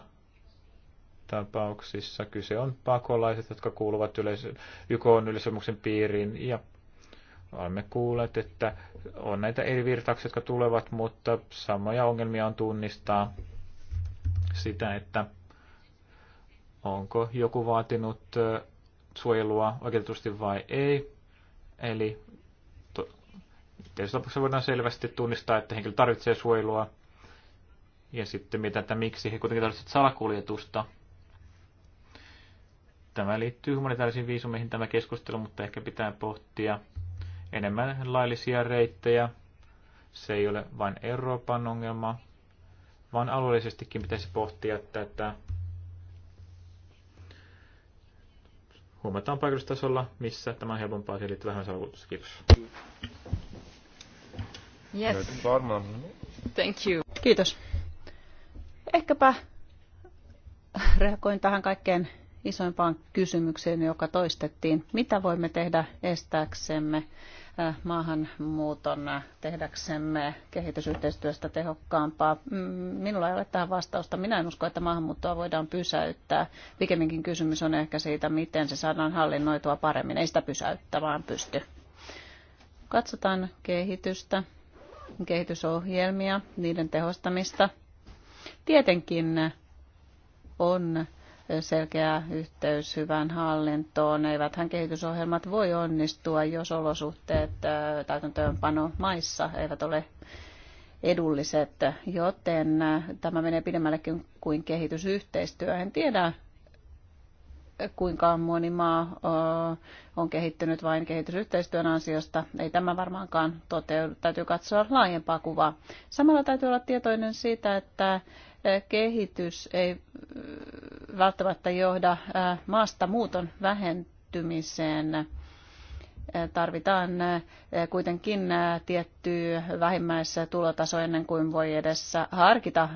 B: tapauksissa kyse on pakolaiset, jotka kuuluvat YKn YK yleisömuksen piiriin ja olemme kuulleet, että on näitä eri virtauksia, jotka tulevat, mutta samoja ongelmia on tunnistaa sitä, että onko joku vaatinut suojelua oikeutetusti vai ei. Eli tietysti lopuksi voidaan selvästi tunnistaa, että henkilö tarvitsee suojelua. Ja sitten mitä, että miksi he kuitenkin tarvitsevat salakuljetusta. Tämä liittyy humanitaarisiin viisumeihin tämä keskustelu, mutta ehkä pitää pohtia enemmän laillisia reittejä. Se ei ole vain Euroopan ongelma, vaan alueellisestikin pitäisi pohtia tätä. Että huomataan paikallistasolla, missä tämä on helpompaa, eli vähän salkutusta. Kiitos.
D: Yes. Thank you. Kiitos. Ehkäpä reagoin tähän kaikkeen isoimpaan kysymykseen, joka toistettiin. Mitä voimme tehdä estääksemme Äh, maahanmuuton äh, tehdäksemme kehitysyhteistyöstä tehokkaampaa? Mm, minulla ei ole tähän vastausta. Minä en usko, että maahanmuuttoa voidaan pysäyttää. Pikemminkin kysymys on ehkä siitä, miten se saadaan hallinnoitua paremmin. Ei sitä pysäyttää, vaan pysty. Katsotaan kehitystä, kehitysohjelmia, niiden tehostamista. Tietenkin on selkeä yhteys hyvään hallintoon. Eiväthän kehitysohjelmat voi onnistua, jos olosuhteet täytäntöönpano maissa eivät ole edulliset, joten tämä menee pidemmällekin kuin kehitysyhteistyö. En tiedä, kuinka moni maa on kehittynyt vain kehitysyhteistyön ansiosta. Ei tämä varmaankaan toteudu. Täytyy katsoa laajempaa kuvaa. Samalla täytyy olla tietoinen siitä, että kehitys ei välttämättä johda maasta muuton vähentymiseen. Tarvitaan kuitenkin tietty vähimmäistulotaso ennen kuin voi edes harkita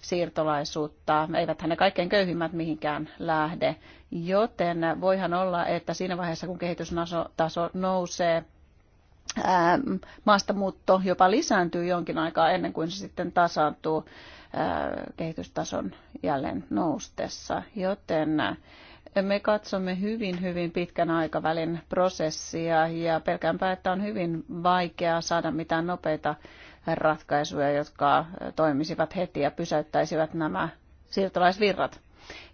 D: siirtolaisuutta. Eiväthän ne kaikkein köyhimmät mihinkään lähde. Joten voihan olla, että siinä vaiheessa kun kehitystaso nousee, maastamuutto jopa lisääntyy jonkin aikaa ennen kuin se sitten tasaantuu kehitystason jälleen noustessa, joten me katsomme hyvin, hyvin pitkän aikavälin prosessia ja pelkäänpä, että on hyvin vaikeaa saada mitään nopeita ratkaisuja, jotka toimisivat heti ja pysäyttäisivät nämä siirtolaisvirrat.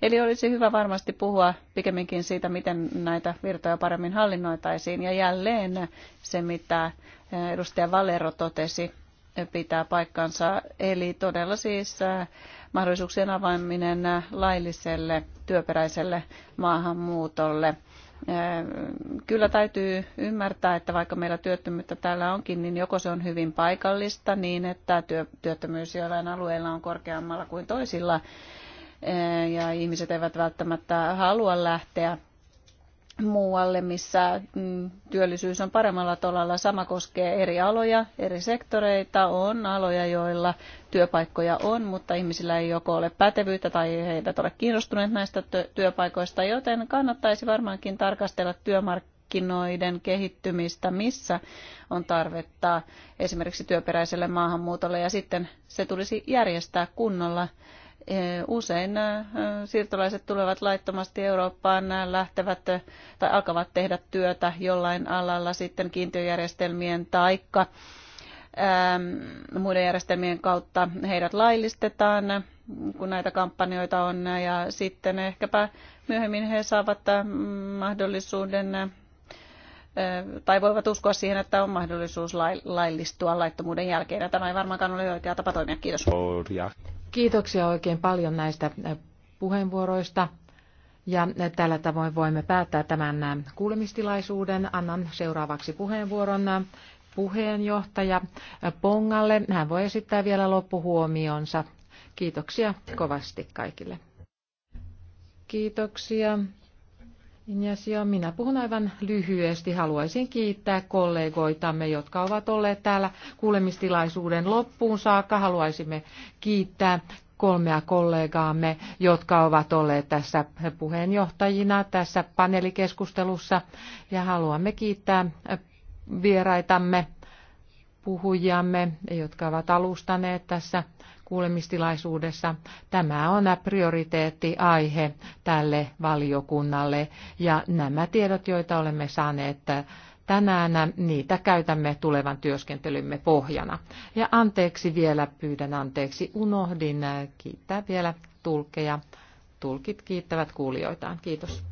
D: Eli olisi hyvä varmasti puhua pikemminkin siitä, miten näitä virtoja paremmin hallinnoitaisiin. Ja jälleen se, mitä edustaja Valero totesi, pitää paikkansa. Eli todella siis äh, mahdollisuuksien avaaminen äh, lailliselle työperäiselle maahanmuutolle. Äh, kyllä täytyy ymmärtää, että vaikka meillä työttömyyttä täällä onkin, niin joko se on hyvin paikallista niin, että työttömyys joillain alueilla on korkeammalla kuin toisilla ja ihmiset eivät välttämättä halua lähteä muualle, missä mm, työllisyys on paremmalla tolalla. Sama koskee eri aloja, eri sektoreita. On aloja, joilla työpaikkoja on, mutta ihmisillä ei joko ole pätevyyttä tai he eivät ole kiinnostuneet näistä työpaikoista, joten kannattaisi varmaankin tarkastella työmarkkinoiden kehittymistä, missä on tarvetta esimerkiksi työperäiselle maahanmuutolle ja sitten se tulisi järjestää kunnolla Eh, usein eh, siirtolaiset tulevat laittomasti Eurooppaan, eh, lähtevät tai alkavat tehdä työtä jollain alalla sitten kiintiöjärjestelmien taikka ehm, muiden järjestelmien kautta heidät laillistetaan, kun näitä kampanjoita on, ja sitten ehkäpä myöhemmin he saavat mahdollisuuden tai voivat uskoa siihen, että on mahdollisuus laillistua laittomuuden jälkeen. tämä ei varmaankaan ole oikea tapa toimia. Kiitos.
C: Kiitoksia oikein paljon näistä puheenvuoroista. Ja tällä tavoin voimme päättää tämän kuulemistilaisuuden. Annan seuraavaksi puheenvuoron puheenjohtaja Pongalle. Hän voi esittää vielä loppuhuomionsa. Kiitoksia kovasti kaikille. Kiitoksia. Ignacio, minä puhun aivan lyhyesti. Haluaisin kiittää kollegoitamme, jotka ovat olleet täällä kuulemistilaisuuden loppuun saakka. Haluaisimme kiittää kolmea kollegaamme, jotka ovat olleet tässä puheenjohtajina tässä paneelikeskustelussa. Ja haluamme kiittää vieraitamme, puhujamme, jotka ovat alustaneet tässä kuulemistilaisuudessa. Tämä on prioriteettiaihe tälle valiokunnalle ja nämä tiedot, joita olemme saaneet tänään, niitä käytämme tulevan työskentelymme pohjana. Ja anteeksi vielä, pyydän anteeksi, unohdin kiittää vielä tulkkeja. Tulkit kiittävät kuulijoitaan. Kiitos.